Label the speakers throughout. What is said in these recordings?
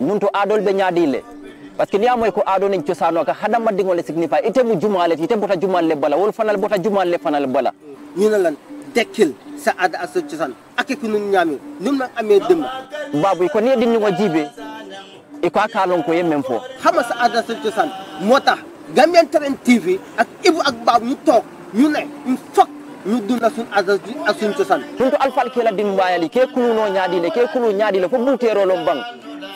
Speaker 1: nunto adol be nyaadile parce que niyamoy ko aɗo nen cosano ka haɗa maddigole signifie ite mu jumale ite bota jumalle bala wol fanal bota jumalle fanal bala ñina lan dekkil sa ada asa cosan ake ko nun ñami num nan ame demba babu ko ni dinnigo jibe e ko akalon ko yemmen fo xama sa ada asa cosan motax gambian tv ak ibu ak babu ñu tok ñu ne ñu fokk yuddu nasun asasi asun cosan ɗum to alfal kela dimbayali ke kuluno ñaaɗile ke kulu ñaaɗile fof ɓuuterolon ban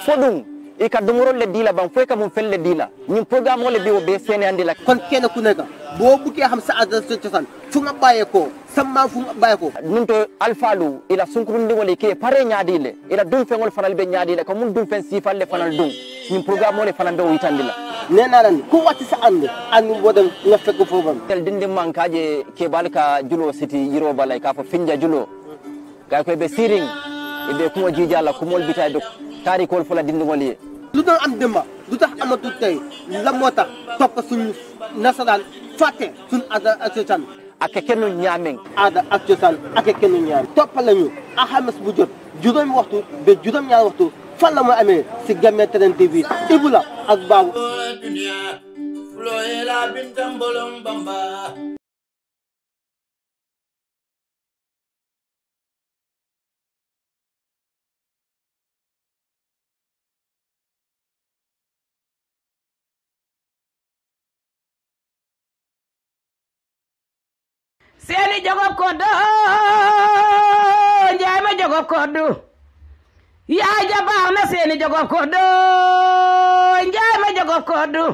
Speaker 1: fo ɗum e ka domoro le dila ban foy ka mun fel le dila ñin programme le biwo be sene andi la kon kene ku nega bo buke xam sa adresse to tan fu nga baye ko samma fu nga baye ko nun to alfalu ila sunkurundi wala ke pare nyaadi le ila dum fengol fanal be nyaadi le ko mun dum fen sifal le fanal dum ñin programme le fanal be o yitandi la nena ran ko wati sa ande andi wodan nga feggo fofam tel dinde mankaje ke balka julo siti yiro balay ka fo finja julo kay ko be siring ibe kuma jijala kumol bitay do tari kol fula dindingol ye lu doon am démba lu tax amatul tey la moo tax topp suñu nasaraan fàtte suñu aada ak cosaan ak kenn ñaameng aada ak cosaan ak kenn ñaameng topp lañu alxames bu jot juróomi waxtu ba juróom-ñaari waxtu fan la mu amee si Gambian Talents TV Ibou la ak Babou
Speaker 2: seeni jogob koddo oh, njaay ma jogob koddu yaay ja baax na seeni jogob koddo njaay ma jogob koddu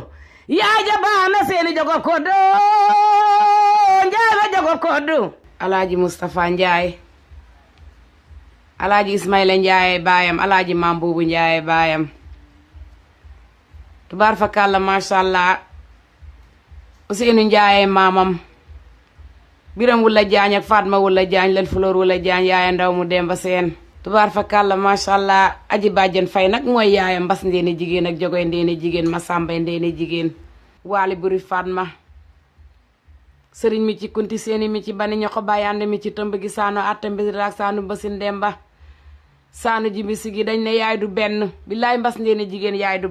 Speaker 2: yaay ja baax na seeni jogob koddo njaay ma jogob koddu alaaji Moustapha Njaay alaaji Ismaila Njaay baayam alaaji maam buubu Njaay baayam tubaar fa kàlla macha allah Njaay maamam biram wula jaagne ak fatma wula jaagne len fuloor wula jaagne yaaya ndaw mu demba sen tubar fa ma sha allah aji bàjjen fay nak moy yaaya mbas ndene jigen ak jogoy jigen ma masamba ndene jigen wali buri fatma serigne mi ci kunti seni mi ci bani ñoko bayande mi ci gi basin demba sanu ji sigi gi dañ ne yaay du ben billahi mbas ndene jigen yaay du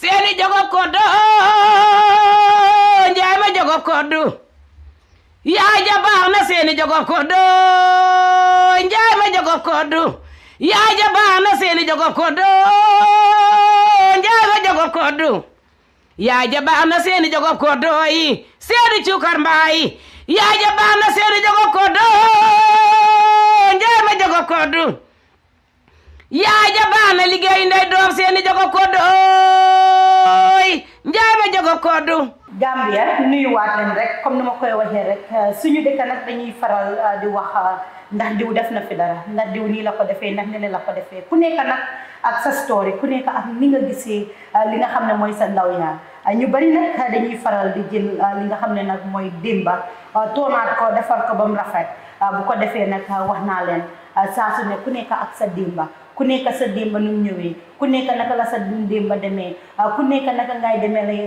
Speaker 2: seni jogo ko do njaay jogo ko do yaay jabar na seeni jogob kodo njay ma jogob kodo yaay jabar na seeni jogob kodo njay ma jogob kodo yaay jabar na seeni jogob kodo yi seeni chukar mbayi yaay jabar na seeni jogob kodo njay ma jogob kodo yaay jabar na ligay ndey dom seeni jogob kodo njaay ba jogo koodu Gambia
Speaker 3: nuyuwaat leen rek comme ni ma koy waxee rek euh, suñu dëkk nag dañuy faral euh, di wax euh, ndax diw def na fi dara ndax diw nii la ko defee ndax ne la ko defee ku nekk nag ak sa story ku nekk ak ni nga gisee li nga xam ne mooy sa ndaw ñaar ñu bari nag dañuy faral di jël li nga xam ne nag mooy démba toonaat ko defar ko ba mu rafet bu ko defee nag wax naa leen saa su ak sa démba ku nekk sa démba nu ñëwee ku nekk naka la sa démba demee ah,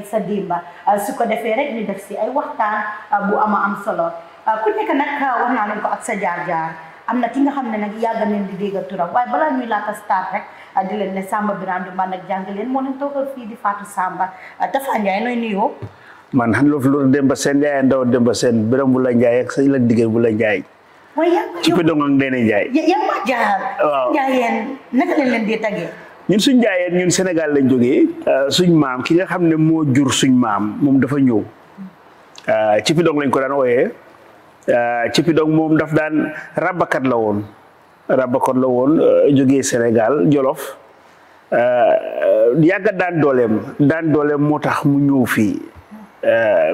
Speaker 3: sa démba ah, su ko defee rek ñu def si ay waxtaan ah, bu ama am solo ku nekk nag wax naa leen ko ak sa jaar-jaar am na ki nga xam ne nag yàgg nañ di dégg turam waaye balaa ñuy laata start rek di leen ne Samba Birame Dumba nag jàng leen moo leen a fii di Fatou Samba Tafa Ndiaye nooy nuyoo
Speaker 4: man xam loolu Demba Sène yaay Ndaw Demba seen Birame Boula Ndiaye ak sa la diggéen Boula Ndiaye
Speaker 3: Oh, iya, cipedongang dene jaay yaa ma jaar jaayeen naka lañ leen di tagee
Speaker 4: ñun suñ jaayeen ñun sénégal lañ jógee suñ maam ki nga xam ne moo jur suñ maam moom dafa ñëw cipidong lañ ko daan wooyee cipidong moom daf daan rabakat la woon rabakat la woon jógee sénégal jolof yàgga daan dooleem daan dooleem moo tax mu ñëw fii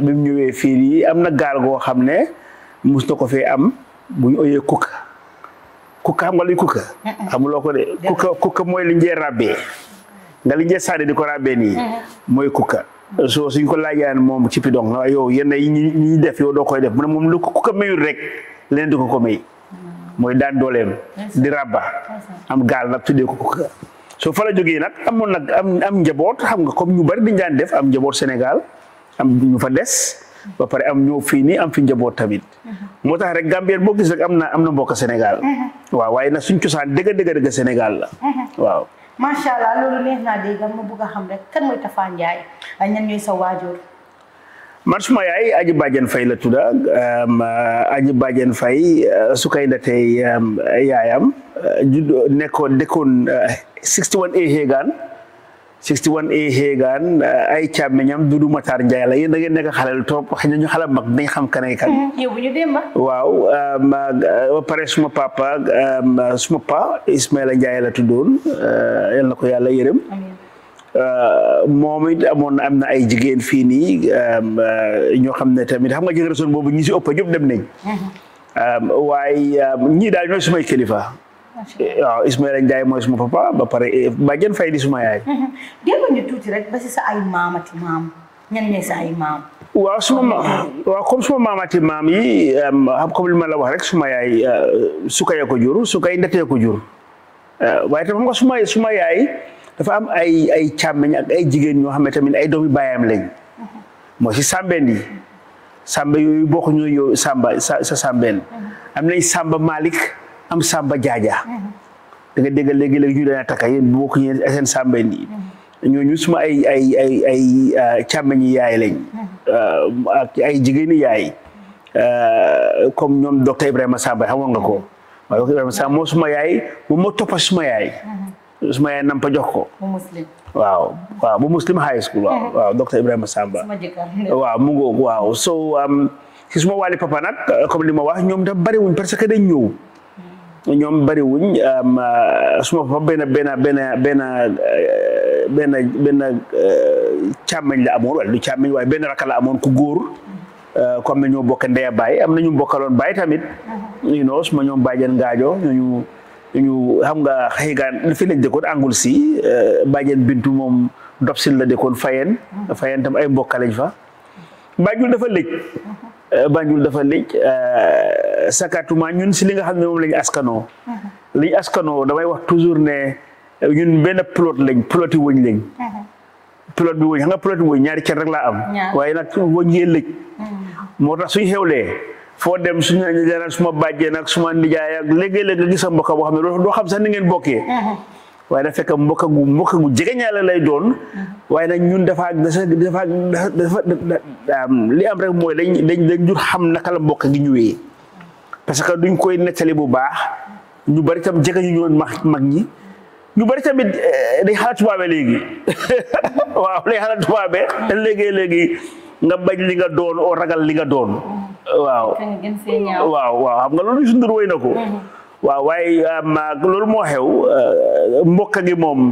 Speaker 4: bi mu ñëwee fii nii am na gaal goo xam ne am bu ñu oyee kukka kukka xam nga luy kukka. amuloo ko de kukka kukka mooy li njee ràbbee nga li njee sànni di ko ràbbee nii. Mm-hmm. mooy kukka. soo suñ ko laajaan moom ci pidong na yow yenn yi ñuy def yow doo koy def moom lu ko kukka mayul rek leen di ko ko may. Mm-hmm. mooy daan dooleem. di ràbba am gaal nag tuddee ko kukka. soo fa la jógee nag amoon nag am njaboot xam nga comme ñu bari di daan def am njaboot Sénégal am ñu fa des. ba pare am ñëw fii nii am fi njaboot tamit. Uh-huh. moo tax rek Gambien boo gis rek am na am na uh-huh. waaw waaye nag suñ cosaan dëgg dëgg dëgg la.
Speaker 3: Uh-huh. waaw. allah loolu neex naa dégg ma bëgg a xam rek kan mooy Tafa yaay
Speaker 4: aji bàjjen fay la tudda aji bàjjen fay su kay um, yaayam uh, judd nekkoon uh, A Hegan. 61 uh, ay càmmeñam Dudu Matar Njaay la yéen da ngeen nekk xale topp xëy ñu xala mag dañ xam kanay kan.
Speaker 3: Mm-hmm.
Speaker 4: waaw um, uh, ba pare suma papa um, uh, suma pa Ismaila Njaay la tuddoon yal na ko yàlla yërëm. moom it amoon am na ay jigéen fii nii um, ñoo xam ne tamit xam nga génération boobu ñi si ëpp ñëpp dem nañ.
Speaker 5: Mm-hmm.
Speaker 4: waaye ñii daal ñooy sumay kilifa. waaw eh, ah, Ismaïla Ndiaye mooy suma papa ba pare eh, bàjjen fay di suma yaay.
Speaker 3: Mhm. dégg ñu tuuti rek ba si sa ay maamati maam ñan ne sa ay maam.
Speaker 4: waaw suma ma maamati maam yi xam comme li ma la wax rek suma yaay sukay ko jur sukay ndetee ko waaye tam xam nga suma suma dafa am ay ay càmmeñ ak ay jigéen ñoo xam ne tamit ay doomi baayam lañ mhm. mooy si sàmbeen yi sàmba yooyu bokk ñooy yow sàmba sa sàmbeen mhm. am nañ sàmba Malick am sàmba jaaja da nga dégg léegi-léegi ñu daan takka yéen boo ko yéen seen sàmba yi ñooñu suma ay ay ah, yaay lañ ah, ay jigéeni yaay ah, comme ñoom docteur Ibrahima Samba moo suma yaay moo toppa suma suma yaay nampa jox waaw waaw muslim high school waaw waaw Ibrahima Samba waaw mu waaw so si suma wàlli papa comme li ma wax ñoom da bariwuñ parce que dañ ñëw ñoom bariwuñ wuñ ah, ma fa benn benn benn benn eh, benn benn eh, càmmeñ la amoon wala du càmmeñ waaye benn rakk la amoon ku góor eh, comme na ñoo bokk ndey baay am na ñu bokkaloon baay tamit you know su ma ñoom bàjjen ngaajo ñooñu ñu xam nga xëy gaan fi lañ dëkkoon angul si bàjjen bintu moom dobsil la dëkkoon fayen fayen tam ay mbokk lañ fa bàjjul dafa lëj Euh, Banjul dafa lëj euh, sakatuma ñun si li nga xam ne moom lañ askanoo mhm. liñ askanoo damay wax toujours ne euh, ñun benn plot lañ ploti wëñ lañ mhm. plot bi wëñ xam nga plot bi wëñ ñaari cer rek laa am waaye nag wëñ yee lëj mhm. moo tax suñ xewlee foo dem suñu naan suma bàjjee nag suma nijaay ak léegi-léeg nga gis sa mbokk boo xam ne doo xam sax ni ngeen bokkee waaye na fekk mbokk gu mbokk gu jegeñaale lay doon waaye nag ñun dafa dafa dafa um, li am rek mooy dañ dañ dañ xam naka la mbokk gi ñëwee parce que duñ koy nettali bu baax ñu bari tam jege ñu ñoon mag mag ñi ñu bari tamit eh, day xalaat tubaabe léegi waaw day xalaat tubaabe léegi léegi nga bañ li nga doon oo ragal li nga doon waaw waaw waaw xam nga loolu Youssou Ndour woy na ko mm-hmm. waaw waaye euh, maag loolu moo xew euh, mbokk gi moom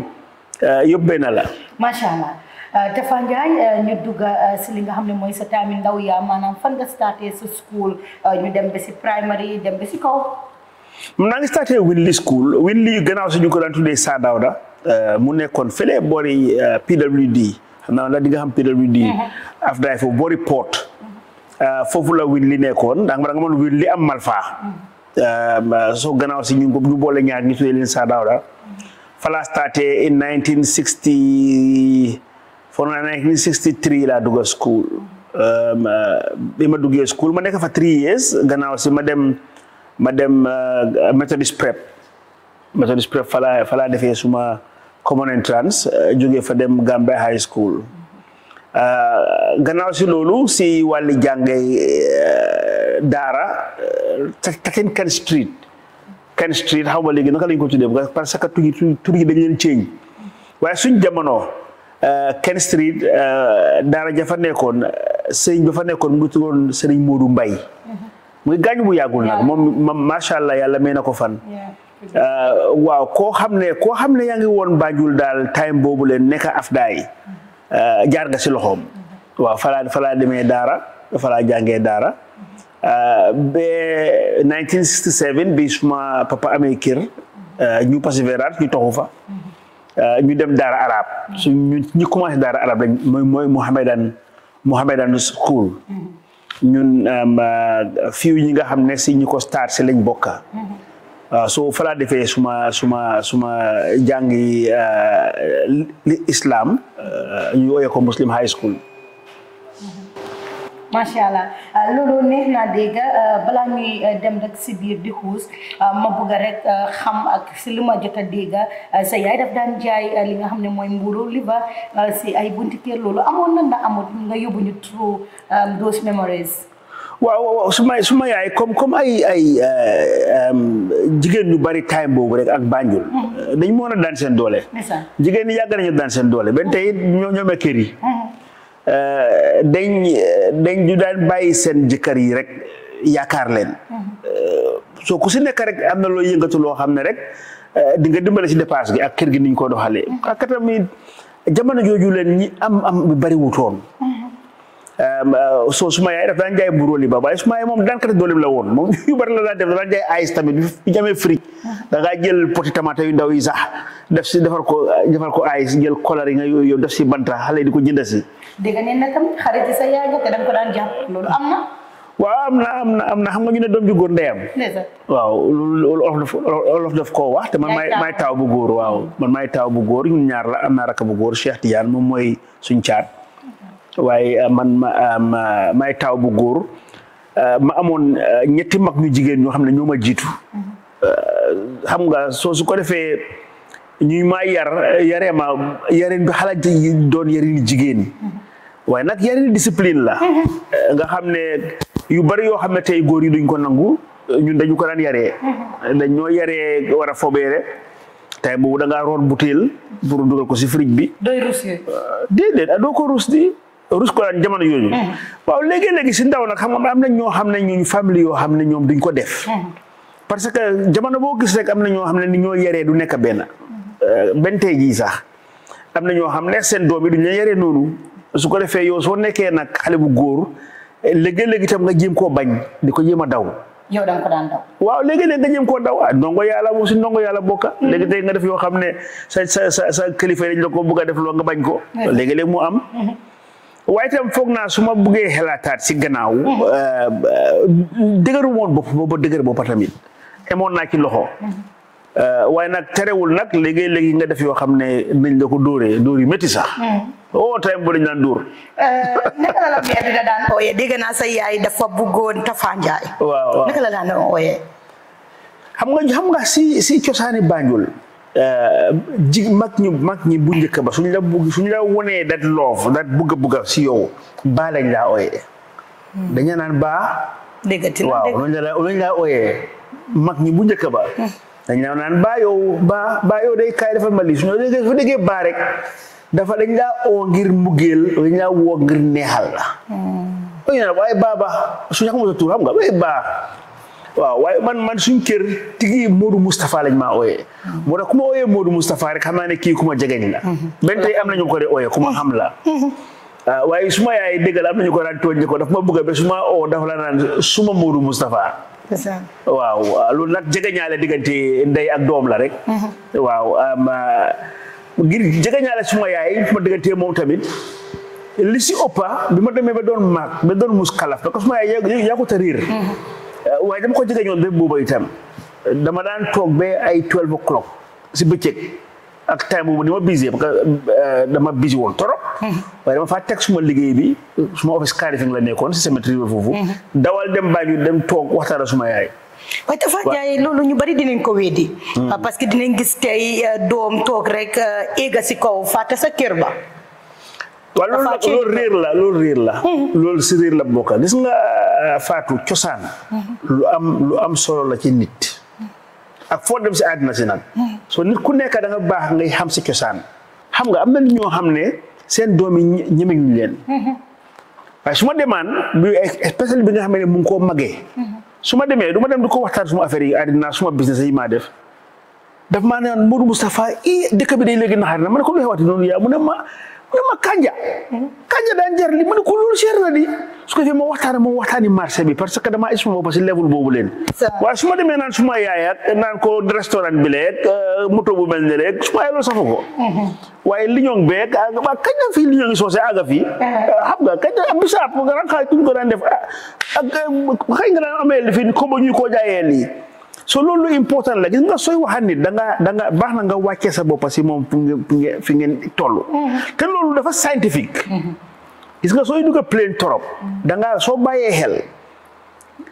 Speaker 4: euh, yóbbee na la.
Speaker 3: macha allah Tafa Ndiaye ñu dugg si li nga xam ne mooy sa taami ndaw yaa maanaam fan nga starté sa school ñu dem si primary dem si kaw.
Speaker 4: naa ngi starté Winley school Winley gannaaw si ñu ko daan tuddee Saa Dawda mu nekkoon fële boori PWD xam naa la di nga xam PWD. afdaay foofu boori foofu la Winley nekkoon ndax man da nga mën Winley am Malfa. Mm-hmm. Um, uh, so gannaaw si ñu ñu boole ñaar ya, ñu gitu, tuddee leen Sir Dawda fa starté in 1960 for 1963 la dugg school bi um, uh, ma school ma nekk fa three years gannaaw si ma dem ma dem uh, Methodist prep Methodist prep fa laa fa laa suma common entrance jógee fa dem High School Euh, gannaaw si loolu si wàlli jànge euh, daara euh, takin Ken Street Ken Street xaw ma léegi naka lañ ko tuddee parce que tur yi tur yi dañ leen ceeñ waaye suñ jamono Ken Street daara ja fa nekkoon sëriñ ba fa nekkoon mu ngi sëriñ Modou Mbaye muy gaañ bu yàggul nag moom macha allah yàlla may na ko fan waaw koo xam ne koo xam ne yaa ngi woon Banjul daal time boobu leen nekk afdaay Euh, jaar nga si loxoom waaw falaa demee daara falaa jàngee daara euh, ba 1967 bi suma papa amee kër euh, ñu persévérance ñu toxu fa ñu dem daara arab su ñu commencé daara arab lañ mooy mooy Mohammedan Mohammedan school mm-hmm. ñun fiw ñi nga xam ne si ñu ko start si lañ bokka mm-hmm. Ah, soo falaa defee suma suma suma jàngi ah, li islam ah, ñu ko muslim high school.
Speaker 3: macha allah loolu neex naa dégg balaa ñuy dem rek si biir di xuus ma bëgg rek xam si li ma jot a dégg sa yaay daf daan jaay li nga xam ne mooy mbuuru li si ay bunti loolu amoon na ndax nga yóbbu ñu through those
Speaker 4: waaw waaw su ma su ma yaay comme comme ay ay eh, jigéen ñu bari time boobu rek ak Banjul. Hmm. dañ mën a daan seen doole. jigéen ñi yàgg nañu daan seen doole benn tey ñoo ñoome kër yi. Hmm. Eh, dañ dañ ñu daan bàyyi seen jëkkër yi rek yaakaar leen. Hmm. Eh, soo ku si nekk rek am na loo yëngatu loo xam ne rek di nga dimbale si dépense gi ak kër gi ni ñu ko doxalee. ak jamono jooju leen ñi am am bi bari wutoon. Ehm, eh, so suma yaay daf daan jaay buróoli ba waaye suma yaay moom daan kati dooleem la woon moom yu bari la daan def daan jaay ayis tamit bi jamee fridge da jël poti tamaate yu ndaw yi sax def si defar ko defar ko ayis jël kolari nga yow si banta xale di ko jënd si am na waaw am na am na xam nga ñu ne doom ju góor ndeyam waaw loolu olof def koo wax te man maay taaw bu góor waaw man maay taaw bu góor ñaar la am naa rakk bu góor Cheikh Tidiane moom mooy suñ caat waaye euh, man ma euh, may taaw bu góor euh, ma amoon ñetti mag ñu jigéen ñoo xam ne ñoo ma jiitu xam nga soo su ko defee ñuy maa yar yaree ma yareen bi xalaat doon yarini jigéen waaye nag yarini discipline la nga xam ne yu bari yoo xam ne tey góor yi duñ ko nangu ñun dañu ko daan yaree dañ ñoo yaree war a fobeere tey boobu da ngaa roon pour dugal ko si fridge bi doy rus déedéet doo ko rus ruskolaan jamono yooyu. Mm-hmm. waaw léegi-léegi si ndaw nag xam nga am na ñoo xam ne ñooñu famille yoo xam ne ñoom duñ ko def. Mm-hmm. parce que jamono boo gis rek am na ñoo xam ne ni ñoo yaree du nekk benn. Mm-hmm. benn tey jii sax am na ñoo xam ne seen doom yi duñ la yaree noonu su ko defee yow soo nekkee nag xale bu góor léegi-léegi tam nga jéem koo bañ di ko jéem a daw. yow da waaw léegi léegi nga jëm koo daw ah ndongo yàlla moom si ndongo yàlla bokka léegi tey nga def yoo xam ne sa sa sa sa kilifa yi dañ la ko bëgg a def loo nga bañ ko. léegi léeg mu am. waaye itam foog naa su ma bëggee xelaataat si gannaaw euh, dëgëru woon bopp dëgër boppa tamit emoon naa ci loxo euh, waaye nag terewul nag léegi-léegi nga def yoo xam ne nañ la ko dóoree dóor yu métti sax hmm. o oh, time bo dañ daan
Speaker 3: euh, la daan ooyee dégg naa sa yaay dafa bëggoon Tafa Njaay waaw la daan ooyee
Speaker 4: xam nga si si cosaani Banjul ji mag ñu mag ñi bu njëkk suñ la bugg suñ la wonee dat loof dat bugg a bugg si yow baa lañ laa ooyee hmm. daña naan baa déggati la waaw loolu la la ooyee mag ñi bu njëkk ba hmm. dañ la naan baa yow baa baa yow day kaay dafa mali suñu su déggee baa dafa dañ laa oo ngir mugeel dañ laa woo ngir neexal la hmm. dañu naan waaye baa baa suñu xamul nga waaye baa waaw waaye man man suñ kër tigi Modou Moustapha lañ maa ooyee. Mm-hmm. moo tax ma ooyee Modou Moustapha rek xam naa ne kii ku ma jegeñ la. Mm-hmm. benn tey am nañu ko de ooyee ku ma la. Mm-hmm. Ah, waaye su ma yaay dégg am nañu ko daan tooñ ko dafa ma bëgg be su ma oo dafa la naan su ma Modou Moustapha. waaw loolu nag jegeñaale diggante ndey ak doom la rek. waaw ah, ngir jegeñaale su ma yaay li si ëppa bi ma demee ba doon maag ba doon muskalaf parce que su ma yaay yaa ta riir Eh, waaye dama ko jege ñoon ba booba itam dama daan toog ba ay 12 o'clock si bëccëg ak time boobu ni ma busy parce que eh, dama busy woon torop mm-hmm. waaye dama faa teg suma liggéey bi suma office Kanifing la nekkoon si cemetery bi foofu mm-hmm. dawal dem Banjul dem toog waxtaan suma yaay waaye dafa jaay loolu ñu bari dinañ ko weddi mm.
Speaker 3: parce que dinañ gis tey eh, doom toog rek éega si kaw fàtte sa
Speaker 4: kër ba waaw loolu nag la loolu réer la loolu eh. si réer la bokka gis nga eh, faatu cosaan lu am lu am solo la ci nit ak foo dem si àddina si nag hmm. soo nit ku nekk da nga baax ngay xam si cosaan xam nga am na ñoo xam ne seen doom yi ñemeñu leen hmm. waaye su ma bi spécial bi nga xam ne mu ngi koo magee hmm. su ma du dem di ko waxtaan suma affaire yi àddina suma business yi maa def daf maa naan Modou Moustapha i dëkk bi day léegi naxar na ma ko lu xewati noonu yaa mu ne ma mu ne ma kanja kanja daan jar li mu ne ko loolu cher na di su ko defee ma waxtaane waxtaani marché bi parce que dama expliqué ba si level boobu leen waaye su demee naan su ma yaay ak naan ko restaurant bi leeg euh, moto bu mel ne leeg su ma yaay ko mhm. waaye liñong beeg ah, waa kañ la fii liñongi soose aga fii eh. ah, xam nga kañ la ah, bisaab nga naan xaay tuñ ko daan def ak eh, xëy nga daan amee li fii ko ba ñuy koo jaayee lii so loolu important la gis nga sooy waxaat nit da nga da nga baax na nga wàccee sa bopp si moom fi ngeen toll. Mm-hmm. te loolu dafa scientifique. Mm-hmm. gis nga sooy dugg plane torop. Mm-hmm. da nga soo bàyyee xel.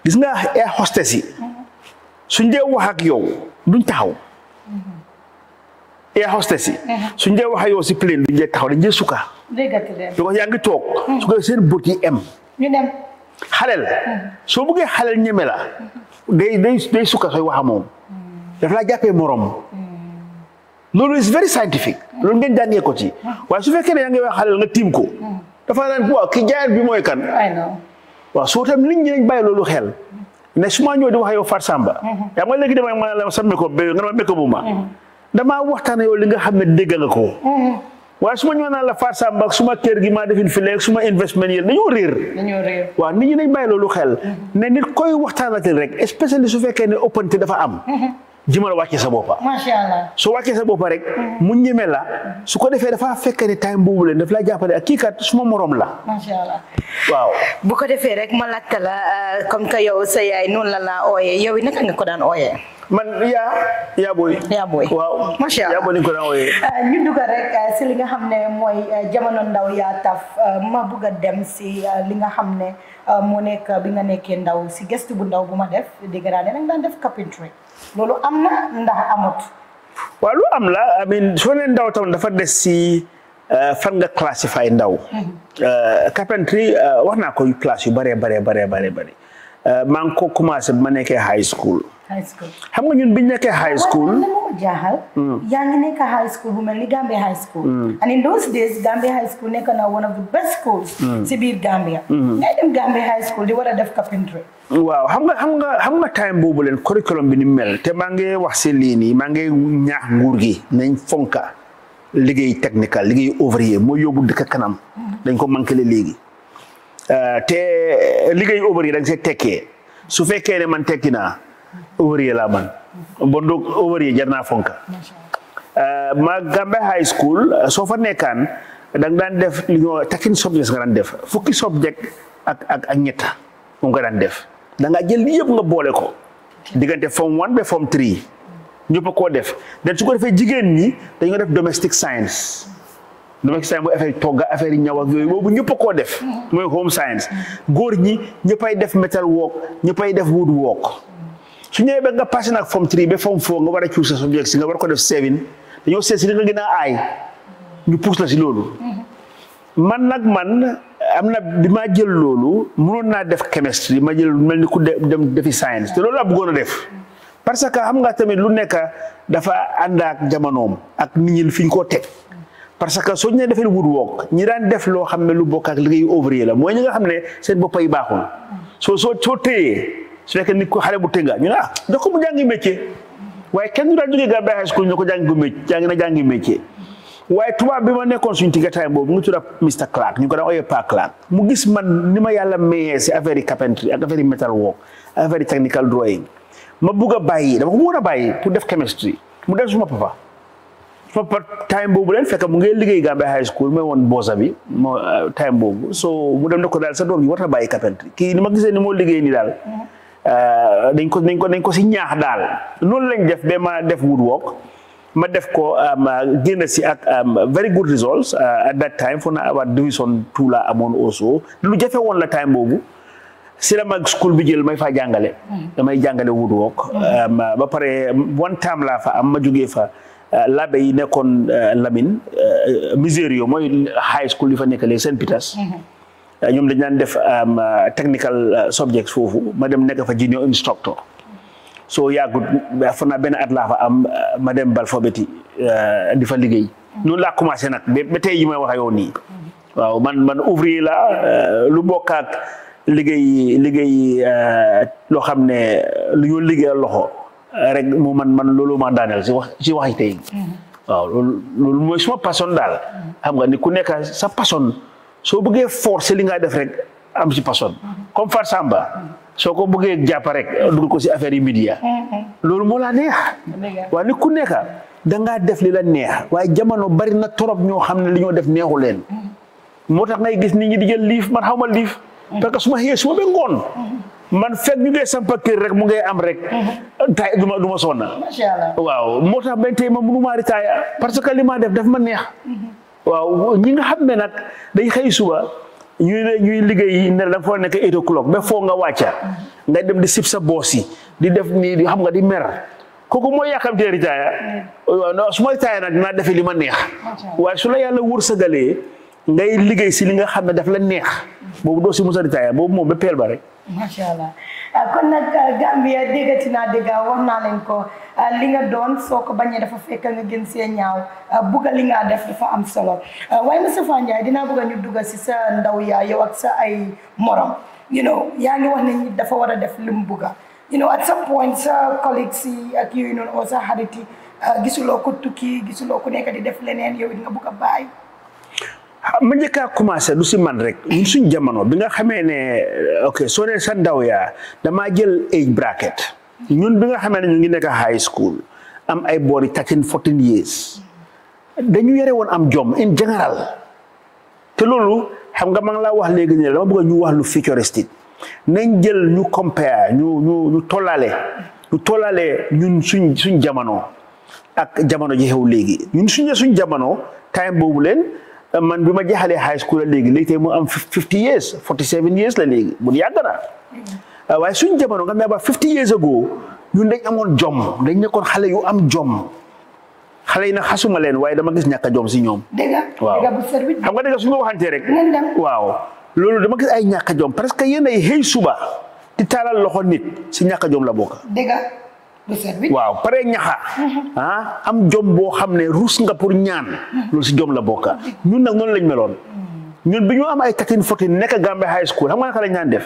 Speaker 4: gis nga air hostess yi. suñ dee ak yow duñ taxaw. air hostess yi. suñ dee wax ak yow si plane duñ dee taxaw dañ dee sukka.
Speaker 3: dégg
Speaker 4: nga yaa ngi toog. su ko seen bët em. ñu soo bëggee xalel ñeme la. day day day sukka sooy wax a moom daf laa jàppee morom loolu is very scientific loolu ngeen jàngee ko ci waaye su fekkee ne yaa ngi wax xale nga tiim ko dafa naan ki jaayat bi mooy kan waaw soo tam li ñi dañ bàyyi loolu xel ne su ma ñëw di wax yow Fat Samba yaa nga léegi damay ma la sa méko nga ma méko bu ma mm-hmm. damaa waxtaan yow li nga xam ne dégg nga ko mm-hmm. waaye su ma na la Fatou Samba ak suma kër gi maa defin fi léegi suma investment yel dañoo réer. dañoo réer waaw nit ñi nañ bàyyi loolu xel. Mm-hmm. ne nit koy waxtaanatil rek especially su fekkee ne ëppante dafa am. Mm-hmm. jimal wàcce sa boppa macha allah su wàccee sa boppa rek mm-hmm. mu ñeme la su ko defee dafa fekk ne time boobu leen daf laa jàppale ak kii kat suma morom la macha allah waaw
Speaker 3: bu ko defee rek ma laajte la euh, comme que yow sa yaay noonu la laa ooyee yow it naka nga ko daan ooyee man yaa
Speaker 4: yaa booy. yaa booy waaw. macha allah yaa booy ni ko daan wooyee.
Speaker 3: Ah, ñu dugal rek ah, si li nga xam ne mooy ah, jamono ndaw yaa taf ma bugg a dem si li nga xam ne moo nekk bi nga nekkee ndaw si gëstu bu ndaw bu ma def dégg naa ne nag daan def carpentry loolu am na ndax amut.
Speaker 4: waaw lu am la amin soo ne ndaw tam dafa des si fan nga classify ndaw. Hmm. carpentry wax naa ko place yu bare bare bare bare bare maa ngi ko commencé bu ma nekkee high school. high school. xam nga ñun biñ nekkee high school. waaw waaw jaaxal. Hmm.
Speaker 3: yaa ngi nekk high school bu mel ni Gambia high school. Hmm. and in those days Gambia high school nekk na one of the best schools. Hmm. si biir Gambia. ngay dem Gambia high school di war a def carpentry.
Speaker 4: waaw xam nga xam nga xam nga time boobu leen curriculum bi ni mel te maa ngi wax si lii nii maa ngi ñaax nguur gi nañ fonka liggéey technical liggéey ouvrier mooy yóbbu dëkk kanam. dañ ko manquele léegi. Euh, te liggéey ouvrier dañ see tekkee su fekkee ne man tekki naa. ouvrier laa man bon donc ouvrier jar naa fonka euh, ma Gambia high school soo fa nekkaan da nga daan def li a takkin subject nga daan def fukki subject ak ak ak ñetta moom nga daan def da ngaa jël yëpp nga boole ko diggante form one ba form three ñëpp a koo def den su ko defee jigéen ñi dañoo def domestic science domestic science mooy affaire togga affaire ñaw ak yooyu boobu ñëpp a koo def mm-hmm. mooy home science góor ñi ñëppay def metal work ñëppay def work su ñëwee ba nga passé nag form three ba form four nga war a choose sa subject si nga war ko def seven dañoo seet si nga gën a aay ñu pousse la si loolu. Mm-hmm. man nag man am na bi ma jël loolu mënoon naa def chemistry ma jël mel ni ku dem defi science te loolu laa bëggoon a def. parce que xam nga tamit lu nekk dafa ànd ak jamonoom ak nit ñi fi ñu ko teg parce que soo ñu nee defee woodwork ñi daan def loo xam ne lu bokk ak liggéeyu ouvrier la mooy ñi nga xam ne seen bopp yi baaxul mm-hmm. su fekkee nit ko xale bu tënga ñu ne ah jox ko mu jàngi métier waaye kenn du daan jógee Gambia high school ñu ko jàngi ko métier jàngi na jàngi métier waaye tubaab bi ma nekkoon suñu tiggataay boobu mu ngi tudd Mr Clark ñu ko daan ooyee Pa gis man ni ma yàlla mayee si affaire yi carpentry ak affaire yi metal work affaire yi technical drawing ma bugg bàyyi dama ko bëggoon a bàyyi pour def chemistry mu def suma papa suma papa time boobu leen fekk mu ngi liggéey Gambia high school mais woon boosa bi mo time boobu so mu dem ne ko daal sa doom yi war a bàyyi carpentry kii ni ma gisee ni moo liggéey ni daal Euh, dañ ko dañ ko dañ ko si ñaax daal loolu lañ def ba ma def woodwork ma def ko euh, génn si ak euh, very good results at that time foog naa about division two la amoon also lu jafe woon la time boobu si la mag school bi jël may faa jàngale hmm. damay jàngale woodwork hmm. ba pare one time laa fa am ma jóge fa laabe yi nekkoon Lamine Miserio mooy high school yi fa nekk léegi Saint Peters hmm. ñoom dañ daan def euh, technical euh, subjects foofu ma dem nekk fa junior instructor soo yàggut fan naa benn at la fa am euh, ma dem Balfabeti di fa liggéey noonu laa commencé nag ba tey yi may wax ak yow nii waaw man man ouvrier la lu bokk ak liggéey liggéey loo xam ne lu ñu liggéeyal loxo rek mu man man loolu ma daaneel si wax si waxi tey mm-hmm. waaw loolu mooy suma passion daal mm-hmm. xam nga ni ku nekk sa passion so bëggé forcer li nga def rek am ci passone comme Far Samba soo ko bëggee jàpp rek dugal ko ci affaire yi média loolu moo laa neex wa ni ku nekk da nga def li la neex ya. waaye jamono bari na torop ño xamne li ño def neexu len motax ngay gis nit ñi di jël liif man xawma ma parce que suma ma suma be ngone man fek ñu ngay sam pakir rek mu ngay am rek tay duma du ma sonna waaw moo tax man tey ma mënumaa ritaaya parce que li ma def daf ma neex waaw ñi nga xam ne nag day xëy suba ñuy ñuy liggéey ne da nga fa nekk o'clock ba foo nga wàcca nga dem di sib sa boos yi di def nii di xam nga di mer kooku mooy yàkkamtee ritaaya waaw su ma ritaaya nag naa defe li ma neex waaye su la yàlla wërsëgalee ngay liggéey si li nga xam ne daf la neex boobu doo si musa ritaaya boobu moom ba peel ba rek
Speaker 3: Eh, kon nag eh, Gambia déggati naa dégga eh, wax naa leen ko li nga doon soo ko bañee dafa fekk nga gën see ñaaw bugga li ngaa def dafa am solo waaye Moustapha Njie dinaa bëgg ñu dugga si sa ndaw yaay yow ak sa ay morom you yaa ngi wax ne dafa war a def li mu bugga you know at some point sa collègues yi ak yooyu noonu oo a xarit yi gisuloo ko tukki gisuloo ko nekk di def leneen yow it nga bugg a bàyyi
Speaker 4: Ah, ma njëkk a commencé du si man rek ñun suñ jamono bi nga xamee ne euh, ok soo ne sa ndaw yaa damaa jël age bracket ñun bi nga xamee ne ñu ngi nekk high school am ay boori thirteen fourteen years dañu yore woon am jom in général te loolu xam nga ma ngi laa wax léegi ne dama bëgg ñu wax lu futuristique nañ jël ñu compare ñu ñu ñu tollale ñu tollale ñun suñ suñ jamono ak jamono ji xew léegi ñun suñ suñ jamono time boobu leen. man bi ma jeexalee high school la léegi léegi tey mu am fifty years forty seven years la léegi mun yàgg na mm-hmm. waaye suñ jamono nga xam ba fifty years ago ñun dañ amoon jom dañ nekkoon xale yu am jom xale yi nag xasuma leen waaye dama gis ñàkk a jom si ñoom.
Speaker 1: dëgg waaw
Speaker 4: xam nga dëgg suñu waxantee rek. waaw loolu dama gis ay ñàkk a jom parce que yéen ay xëy suba di taalal loxo nit si ñàkk a jom la bokk.
Speaker 3: dëgg waaw
Speaker 4: pare ñaxa mm-hmm. ah am jom boo xam ne ruus nga pour ñaan mm-hmm. loolu si jom la bokka ñun nag noonu lañ meloon mm-hmm. ñun bi ñu am ay katin fotin nekk Gambia high school xam nga naka def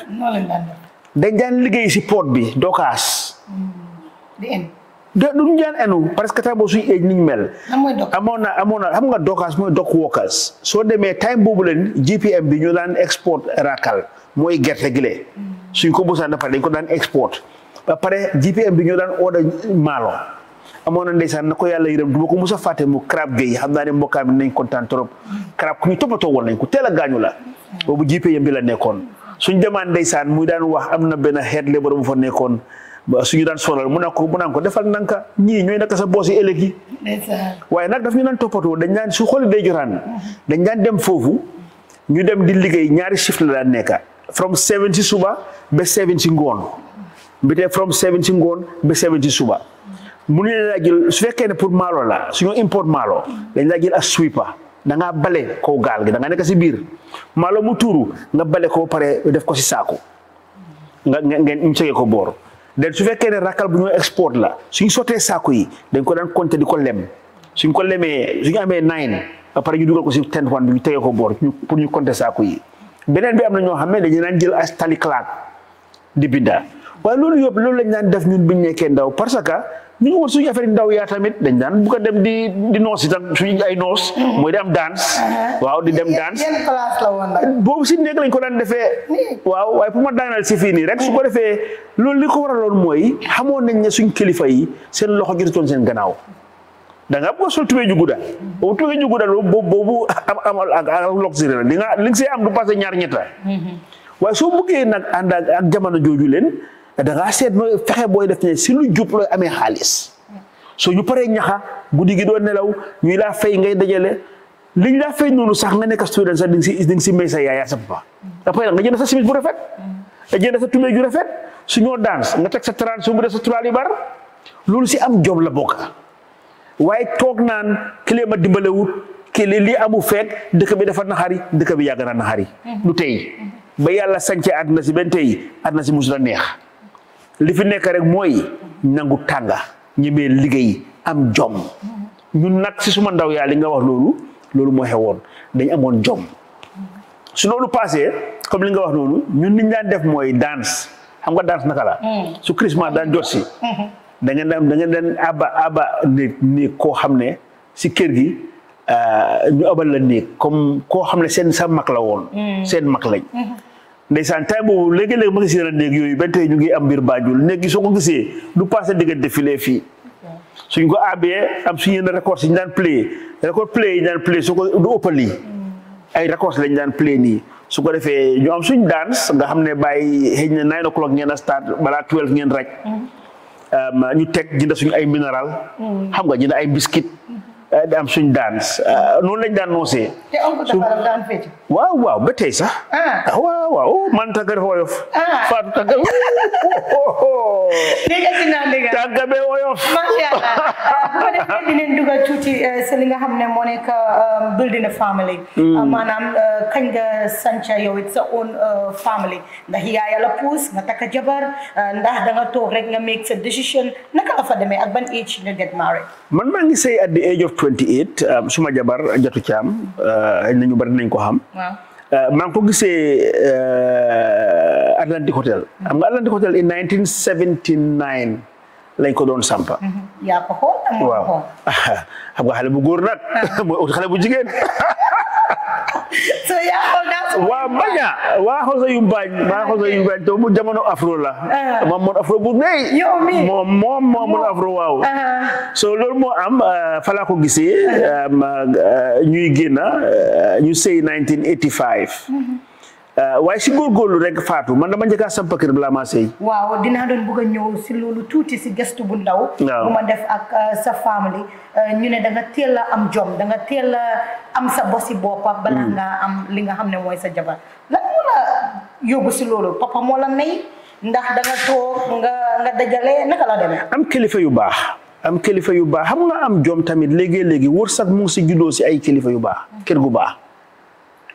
Speaker 4: dañ daan liggéey si port bi dookaas de duñ daan enu parce que time boobu suñu age niñ mel amoon na amoon na xam nga dookaas mooy dock workers soo demee time boobu leen GPM bi ñu laan export raakal mooy gerte gi le suñ ko busaan dafa dañ ko daan export ba pare GPM bi ñoo daan ooda maalo amoon na ndeysaan na ko yàlla yërëm du ma ko mus a fàtte mu Crab Gueye xam naa ne mbokkaam bi nañ kontaan trop Crab ku ñu woon nañ ko teel a gaañu la boobu GPM bi la nekkoon suñ demaan ndeysaan muy daan wax am na benn xeet lebar bu fa nekkoon suñu daan solal mu naan ko mu naan ko defal nanka ñii ñooy naka sa boosi ëllëg yi waaye nag daf ñu toppatoo dañ daan su xooli day jotaan dañ daan dem foofu ñu dem di liggéey ñaari shift la daan nekka from seven si suba ba seven si ngoon bi tey from seven si ngoon ba seven ci suba mu ne la jël su fekkee ne pour maalo la su ñu import maalo dañ la jël a sweeper da ngaa bale ko gaal gi da nga nekk si biir maalo mu tuuru nga bale ko pare def ko si saako nga ngeen sege ko boor den su fekkee ne rakkal bu ñu export la suñ sotee saako yi dañ ko daan compter di ko lem suñ ko lemee ñu amee nine pare ñu dugal ko si ten one bi ñu tegee ko boor pour ñu compter saako yi beneen bi am na ñoo xam ne dañu daan jël as tali claak di binda wa loolu yob loolu lañ nane def ñun buñu nekké ndaw parce que ñu ngi suñu affaire ndaw ya tamit dañ nane bu ko dem di di nos itam suñu ay nos moy di am danse waaw di dem iya, dance iya,
Speaker 3: yeen place la won
Speaker 4: nak bobu ci nekk lañ ko daan defé waaw way pour ma daanal si fii rek su ko defé loolu li ko waraloon moy xamoon nañ ne suñu kilifa yi seen loxo gi jotutoon seen gannaaw da nga bëgg a sol ju gudda boobu tubéy ju gudda loolu boobu am am ak ak luxury la li nga li nga see am du passé ñaar ñetta waaye soo bëggee nak ànd ak jamono jooju leen da nga seet fexé boy def ne si lu djup lo amé xaalis so ñu paré ñaxa gudi gi do nelaw ñuy la fay ngay dajalé liñ la fay nonu sax nga nek student sa ding ci ding ci may sa yaaya sa papa après nga jënd sa simis bu rafet da jënd sa tumé ju rafet su ñoo dance nga tek sa trans su mu def sa trois libar lolu ci am job la bokka waye tok naan kilee dimbalé wut ke li amu fek dekk bi dafa naxari dekk bi yagana naxari du tey ba yalla sanci adna si ben tey adna si musula a neex li fi nekk rek mooy nangu tànga ñemee liggéey am jom ñun nag si suma ndaw yaa li nga wax loolu loolu moo xewoon dañ amoon jom si loolu passé comme li nga wax loolu ñun niñ daan def mooy danse xam nga dans naka la mm. su Christmas daan jot si mm-hmm. da ngeen daan da ngeen aba aba néeg koo xam ne si kër gi euh, ñu abal la néeg comme koo xam ne seen sa mag la woon mm. seen mag lañ mm-hmm. ndeysaan tay boobu léegi-léegi ma gisee la néeg yooyu ba tey ñu ngi am mbir Banjul néeg gi soo ko gisee du passé diggante file fii suñ ko aabee am suñu yenn record yi ñu daan play record play yi ñu su ko du ëppal mm. ay records lañ daan play nii su ko defee ñu am suñ dance nga xam ne bàyyi xëy na nine o'clock ngeen a start balaa twelve ngeen rek mm. um, ñu teg jënd suñ ay minéral mm. xam nga jënd ay biscuit di am suñ dance uh, noonu lañ daan noosee. waaw waaw ba tey sax. Ah. Ah, waaw waaw oh, man tàggat dafa woyof. Ah. Fatou tàggat. léegi si naan dëgg yàlla tàggat bee woyof. macha allah
Speaker 3: bu ko defee dinañ dugal eh, li nga xam ne moo nekk um, building a family. Hmm. maanaam eh, kañ nga sanca yow it sa own eh, family ndax yaaya la puus nga takka jabar ndax da nga toog rek nga make sa decision naka la fa demee ak ban age nga get married.
Speaker 4: man maa ngi sëy at the age of 28 um, suma jabar jotu caam nañu bari nañ ko xam. Euh, maa ngi ko gisee euh, Atlantic Hotel. Mm-hmm. am nga Atlantic Hotel in 1979 lañ ko doon sampa. Mm-hmm.
Speaker 3: yaa ko xool waaw
Speaker 4: xam xale bu góor nag. xale bu jigéen.
Speaker 3: so yaa
Speaker 5: oh, waaw maña
Speaker 4: waa xosa yu waa xosa yu bañ to mu jamono afro la ah. moom moon afro bu ney moom moom moon afro waaw ah. so loolu moo am euh, falaa ko gisee ah. euh, ñuy giina euh, ñu sëy ci eh, gor gorlu rek faatu man dama njëkk a samp bla ma sey
Speaker 3: waaw dina doon bëgg a ñëw si loolu tuuti si bu ndaw bu ma def ak eh, sa family eh, ñu ne da nga téla am jom da nga téla am sa bosi boppa ba hmm. nga am li nga xamne moy sa jabar la mo la yobu ci lolu papa mo la may ndax da nga tok nga nga dajale naka la demee
Speaker 4: am kilifa yu baax am kilifa yu baax xam nga am jom tamit léegi-léegi wërsat mo ci si ci si ay kilifa yu baax kër gu baax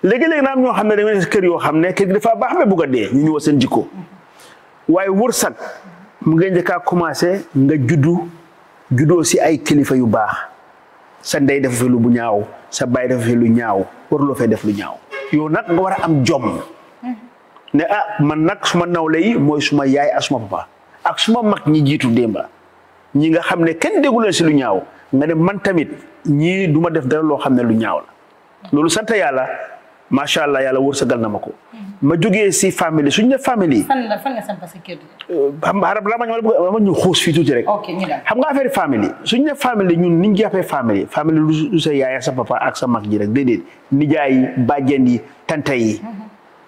Speaker 4: léegi-léegi na am ñoo xam ne dañoo kër yoo xam ne kër dafa baax ba bugg dee ñu ñëw seen jikko waaye wërsag mu nga njëkkaa commencé nga juddu juddoo si ay kilifa yu baax sa ndey dafa fi bu ñaaw sa baay lu ñaaw waruloo fee def lu ñaaw yow nag nga war a am jom ne ah man nag suma nawle yi mooy suma yaay ak suma papa ak suma mag ñi jiitu démba ñi nga xam ne kenn déggu si lu ñaaw nga ne man tamit ñii duma def dara loo xam ne lu ñaaw la loolu sant yàlla macha allah yàlla wërsëgal na ma ko. ma jógee si famille suñu ne famille.
Speaker 3: fan la fan nga samp sa kër
Speaker 4: euh, xam nga ma ñu xuus fii tuuti rek. xam nga affaire famille suñu ne famille ñun ni ñu jàppee famille famille lu sa yaaya sa papa ak sa mag ji rek déedéet nijaay yi yi tante yi. Mhm.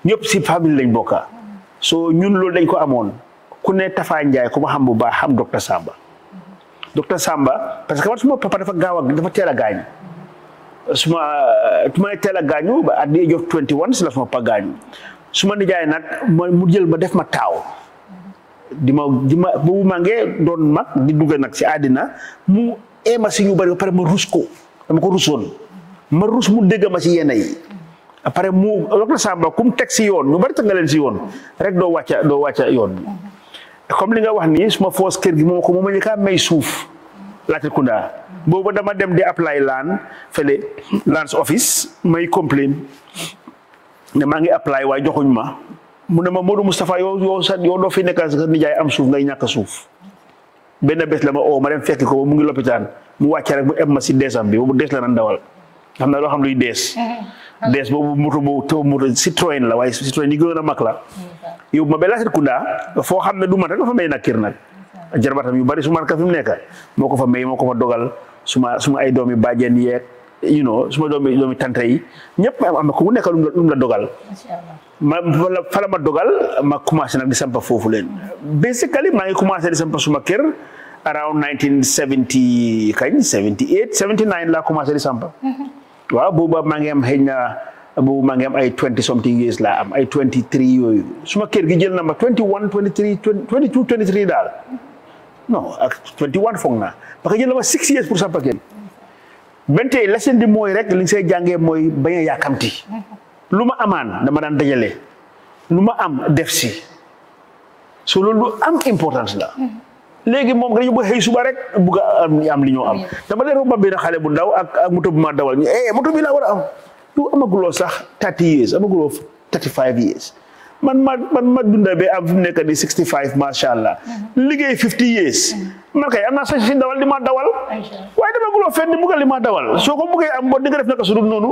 Speaker 4: ñëpp si famille lañ bokka mhm. soo ñun loolu dañ ko amoon ku ne Tafa Ndiaye ku ma xam bu baax xam docteur Samba. Mhm. docteur Samba parce que man suma papa dafa gaaw dafa teel a gaañ. suma su eh, may teel a gaañu ba at the age of 21 si la suma pa gaañu su ma nijaay nag ma mu jël ma def ma taaw di ma di ma bu màngee doon mag di dugg nag si àddina mu eema si ñu bari pare ma ruus ko dama ko rusoon ma ruus mu dégg ma si yenn yi après mu loolu la sàmba ku mu teg si yoon ñu bari teg si yoon rek doo wàcca doo wàcca yoon bi comme li nga wax nii suma foos kër gi moom ko moom ma njëkk may suuf Latrikunda bobu dama dem di apply lan fele lands office may complain ne mangi apply way joxuñ ma Muna ma Modou mustapha yo yo sa yo do fi nekka sa jay am souf ngay ñak souf ben bes la ma oo ma dem fekk ko mu ngi l'hôpital mu wacc rek bu em ma ci deesam bi bu dees la nan dawal xamna lo xam luy dees dees boobu moto to taw moto Citroën la way Citroën yi gën a la yu ma belasir kunda fo xamne du man rek fa may nakir nak jarbatam yu bari su man ka fim mu moko fa may moko fa dogal suma suma ay doomi bàjjen yeeg you know suma doomi doomi tante yi ñëpp am na ku nekk lu mu la dogal. ma fa la ma dogal ma commencé nag di sampa foofu leen. basically maa ngi commencé di sampa suma kër around 1970 kañ 78 79 laa commencé di sampa. Mm-hmm. waaw booba maa ngi am xëy na boobu maa ngi am ay 20 something years laa am ay 23 yooyu suma kër gi jël na ma 21 23 22 23 daal. non ak 21 foog naa parce que jël na ma six years pour sa paquet benn tey lesson bi mooy rek li say jàngee mooy bañ a lu ma amaan dama daan dajale lu ma am def si so loolu lu am importance la léegi moom dañu bëgg xëy suba rek bugg a am li ñoo am dama dee romba benn xale bu ndaw ak ak moto bu ma dawal ñu eh, moto bi laa war a am amaguloo sax thirty years amaguloo thirty five years man ma man ma dunda ba am fu mu nekk di macha allah. liggéey 50 years. man kay am na sañ si dawal li ma dawal. waaye dama guloo fenn di bugg li ma dawal soo ko buggee am boo di nga def naka su noonu.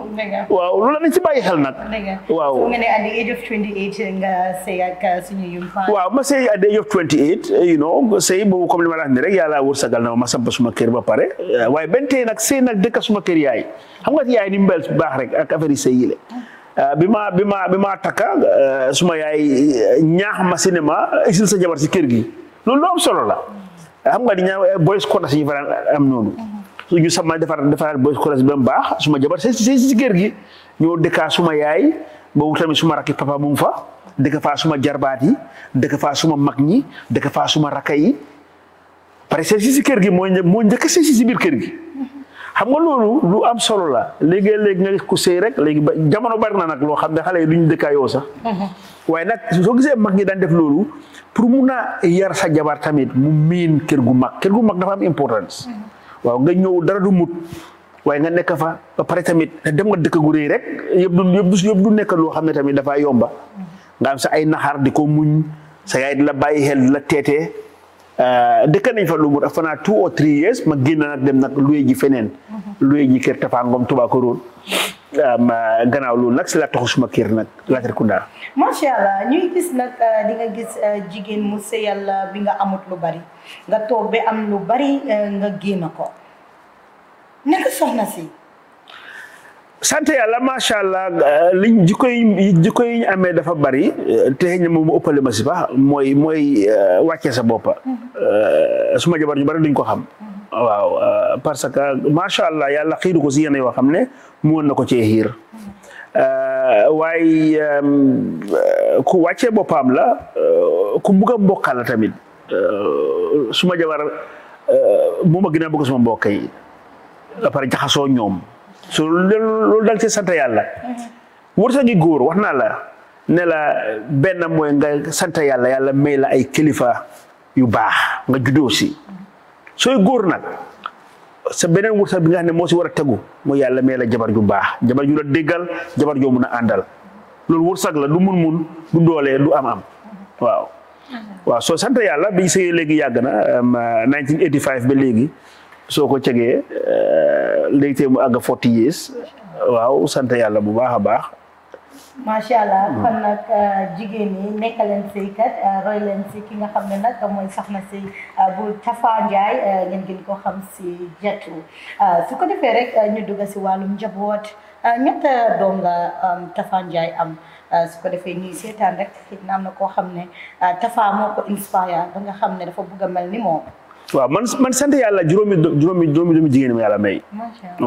Speaker 4: waaw loolu la nañ ci bàyyi xel nag.
Speaker 3: waaw nga ne at the age of 28 nga uh,
Speaker 4: ma sëy at the age of 28 eh, you know sëy boobu comme li ma la rek nii rek yàlla wërsëgal na ma ma samp suma kër ba pare eh, waaye benn tey nag sëy nag dëkk suma kër yaay xam nga yaay ni mu baax rek ak affaire yi sëy Euh, bi ma bi ma maa takka euh, suma yaay euh, ñaax ma cinéma isil sa jabar si kër gi loolu lu am solo la xam nga di ñaax boys quotas ñu fa am noonu suñu sama defar defaraat boys quotas bi baax suma jabar si si kër gi ñoo dëkkaa suma yaay boobu tamit suma rakki papa mu fa dëkk faa suma jarbaat yi dëkk faa suma mag ñi dëkk faa suma rakka yi pare si si kër gi moo moo njëkk si si biir kër gi xam nga loolu lu am solo la léegi-léeg nga gis ku sëy rek léegi ba jamono bari na nag loo xam ne xale yi duñ dëkkaayoo sax. Mhm. waaye nag soo gisee mag ñi daan def loolu pour mun a yar sa jabar tamit mu miin kër gu mag kër gu mag dafa am importance. Mhm. waaw nga ñëw dara du mut waaye nga nekk fa ba pare tamit dem nga dëkk gu rëy rek yëpp du yëpp yëpp du nekk loo xam ne tamit dafa yomba. Mhm. nga am sa ay naxaar di ko muñ sa yaay di la bàyyi xel di la teetee. dëkk nañ fa lu mu dafa naa two or 3 years ma génn nak dem nak luye ji fenen luye ji kër Tafa Ngom tuba ko ron am gannaaw lu nak si la taxu suma kër nag
Speaker 3: ma sha allah ñuy gis nak di nga gis jigen mu se yalla bi nga amut lu bari nga toog ba am lu bari nga génn ko nekk soxna si.
Speaker 4: sant yàlla macha allah euh, liñ jikko yi jikko yi ñu amee dafa bari euh, te xëy na moom mu ma si ba mooy mooy euh, wàccee sa bopp. suma jabar ñu bari duñ ko xam. waaw parce que macha allah yàlla xiiru ko si yenn yoo xam ne mu woon na ko cee xiir waaye ku wàccee boppam la ku bugg a mbokka la tamit suma jabar moom a gën a bëgg suma mbokk yi. ba pare jaxasoo ñoom. su loolu dal ci sant yàlla wërsëgi góor wax naa la ne la benn mooy nga sant yàlla yàlla may la ay kilifa yu baax nga juddoo si sooy góor nag sa beneen wërsëg bi nga xam ne moo si war a tegu mooy yàlla may la jabar ju baax jabar ju la déggal jabar joo mun a àndal loolu wërsëg la du mun mun du doole du am am waaw waaw soo sant yàlla bi sëyee léegi yàgg na euh, ba léegi soo ko cegee léegi euh, mu àgg forty years waaw sant yàlla bu baax a baax.
Speaker 3: macha allah mm. kon nag euh, jigéen ñi nekk leen sëykat euh, roy si ki nga xam ne nag mooy soxna si bu Tafa Ndiaye ngin gën ko xam si Jatu su ko defee rek ñu dugg si wàllum njaboot ñett doom la Tafa am su ko defee ñuy seetaan rek xëy na am na koo xam ne Tafa moo inspire ba nga xam ne dafa bugg mel ni moom.
Speaker 4: waaw man man sant yàlla juróomi juróomi juróomi doomi jigéen ma yàlla may.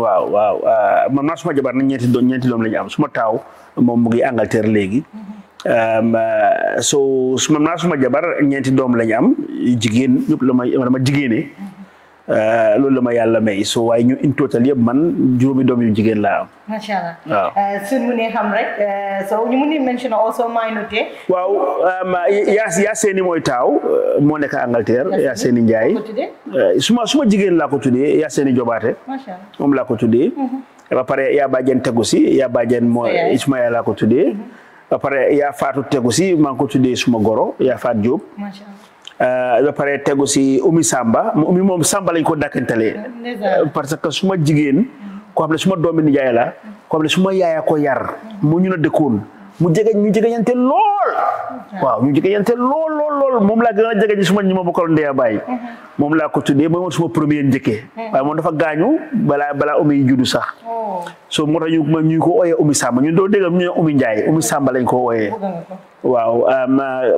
Speaker 4: waaw waaw ah, man maa suma jabar nag ñeenti doom ñeenti doom la ñu am suma taaw ma mu ngi Angleterre léegi. Mm-hmm. Um, ah, so su ma naa suma jabar ñeenti doom la am jigéen ñëpp la ma dama Euh, loolu la ma yàlla may so waaye ñu in total yëpp man juróomi doom yu jigéen laa am.
Speaker 3: macha allah euh, suñ mu xam rek euh, so ñu mun
Speaker 4: waaw um, yaa seeni mooy taaw moo nekk Angleterre yaa seeni Njaay. suma suma jigéen laa ko yaa seeni jobaate. macha allah moom laa ko tuddee. Mm-hmm. ba pare yaa bàjjen tegu si yaa bàjjen moo Ismaïla laa ko tuddee. Mm-hmm. ba pare yaa faatu tegu si maa ngi ko tuddee suma goro yaa faat Jóob. Euh, ba pare tegu si Oumy Samba Oumy moom Samba lañ ko dakkantalee. Euh, parce que suma jigéen. ko xam ne suma doomi nijaay la. ko xam ne suma yaaya ko yar. mu ñu na dëkkoon. mu jege ñu jegeñante lool waaw ñu jegeñante lool lool lool moom laa gën a jege ci suma ñi ma bokkal ndeya bàyyi moom laa ko tuddee mooy woon suma premier njëkkee waaye moom dafa gaañu balaa balaa umi yi juddu sax so moo tax ñu ma ñu ko ooyee umi sàmba ñun doo dégg ñu ne umi njaay umi ko ooyee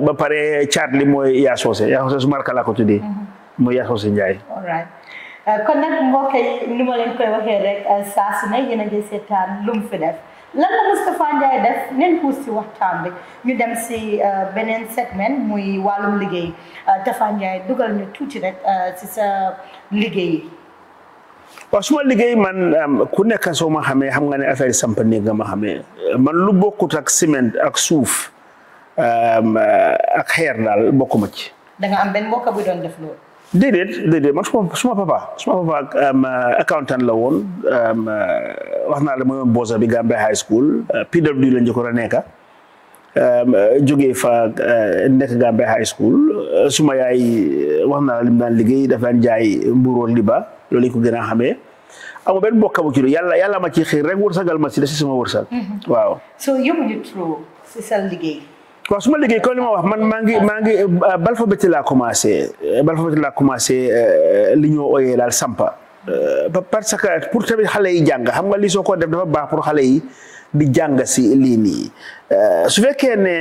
Speaker 4: ba pare caat li mooy yaa soose yaa soose su marka laa ko tuddee mooy yaa soose uh, njaay
Speaker 3: uh, a lan la def neen xuus si waxtaan bi ñu dem si euh, beneen segment muy wàllum liggéey euh, Tafa dugal ñu tuuti si euh, sa liggéey.
Speaker 4: waaw suma liggéey man ku nekk soo ma xamee xam nga ne affaire samp néeg nga ma xamee man lu bokkut ak ciment ak suuf ak xeer daal bokkuma ci.
Speaker 3: da nga am benn mbokk def loolu.
Speaker 4: déedéet déedéet man suma suma papa suma papa um, uh, accountant la woon um, uh, wax naa la mooy woon Bosa bi Gambia High School uh, PW la njëkkoon a nekka um, jógee fa nekk Gambia High School suma yaay wax naa la lim daan liggéey daf daan jaay mbuuroon liba loolu lañ ko gën a xamee amul benn mbokk bu ci lu yàlla yàlla ma ci xëy rek wërsagal ma si da si sama wërsal mm-hmm. waaw
Speaker 3: so yóbbu ñu trop si sa liggéey
Speaker 4: waaw su ma liggéey comme li ma wax man maa ngi maa ngi euh, balfabeti laa commencé euh, balfabeti laa commencé euh, li ñoo ooyee daal sampa parce que pour tamit xale yi jàng xam nga lii soo ko def dafa baax pour xale yi bi jàng si lii nii su fekkee ne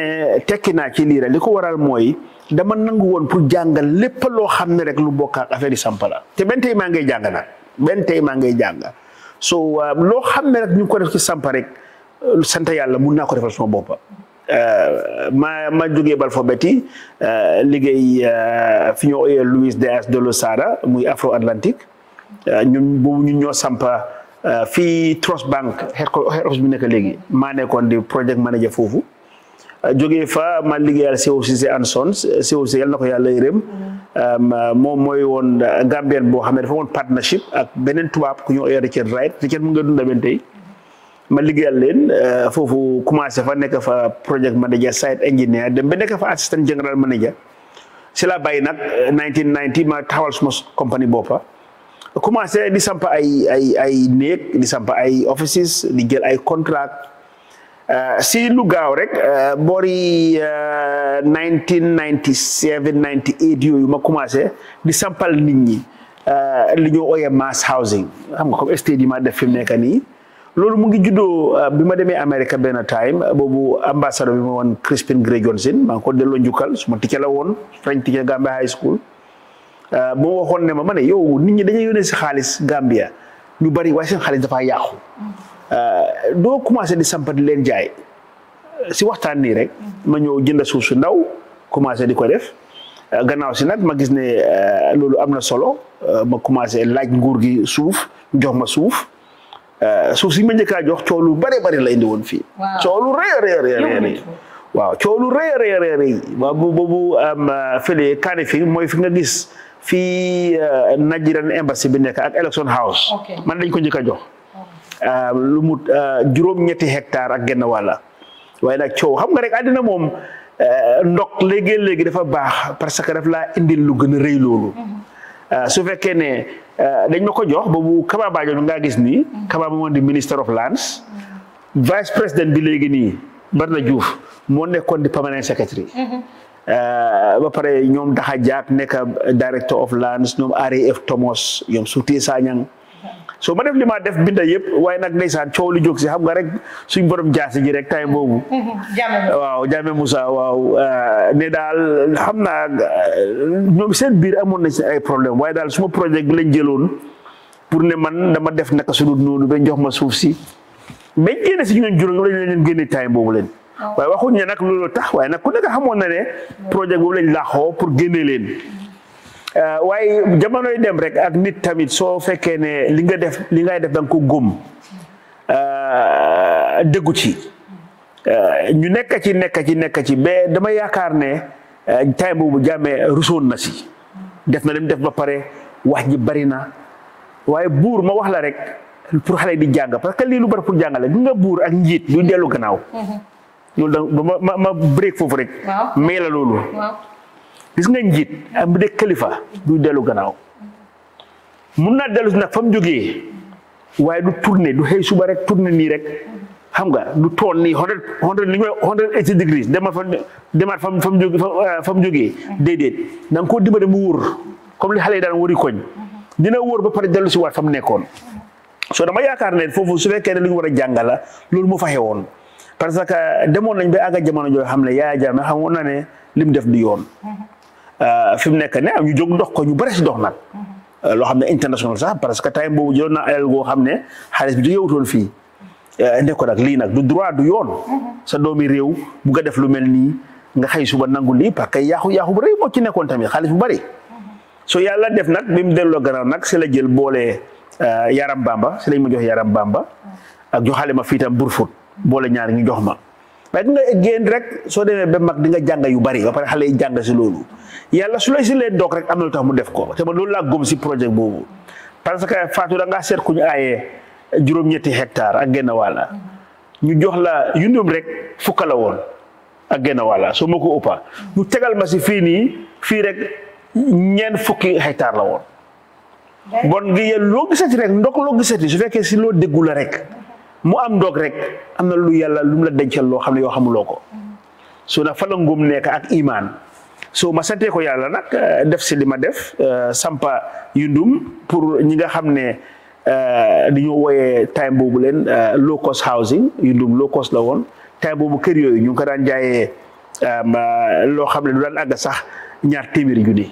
Speaker 4: tekki naa ci lii rek li ko waral mooy dama nangu woon pour jàng lépp loo xam ne rek lu bokk ak affaire yi sampa la te benn tey maa ngay jàng nag benn tey maa ngay jàng so loo xam ne rek ñu ko def ci sampa rek sant yàlla mun naa ko defal sama boppa Euh, ma ma jógee Balfobetti euh, liggéey euh, fi ñu ooyee Luis Diaz de Losada muy Afro Atlantique ñun boobu ñun ñoo sampa fii Trust Bank head office bi nekk léegi maa nekkoon di project manager foofu jóge fa ma liggéeyal COCC and Sons COCC yal na ko yàlla yërëm mm-hmm. moom mooy woon Gambien boo xam ne dafa woon partnership ak beneen tubaab ku ñu ooyee Richard Wright Richard mu nga dunda ben tey ma liggéeyal leen euh, foofu commencé fa nekk fa project manager site engineer dem ba nekk fa assistant general manager si la bàyyi nag 1990 euh, ma taxawal suma compagnie boppa commencé di samp ay ay ay néeg di samp ay offices di jël ay contract euh, si lu gaaw rek boori 1997 98 yooyu ma commencé di sampal nit ñi li ñu ooyee mass housing xam nga comme estate yi def fi mu nekk nii loolu mu ngi juddoo euh, bi ma demee Amérique benn time euh, boobu ambassadeur bi ma woon Crispin Gray Johnson maa ngi ko delloo njukkal su ma tike la woon French tike Gambia High School euh, moo waxoon ne ma ma ne nit ñi dañuy yónnee si xaalis Gambia ñu bari waaye seen xaalis dafaa yàqu doo commencé di sampa di leen jaay si waxtaan nii rek ma ñëw jënd suuf su ndaw commencé di ko def gannaaw si nag ma gis ne loolu am na solo ma commencé laaj nguur gi suuf jox ma suuf Euh, suuf si ma njëkkaa jox coow lu bari bari la indi woon fii. waaw coow rëy a rëy waaw coow lu rëy a rëy a rëy waaw bu boobu euh, kaani fi mooy fi nga gis fii euh, Nigerian embassy bi nekk ak election house. man dañ ko njëkk a jox. mu juróom-ñetti hectare ak genn wàlla waaye nag coow xam nga rek àddina moom ndok léegi léegi dafa baax parce que daf laa indi lu gën a rëy loolu. Mm-hmm. su fekkee ne. Euh, dañ ma ko jox ba Kaba Bajo bi ngaa gis ni mm. Kaba moo di minister of lands. vice président bi léegi nii Barna Diouf moo nekkoon di permanent secretary. Mm-hmm. Euh, ba pare ñoom Daxa Jaak nekk director of lands ñoom RAF Thomas ñoom Soutey Sagnang. so ma def li ma def binda yëpp waaye nag ndeysaan coow li jóg si xam nga rek suñ borom jaasi ji rek time boobu waaw Jammeh Moussa waaw euh, ne daal xam naa euh, ñoom seen biir amoon na si ay problème waaye daal suma projet bi lañ jëloon pour ne man dama def naka sudut noonu ba jox ma suuf si mais génne si ñun juróom loolu lañ leen génne time boobu leen oh. waaye waxuñ ne nag loolu tax waaye nag ku nekk xamoon na ne projet boobu lañ laaxoo pour génnee leen Euh, waaye jamonoy dem rek ak nit tamit soo fekkee ne li nga def li ngay def danga nga ko góom euh, dëggu ci euh, ñu nekk ci nekk ci nekk ci mais dama yaakaar ne time bu jàmmee rusoon na si def na dem def ba pare wax ji bari na waaye buur ma wax la rek pour xale di jàng parce que lii lu bari pour jàngale gi nga buur ak njiit ñu dellu gannaaw
Speaker 5: mm-hmm.
Speaker 4: loolu ma ma break foofu rek mais la loolu gis nga njiit am de kalifa du dellu gannaaw mun naa dellu si nag fa jógee waaye du tourné du xëy suba rek tourné nii rek xam nga du tool nii hundred hundred li ñooy hundred eighty degrees demaat fa demaat fa mu jógee euh, fa mu jógee déedéet na koo dimbale mu wóor comme li xale yi daan wëri koñ dina wóor ba pare dellu si waat fa mu nekkoon so dama yaakaar ne foofu su fekkee ne lu ñu war a jàngala la loolu moo fa xewoon parce que demoon nañ ba àgga jamono joo xam ne Yaya Jammeh xamoon na ne lim def du yoon Euh, fi mu nekk ne am ñu jóg dox ko ñu bari si dox nag. Mhm. Euh, loo xam ne international sax parce que time boobu joon naa alal goo xam ne xaalis bi du fii. Euh, ne nag lii nag du droit du yoon. Mhm. sa doomi réew bugg a def lu mel nii nga xëy suba nangu lii parce que yaaxu yaaxu bu rëy moo ci nekkoon tamit xaalis bu bari mhm. so yàlla def nag bi mu delloo gannaaw nag si la jël boole yaram bamba si lañ ma jox yaram bamba. ak joxale ma fii tam burfut boole ñaari ñu jox ma. waaye nga gen rek soo demee be mak di nga jàng yu bari ba pare xale yi jàng si loolu yàlla su lay si project dok rek am na tax mu def ko te ma loolu laa gëm si projet boobu parce que Fatou da ngaa seet ku ñu aayee juróom-ñetti hectare ak genn wala. ñu jox la yundum rek ak tegal ma si rek fukki hectare la bon gisati rek ndok gisati su si lo la rek mu am ndoog rek am na lu yàlla lu la dencal loo xam ne yoo xamuloo ko so na fa la ngëm nekk ak imaan soo ma santee ko yàlla nag euh, def si li ma def euh, sampa yundum pour ñi nga xam ne euh, ñu wooyee time boobu leen low cost housing yundum low cost la woon time boobu kër yooyu ñu ngi ko daan jaayee loo xam ne du daan àgg sax ñaar téeméeri junni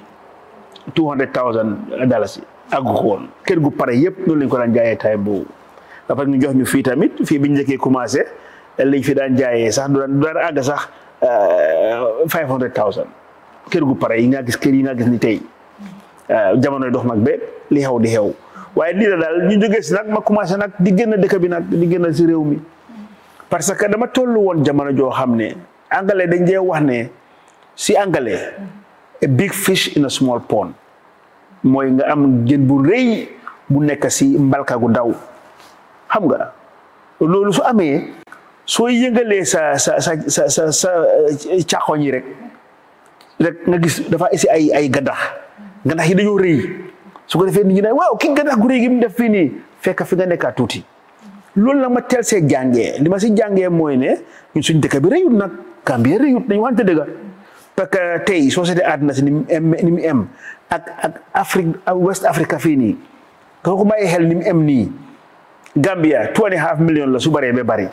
Speaker 4: two hundred thousand dalasi àggu ko woon kër gu pare yëpp noonu lañ ko daan jaayee time boobu ba pare ñu jox ñu fi tamit fi biñu njëkkee commencé liñ fi daan jaayé sax du daan du daan àgg sax euh 500000 kër gu paré yi nga gis kër yi nga gis ni euh jamono dox nak ba li xew di xew waye li la dal ñu jógee si ma commencé nak di gënë dëkk bi nak di gënë si réew mi parce que dama tollu won jamono jo xamné anglais dañ jé wax né si anglais a big fish in a small pond moy nga am gën bu reuy bu nek ci mbalka gu daw xam nga loolu su amee soo yëngalee sa sa sa sa sa sa càqoñ yi rek rek nga gis dafa isi ay ay gaddax gaddax yi dañoo rëy su ko defee nit ñi ne waaw ki gaddax gu rëy gi mu def fii nii fekk fi nga nekkaa tuuti loolu la ma teel see jàngee li ma si jàngee mooy ne ñun suñ dëkk bi rëyut nag Gambie rëyut dañu wante dëgg parce que tey société àddina si ni mu em eh. ni mu em ak ak Afrique West Africa fii nii nga ko bàyyi xel ni mu em nii Gambia two and a half million la su baree ba bari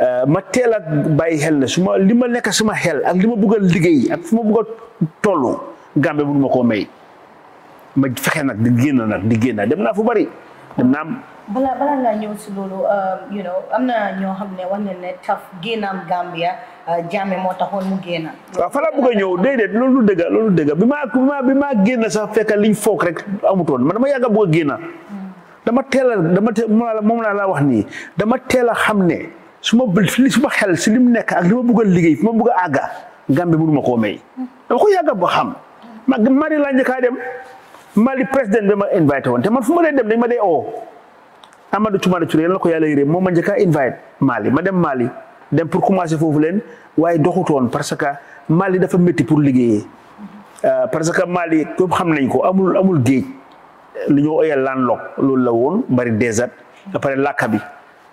Speaker 4: euh, ma teel a bàyyi xel ne suma ma li ma nekk sama xel ak li ma bëgg a liggéey ak fu ma bëgg a toll Gambia mënu ma koo may ma fexe nag di génn di génn dem naa fu bari dem naa
Speaker 3: balaa balaa ñëw um, na ñoo xam ne wax ne ne taf génnaam Gambia uh, jaame moo taxoon mu génna
Speaker 4: waaw fa laa bëgg a ñëw déedéet loolu dëgga loolu dëgga bi maa bi génn sax fekk liñ foog rek amutoon man dama yàgg a bëgg a génna dama teel dama teel la laa laa wax ni dama teel a suma li suma xel ci lim nek ak dama bëggal bëgg a liggéey fi bëgg aga gambe bu duma ko may. dama ko yàgg bo xam. mag mari laa njëkkaa dem Mali president bi invite won woon te man fuma lay dem dañ ma day o oh. Amadou Toumani Touré yàlla ko yalla yere mo ma ñëka invite Mali ma dem Mali dem pour commencer fofu len waye doxutone parce que Mali dafa metti pour euh parce que Mali ko xam nañ ko amul amul geej lu ñu ooyee landlock loolu la woon bari désert ba pare làkka bi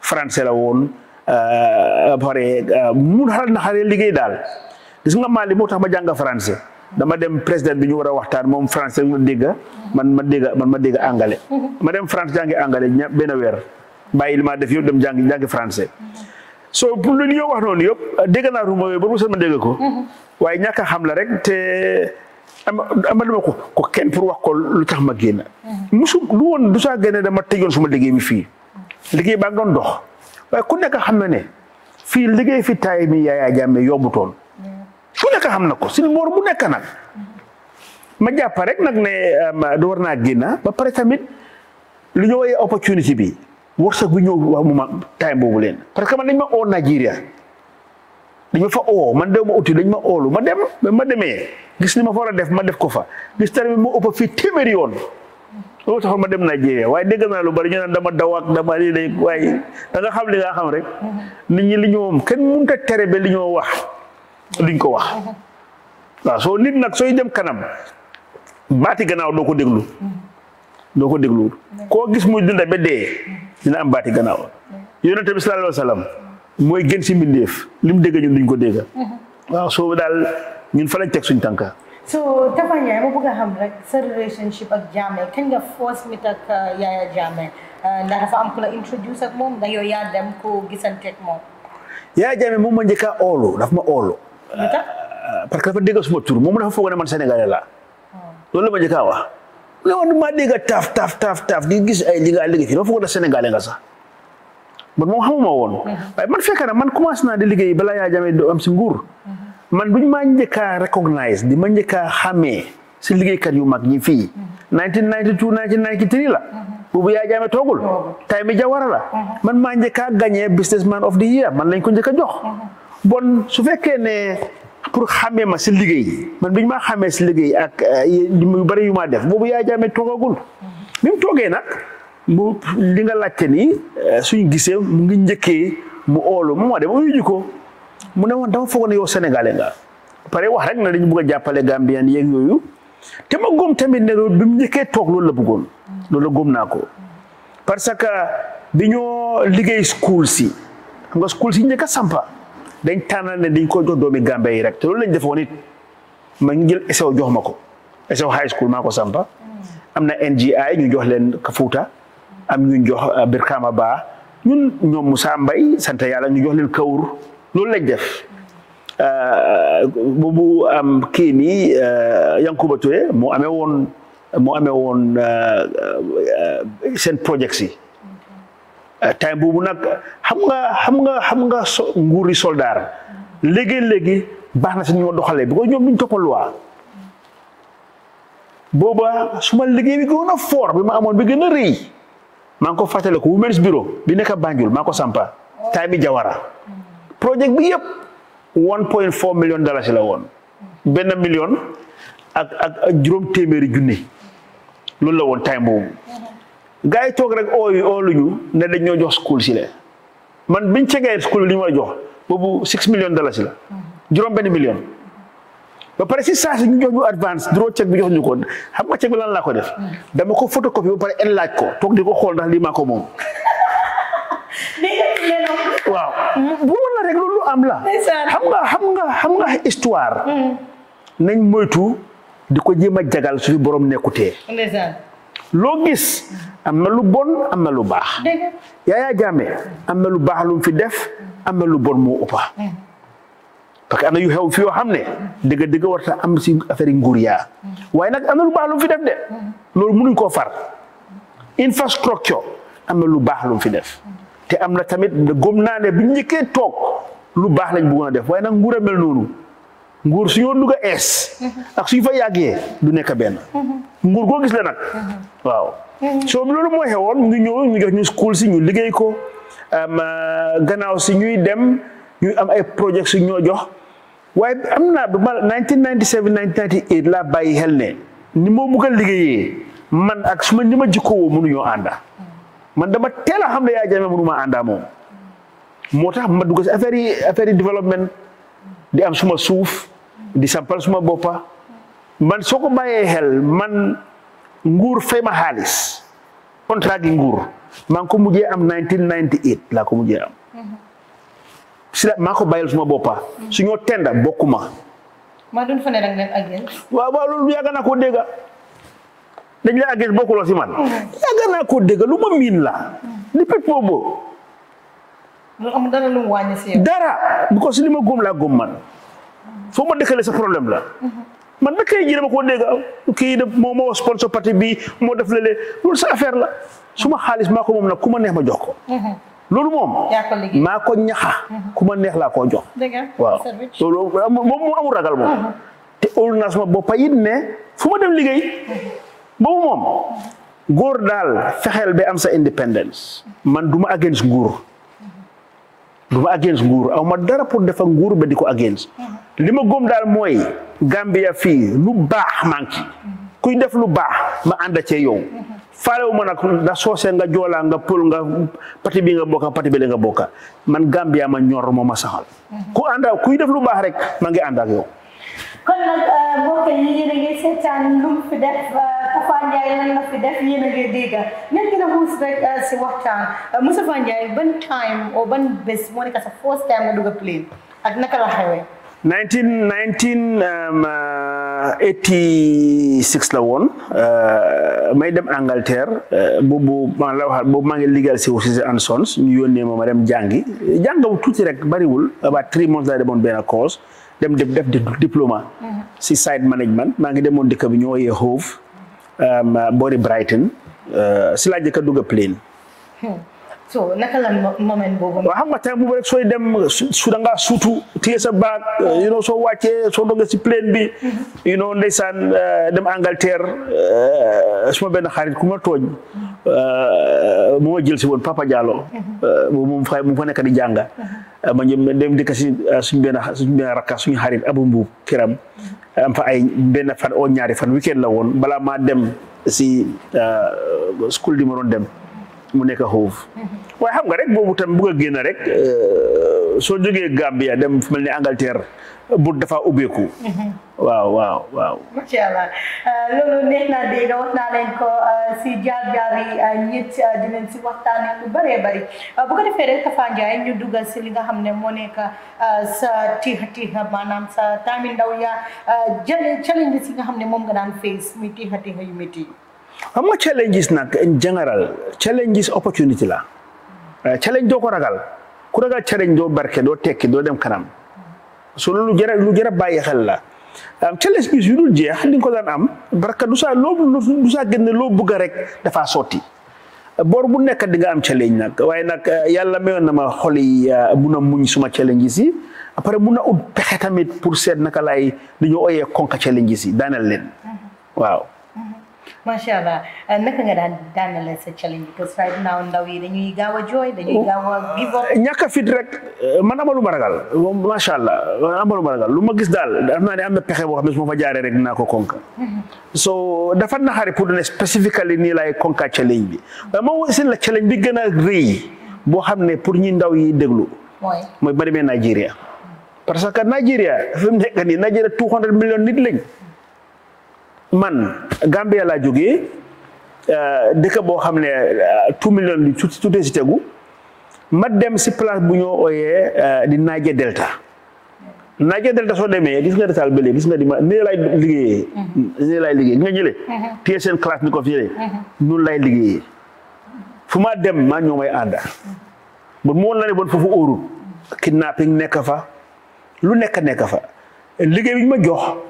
Speaker 4: français la woon euh, ba pare euh, mun xaral na xare liggéey daal gis nga Mali moo tax ma jàng français dama dem président bi ñu war a waxtaan moom français la dégga man ma dégga man ma dégga angale ma dem France jàngi angale ña benn weer bàyyi li ma def yëpp dem jàngi jàngi français so pour lu ñu wax noonu yëpp dégg naa rumba ba bu seen ma dégg ko waaye ñàkk xam la rek am ama dama ko ko kenn pour wax ko lu tax ma génn. musu lu woon du saa génne dama tëjoon suma liggéey bi fii. liggéey baa doon dox waaye ku nekk xam na ne fii liggéey fi taay mi Yaya Jammeh yombutoon. ku nekk xam na ko si moor mu nekk nag. ma jàpp rek nag ne du war naa génna ah. ba pare tamit lu ñu woowee opportunité bi wërsëg bi ñëw wax mu ma time boobu leen parce que man dañ ma oo Nigeria. dañu fa oo man dew ma uti dañ ma oolu ma dem ma demee gis ni ma fa war a def ma def ko fa gis tari bi ma ëpp fii téeméeri yoon loolu taxoon ma dem Nigeria waaye dégg naa lu bari ñu naan dama daw ak dama lii dañ waaye da nga xam li nga xam rek nit ñi li ñu moom kenn mënut a tere ba li ñoo wax liñ ko wax waaw soo nit nag sooy dem kanam baati gannaaw doo ko déglu doo ko déglu koo gis muy dunda ba dina am baati gannaaw yonente bi sallallahu alayhi mooy gën si mbindeef li mu dégg ñun duñ ko dégga
Speaker 3: mm-hmm.
Speaker 4: waaw soo daal ñun fa lañ teg suñ tànka.
Speaker 3: so Tafa Ndiaye ma bëgg a rek sa relationship ak Jammeh kañ nga first meet ak uh,
Speaker 4: Yaya uh, moom ma njëkk a oolu dafa ma oolu. Uh, parce que dafa dégg suma tur moom dafa foog ne man Sénégalais la hmm. loolu la ma njëkk a wax. ne woon maa dégg taaf taaf taaf taaf di gis ay li nga liggéey fii dafa foog ne nga sax. bon mo xamuma won waaye ya. man fekk na man commence na di liggéey bala ya jame do am si nguur ya. man buñ ma njëkk recognize di ma njëkk xamé ci si kat yu mag ñi fi 1992 1993 la boobu ya jame togul tay mi jawara la ya. man ma njëkk a gagné businessman of the year man lañ ko njëkk jox bon su fekke ne pour xamé ma ci liggéey man buñ ma xamé ci liggéey ak yu eh, bari yu ma def boobu yaa jaame toogagul bi mu toogee bu li nga laajte nii eh, suñ gisee mu ngi njëkkee mu oolu moom wax de ma yuju ko mu ne woon dama foog ne yow sénégalais nga pare wax rek na dañu bëgg a jàppale Gambien yeeg yooyu te tamit ne bi mu njëkkee toog loolu la bëggoon loolu góom naa ko parce que bi ñoo liggéey school si xam nga school si njëkk a sampa dañ tànnal ne dañ ko jox doomi Gambie rek te loolu lañ defoon ma jël esew jox ma ko esew high school maa am na NGI ñu jox leen Fuuta am ñu jox euh, Birkama Ba ñun ñom Moussa Mbaye sante yalla ñu jox leen kawr loolu lañ def euh, bu am kii nii euh, Yankuba Touré moo mo woon moo amee woon seen project si time bu nak xam nga xam nga xam nga nguri soldar léegi-léegi baxna ci si ñu ma doxalee bi ko ñom ñu topal waa boba suma ma bi gëna for bi ma amoon bi gëna reuy maa ngi ko fàttaliku Women's Bureau bi nekk Banjul maa ko sampa Taïbi Jawara projet bi yëpp 1.4 million dollars la woon benn million ak ak juróom téeméeri junne loolu la woon time boobu gars yi toog rek ooyu ooluñu ne dañ ñoo jox school si la man biñ cegee school li ñu war a jox boobu 6 million dollars la juróom benn million ba pare si saa si ñu jox ñu advance duroo cek bi jox ñu ko xam nga cek bi lan laa ko def dama ko photocopie ba pare en laaj ko toog di ko xool ndax lii maa ko moom.
Speaker 6: waaw bu wala rek
Speaker 4: loolu am la. xam nga xam nga xam nga histoire. Mm. nañ moytu di ko jéem a jagal suñu borom nekkutee. loo gis am na lu bon am na lu baax. Yaya Jammeh am na lu baax lu mu fi def am na lu bon moo ëppa mm. parce que anu yu xew fi yo xamne deug deug sa warta am si affaire yi nguur nak waaye anu lu baax lu fi def de lolou mënuñ ko far infrastructure am lu baax lu fi def te am tamit de gomnaane ne bu tok lu baax lañ bëggoon def waye nak nguura mel nonu nguur su ñoo dugg ak suñu fa yagge du nekk ben nguur go gis la nak waaw so lolou mo xewon ñu ñëw ñu jox ñu school si ñu liggey ko ah, gannaaw si ñuy dem ñu am ay projet su ñoo jox waaye amna ba 1997 1998 la bayi helne ne ni mo bëgg a man ak suma ma jikko wo jikkoowoo mënuñoo anda man dama teel a ya jame yaa ma anda àndaa motax ma dugg affaire affaire development di am suma souf di sampal suma bopa man soko baye hel man nguur fay ma contrat gi nguur man ko mujjé am 1998 la ko mujjé am si mako bayal suma bopa suñu tenda bokuma
Speaker 3: ma dun fa ne da ngeen against
Speaker 4: wa waaw loolu yàgg naa dega dañ la against bokulo ci man mm-hmm. yàgg naa dega dégga lu ma miin la bo bo
Speaker 3: lu am dara lu wañi ci yow dara
Speaker 4: because lima ma góom laa góom man fo ma dekkale sa problème la mm-hmm. man nag kay jii mako dega ki de moo moo sponsor parti bi mo def lele loolu sa affaire la suma xaalis mako mom nak kuma neex ma jox ko
Speaker 1: mm-hmm. loolu moom. maa ko ñaxa. Mm-hmm.
Speaker 4: ku ma neex laa koo jox. waaw loolu moom mu amul ragal moom. Mm-hmm. te óolu naa sama boppa it ne fu ma dem liggéey. Mm-hmm. boobu moom. góor daal fexeel ba am sa indépendance. man du ma against nguur. du ma aw ma dara pour defa nguur ba di ko against. li ma góom daal mooy. Gambia fii lu baax maa ngi ci def lu baax ma ànd cee yow. faalewu ma nag nga soose nga joolaa nga pël nga pati bi nga bokka pati bi nga bokka man Gambia ma ñor moo ma saxal mhm. ku ànd kuy def lu baax rek maa ngi ànd ak yow
Speaker 3: kon nag euh, mbokk yi yéen a seetaan lu fi def euh, a ngi dégg ngeen euh, ban time o ban bés moo nekk sa first time nga dugg a plane ak naka la
Speaker 4: 19 1986 um, uh, la woon uh, may dem Angleterre uh, boobu maa la waxal boobu maa ngi liggéeyal si Cissé and Sons ñu yónnee ma ma dem jàngi jàngamu tuuti rek bariwul about three months laa demoon benn course dem def def diplôme mhm. si site management maa ngi demoon dëkk bi ñu wooyee Hove um, boori Brighton si laa jëkk a dugg a plane
Speaker 3: hmm. so naka la moment boobu.
Speaker 4: waaw xam nga time boobu rek sooy dem su da ngaa suutu téye sa baag. Oh. you know soo wàccee soo doggee si plane bi. Mm-hmm. you know ndeysaan euh, dem Angleterre euh, suma benn xarit ku ma tooñ. mu mm-hmm. euh, jël si woon Papa Diallo. moom mm-hmm. fa mu nekk di jànga. ma ñëw dem dëkk si suñu benn suñu benn rakka suñu xarit Abu Mbuub këram. am fa ay benn fan oo ñaari fan weekend la woon balaa maa dem si school di ma doon dem. mu nekk xoofu mm-hmm. waaye xam nga rek boobu tam bëgg a génn rek euh, soo jógee Gambia dem fu mel ni Angleterre bu dafa ubbeeku mm-hmm. waaw waaw waaw macha
Speaker 3: allah euh, loolu neex naa dégg wax naa leen ko euh, si jaar-jaar yi ñit dinañ si waxtaane lu bëree bëri bu ko defee rek Tafa Ndiaye ñu dugal si li nga xam ne moo nekk sa tiixa tiixa maanaam sa taami ndaw yaa jële challenge si nga xam ne moom nga daan face muy tiixa tiixa yu métti yi
Speaker 4: xam nga challenges nag general challenges opportunity la eh, challenge doo ko ragal ku ragal challenge doo barke doo tekki doo dem kanam so lu jar lu jar a bàyyi xel la challenge bis yu dul jeex li nga ko daan am barka du saa loo du saa loo bëgg rek dafaa sotti boor bu nekk di nga am challenge nag waaye nag eh, yàlla mayoon na ma xol yi eh, mun a muñ suma challenges yi après mun na ut pexe tamit pour seet naka du li ñu ooyee konka challenges yi daaneel leen
Speaker 3: macha allah uh, naka nga daan daanale a challenge because right now ndaw yi dañuy gaaw a jooy dañuy gaaw a give up.
Speaker 4: ñàkk a fit rek man amalu ma ragal macha allah amalu ma ragal lu ma gis daal am naa ne am na pexe boo xam ne su fa jaaree rek dinaa ko konka mm-hmm. so dafa naxari pour ne specifically nii laay konka challenge bi waaye moom seen la bi gën a rëy boo pour ñi ndaw yi déglu. mooy mooy parce que Nigeria fi mu nekk nii million nit lañ. man Gambia laa jógee euh, dëkk boo xam ne euh, two million bi su tuutee si tegu ma dem si place bu ñoo ooyee euh, di Niger Delta Niger Delta soo demee gis nga detaal bële gis nga di ma nii laay liggéeyee mhm. nii laay liggéeyee nga ñële mhm. téye seen classe ni ko fi ñële mhm. noonu laay liggéeyee fu ma dem maa ñoo may ànda bon mu woon la ne bon foofu óorul kidnapping nekk fa lu nekk nekk fa liggéey bi ñu ma jox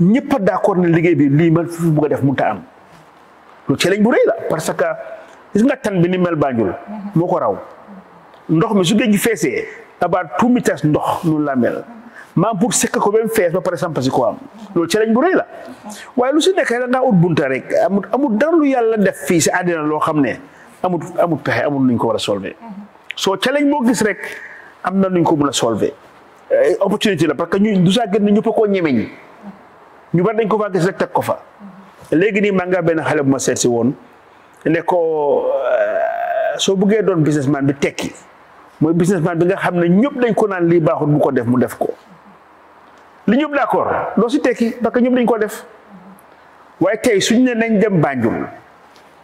Speaker 4: ñëpp a d'accord na liggéey bi lii man fi bëgg def mënut a am lu ci lañ bu rëy la parce que gis nga tan bi ni mel Banjul moo ko raw ndox mi su géej gi feesee about two meters ndox noonu la mel maam pour sekk ko ba mu fees ba par exemple si ko am loolu challenge bu rëy la waaye lu si nekk da ngaa ut bunta rek amut amut dara lu yàlla def fii si àddina loo xam ne amut amut pexe amut nuñ ko war a solver soo challenge moo gis rek am na nuñ ko mun a solver eh, opportunité la parce que ñu du saa gën ne ñëpp a ñu bari dañ ko fa rek tek ko fa ni ma manga ben xale bu ma ci won ne ko euh, so buggee doon businessman bi tekki moy businessman bi nga xam ne ñëpp dañ ko naan li baxul bu ko def mu def ko li ñëpp d'accord do ci tekki bak ñëpp dañ ko def waye tay suñu ne nañ dem Banjul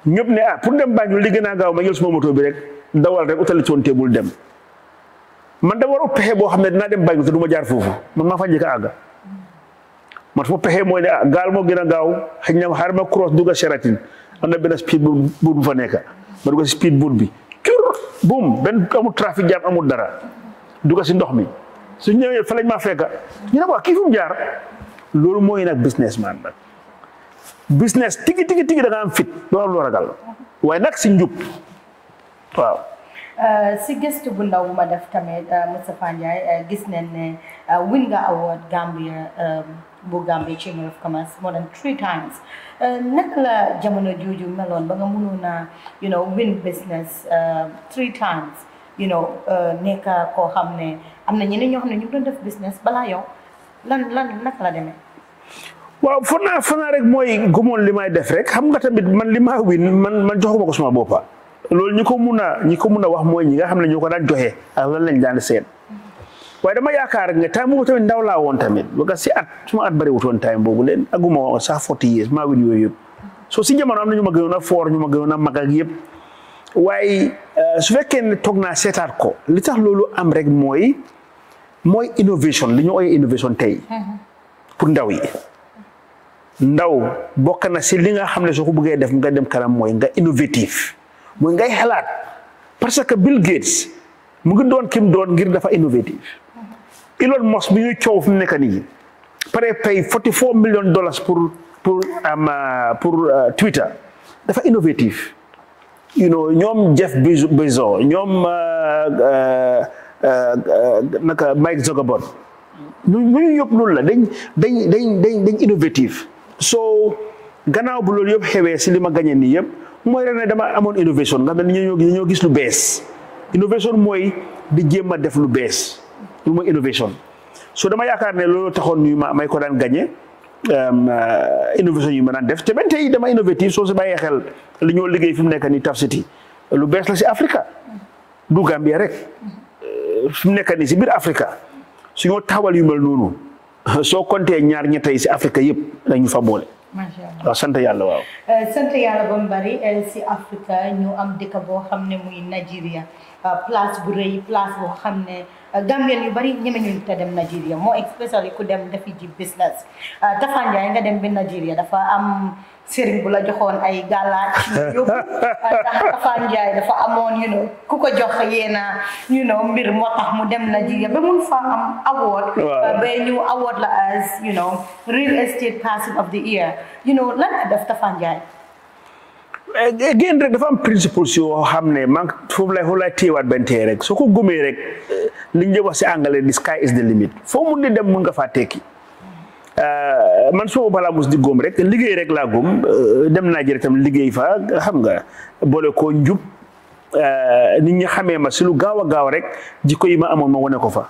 Speaker 4: ñëpp ne ah pour dem Banjul li gëna gaaw ma jël suma moto bi rek dawal rek utali coon bul dem man da war a bo boo dina dem Banjul te jaar fofu man ma fa aga man fo pexe moy ne ah, gaal moo gën gaaw xëy na ma cross duga Sheraton amna ben speed bu bu fa nekk ma duga speed bu bi cur boum ben amu trafic jam amu dara duga si ndox mi su ñëwee fa lañ ma fekka ñu ne ko ah, ki fu mu jaar lool moy nak businessman nak business tigi tigi tigi da nga am fit do lo ragal way nak si njub waaw
Speaker 3: euh, si gëstu bu ndaw ma def tamit euh, Moustapha Njie euh, gis nañ ne win nga award Gambia bu Gambie Chamber of Commerce more than three times uh, naka la jamono jooju meloon ba nga mënoon a you know win business uh, three times you know uh, nekk koo xam ne am na ñeneen ñoo xam ne ñu ngi def business balaa yow lan lan naka la demee.
Speaker 4: waaw foog naa rek mooy gëmoon li may def rek xam nga tamit man li maa win man man joxuma ko suma boppa loolu ñu ko mun a ñu ko mun a wax mooy ñi nga xam ne ñoo ko daal joxe ak lan lañ daan seen waaye dama yaakaar nga time boobu tamit ndaw woon tamit ba si at suma at bëriwutoon time boobu leen aguma woon sax forty years maa win yooyu yëpp si jamono am na ñu ma gënoon foor ñu ma gënoon a mag ak yëpp waaye eh, su fekkee ne toog naa seetaat ko li tax loolu am rek mooy mooy innovation li ñu ooyee innovation tey pour ndaw yi ndaw bokk na si li nga xam ne soo ko bëggee def nga dem kanam mooy nga innovative mooy ngay xalaat parce que Bill Gates mu ngi ngir dafa innovative Elon Musk bi ñuy coow fi mu nekk nii pare pay forty four million dollars pour pour euh, pour euh, Twitter dafa innovative you know ñoom Jeff Bezos ñoom euh, naka Mike Zuckerberg ñu ñu yëpp loolu la dañ dañ dañ dañ dañ innovative so gannaaw bu loolu yëpp xewee si li ma gañe nii yëpp mooy rek ne dama amoon innovation nga xam ne ñoo ñoo gis lu bees innovation mooy di jéem a def lu bees lu mooy innovation so dama yaakaar ne loolu taxoon ñu ma may ko daan gagné um, euh, innovation yi ma daan def te ba tey dama innovative soo si bàyyee xel li ñoo liggéey fi mu nekk nii Taf City lu bees la si Africa du Gambia rek euh, fi mu nekk nii si biir Africa su ñoo taxawal yu mel noonu soo compté ñaar ñett yi si Africa yëpp dañu fa boole.
Speaker 3: macha yàlla waaw. Euh, bari si Africa ñu am dëkk boo xam ne muy Nigeria. Euh, place bu rëy place boo xam ne euh, Gambien yu bari ñemeñuñ te dem Nigeria moo especially ku dem dafi ji business euh, Tafa Ndiaye nga dem ba Nigeria dafa am sëriñ bu la joxoon ay gàllaaj yóbbu Tafa Ndiaye dafa amoon you ku ko jox yéena you know mbir moo tax mu dem Nigeria ba mun fa am award ba ñu award la as you know real estate person of the year you know lan la def Tafa
Speaker 4: again eh, rek dafa am principles yoo xam ne man foofu lay foofu lay téyewaat benn rek soo ko gëmee rek eh, liñ de wax si anglais the sky is the limit foo mun di dem mun nga faa tekki eh, man soo balaa mus di góom rek liggéey rek laa góom dem naa jël itam liggéey fa xam nga boole koo njub nit ñi xamee ma si lu gaaw a gaaw rek jikko yi ma amoon ma wane ko fa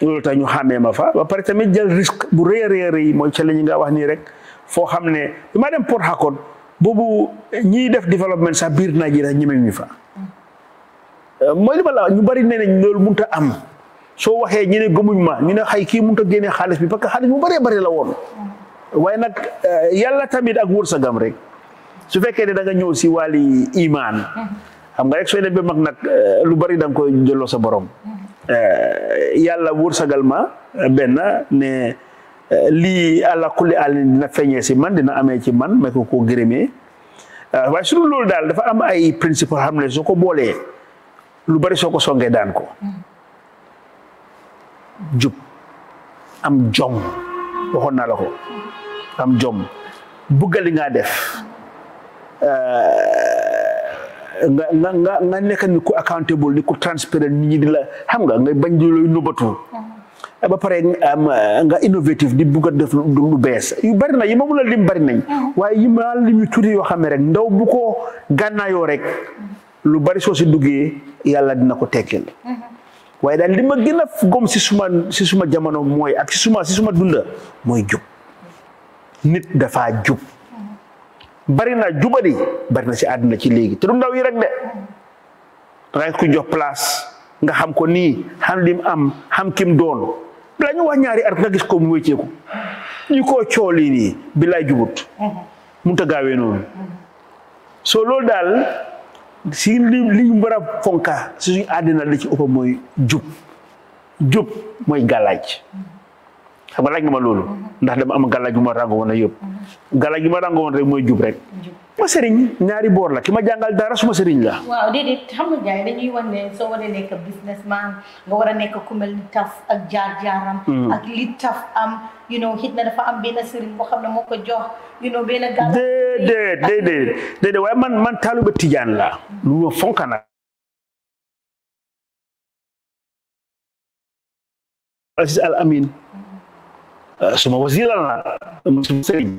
Speaker 4: loolu tax ñu xamee ma fa ba pare tamit jël risque bu rëy a rëy mooy ca la ñu nga wax nii rek foo xam ne maa dem Port Harcourt boobu ñiy def développement sax biir Nigeria ñemewuñu fa. Euh, mooy li ma la ñu bari ne nañ loolu mënut a am soo waxee ñu ne gëmuñ ma ñu ne xay kii mun a génne xaalis bi parce que xaalis bu bëree bëri la woon. waaye nag euh, yàlla tamit ak wërsëgam rek su fekkee ne da nga ñëw si wàlli imaan. xam nga rek sooy dem ba mag nag euh, lu bari da nga koy jëloo sa borom. yàlla wërsagal ma benn ne Euh, lii àlla kulli àll dina feeñee si man dina amee ci man ma ko koo gërëmee euh, waaye su dul loolu daal dafa am ay principe xam ne soo ko boolee lu bari soo ko songee daan ko jub am jom waxoon naa la ko am jom bugga li ngaa def euh, nga nga nga nekk ni ku accountable ni ku transparent nit ñi di la xam nga nga bañ di looy nubatu ba pare nga innovative di bëgg def lu bëss yu bari na yima mu la lim bari nañ ah. waye yima ma lim yu tuuti yoo xam rek ndaw bu ko gànnaayoo rek lu bari so ci duggé yalla dina ko tékkel
Speaker 5: mm-hmm.
Speaker 4: waye dal lima gëna gom si suma ci suma jamono moy ak ci suma ci suma dunda moy juk nit dafa juk mm-hmm. bari na jubali bari na si aduna ci légui té du ndaw yi rek de dangay mm-hmm. ku jox place nga xam ko ni xam am xam kim doon la ñu wax ñaari at nga gis ko mu wécceeku ñi koo coolii nii bi lay jubut mun ta gaawee noonu soo daal si li li ñu fonka si suñu àddina li ci mooy jub jub mooy gàllaaj sama lagi ma loolu ndax dama am gàllaaj gu ma ràngo woon a yëpp ma ràngo woon rek moy djub rek ma sëriñ ñaari bor la ki ma dara suma sëriñ la
Speaker 3: waaw dedet xam nga jaay dañuy wone so wone nek businessman nga wara nek ku mel ni taf ak eh, jaar-jaaram hmm. ak li taf am you know hit na dafa am bena sëriñ bo xamna moko jox you know bena gal
Speaker 4: dedet dedet dedet way man man taaluba tijaan la lu
Speaker 7: fonkana fonka Aziz Al Amin suma wasila na musulmi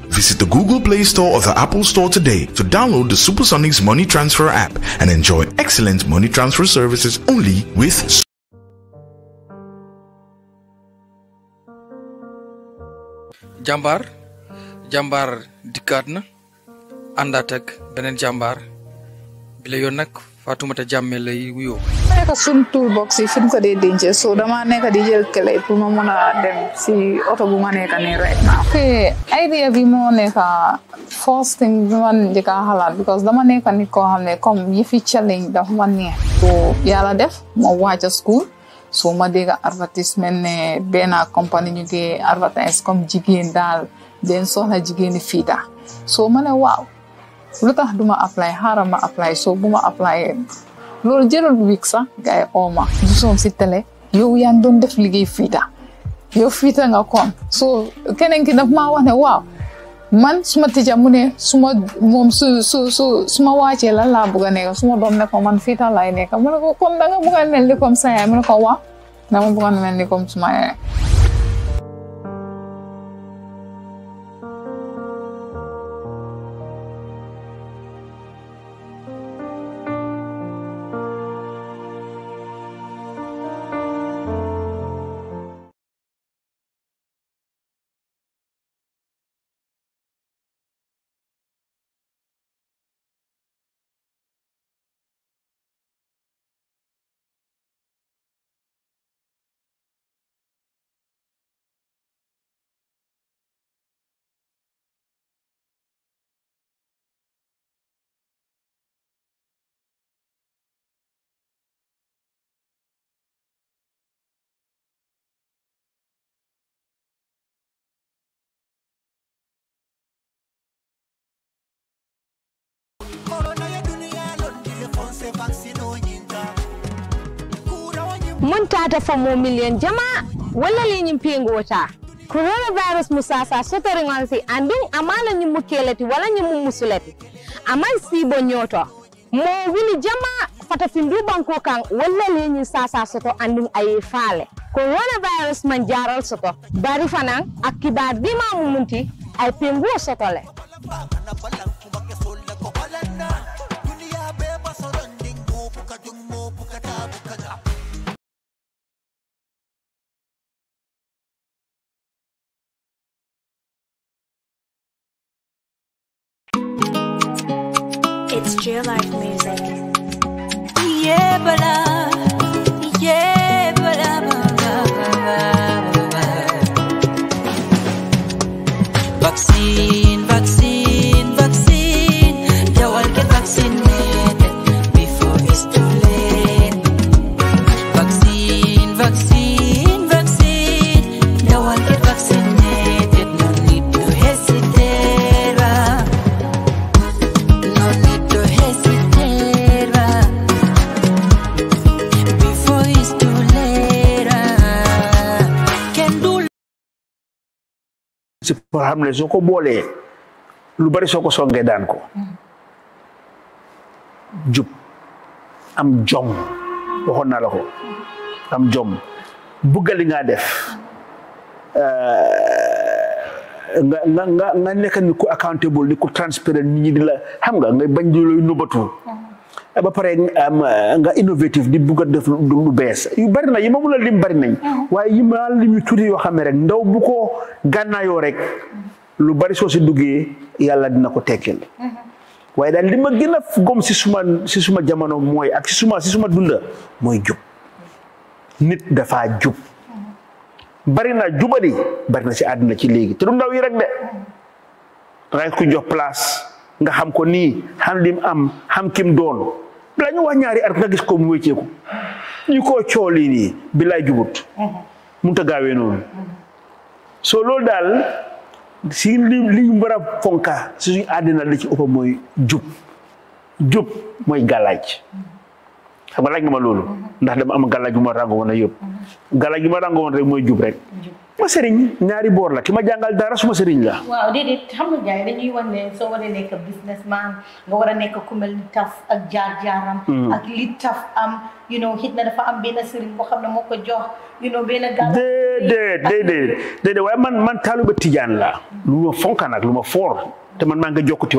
Speaker 8: Visit the Google Play Store or the Apple Store today to download the Supersonics Money Transfer app and enjoy excellent money transfer services only with
Speaker 1: Jambar, jambar dikkaat na àndaat ak jambar, jàmbaar fatumata mata lay
Speaker 9: wuyo may ka sun box yi fin ko de denje so dama ka di jël kelay pour ma mën dem si auto bu ma ka ne right now ok idea bi ne ka first thing bi man di ka halal because dama ne ka ni ko xamne comme yëfi challenge dafa ma ne so yalla def mo waaja school so ma ga advertisement ne bena company ñu ge advertise comme jigen dal den la jigen fi da so ma ne Uletah duma apply hara ma apply so buma apply lu jero wik sax gaay oma du som ci yo yan don def fita, fita yo fita nga kon so kenen ki daf ma wane ne man suma tija mune, suma mom su su su suma wache la la buga a suma dom ne ko man fita laay nekk mu ne ko kon da nga bugg a mel comme suma e.
Speaker 3: wontata fammomilen jama walla leñin
Speaker 2: peengota coronavirus musasa sotori ngansi andin amana nyim keleti wala ñimmu musuleti aman siibo ñoto mo wini jama fata findu
Speaker 3: banko kan walla leñin sasa soto andin aye faale coronavirus man jaral soto bari fanan akibar kibar dima mumunti ay penguo soto le
Speaker 7: Geolife Music.
Speaker 5: Yeah, but I. Uh,
Speaker 4: boo xam ne soo ko boolee lu bari soo ko songee daan ko jub am jom waxoon naa ko am jom bugga li euh, nga def nga nga nga nekk ni ku accountable ni ku transparent nit ñi di la xam nga nga bañ di lay nubatu Eh, ba pare eh, nga innovative di bëgg a def lu bes yu bari na yima ma lim bari nañ ah. waye yima ma lim yu tuuti yoo rek ndaw bu ko gànnaayoo rek lu bari so ci duggé yalla dina ko mm-hmm. waye dal lima ma gom ci suma ci suma jamono moy ak ci suma ci suma dunda moy jup nit dafa jub mm-hmm. bari na jubadi bari na si aduna ci légui te du ndaw yi rek de rek mm-hmm. ku jox place nga xam ko nii xam lim am xam kim doon balaa ñu wax ñaari at nga gis ko mu wécceeku ñu koo coolii nii bilaay jubut mun ta gaawee noonu soo loolu daal si li li ñu war fonka si suñu àddina la ci mooy jub jub mooy gàllaaj xam nga laaj nga ma loolu ndax dama am gàllaaj bu ma ràngo woon a yëpp gàllaaj bu ma ràngo mooy jub rek ma sëriñ ñaari bor la ki ma jàngal dara suma sëriñ la.
Speaker 3: waaw déedéet xam nga jaay dañuy wan so soo war businessman nga war a nekk ku mel ni taf ak jaar jaaram. Mm. ak li taf am you know hit na dafa am benn sëriñ boo xam ko jox you know benn Dede,
Speaker 4: dede, dede, dede, waaye man man taaluba tijaan la luma ma fonka nag lu ma te man maa nga jokkati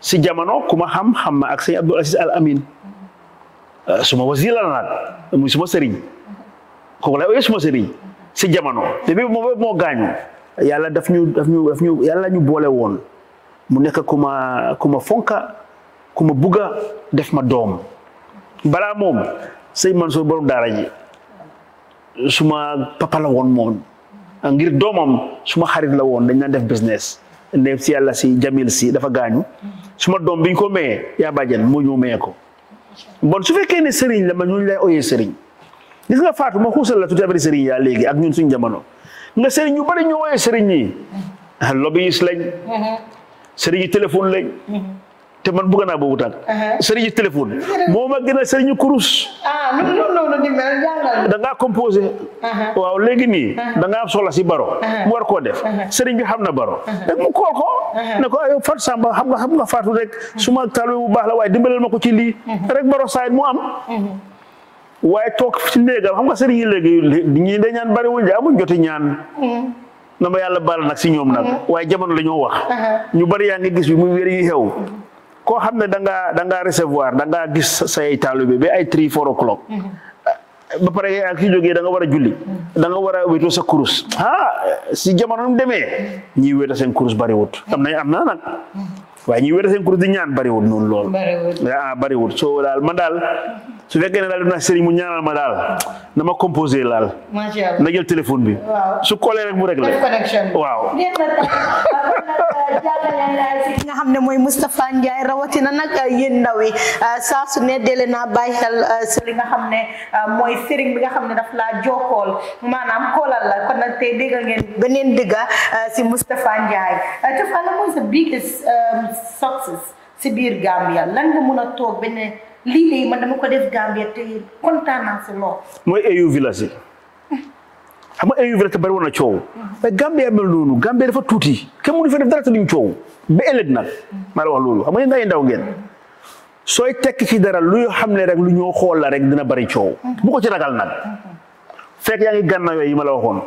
Speaker 4: si jamono ku ma ham-ham, ma ak sëñ Abdul Aziz Al Amin mm-hmm. euh, suma wasila la nag muy suma sëriñ kooku la ooyee suma si jamono bébé moo moo gaañu yàlla daf ñu daf ñu daf ñu yàlla ñu boole woon mu nekk ku ma ku ma fonka ku ma bugga def ma doom balaa moom sëñ Mansour borom daara ji suma papa la woon moom ngir doomam suma xarit la woon dañ naan def business ne si yàlla si Jamil si dafa gaañu suma doom biñ ko mayee yaa bàjjen moo ñëw mayee ko bon su fekkee ne sëriñ la ma ñu lay oyee sëriñ gis nga fatou ma xuusal la tuti abri serigne ya legui ak ñun suñu jamono nga serigne ñu bari ñu wooyee serigne yi ah, lobbyist lañ serigne yi téléphone lañ te man bëgg naa moma gëna serigne yi ah non non non di mel jangal da nga composer waaw legui ni da am soxla ci baro mu war ko def serigne bi xamna baro rek mu koko ko ne ko ayo fat samba xam nga xam nga fatou rek suma talu bu baax la way dimbalal mako ci li rek baro saayit mu am waaye toog si néegam xam nga sëriñ yi léegi ñii day ñaan bari wuñ de amuñ joti ñaan hmm. na ma yàlla baal nag si ñoom nag hmm. waaye jamono lañoo wax ñu bari yaa ngi gis bi muy wér yu xew koo xam ne da ngaa da ngaa recevoir da ngaa gis say taalibe ba ay three four o'clock hmm. ah, ba pare ak si jógee da nga war a julli da nga war a wéetoo sa kurus ah si jamono nu demee ñii wéeta seen kurus bariwut am na am waaye ñuy wér seen kuréel di ñaan bariwul noonu lool. bariwul ah bariwul soo daal man daal su fekkee ne daal def naa sëriñ mu ñaanal daal na composé laal. macha bi. su koolee rek
Speaker 3: xam ne mooy Moustapha Ndiaye rawatina nag ah, yéen ndaw success biir Gambia lan nga a toog ba ne lii
Speaker 4: mooy AU village yi xam nga AU coow. mais Gambia tuuti kenn mënu fa def coow ba ëllëg nag maa la ndaw ngeen. sooy tekki ci dara lu xam ne rek lu ñoo xool rek dina bari coow. bu ko ci ragal nag. fekk yaa ngi gànna yooyu yi ma la waxoon.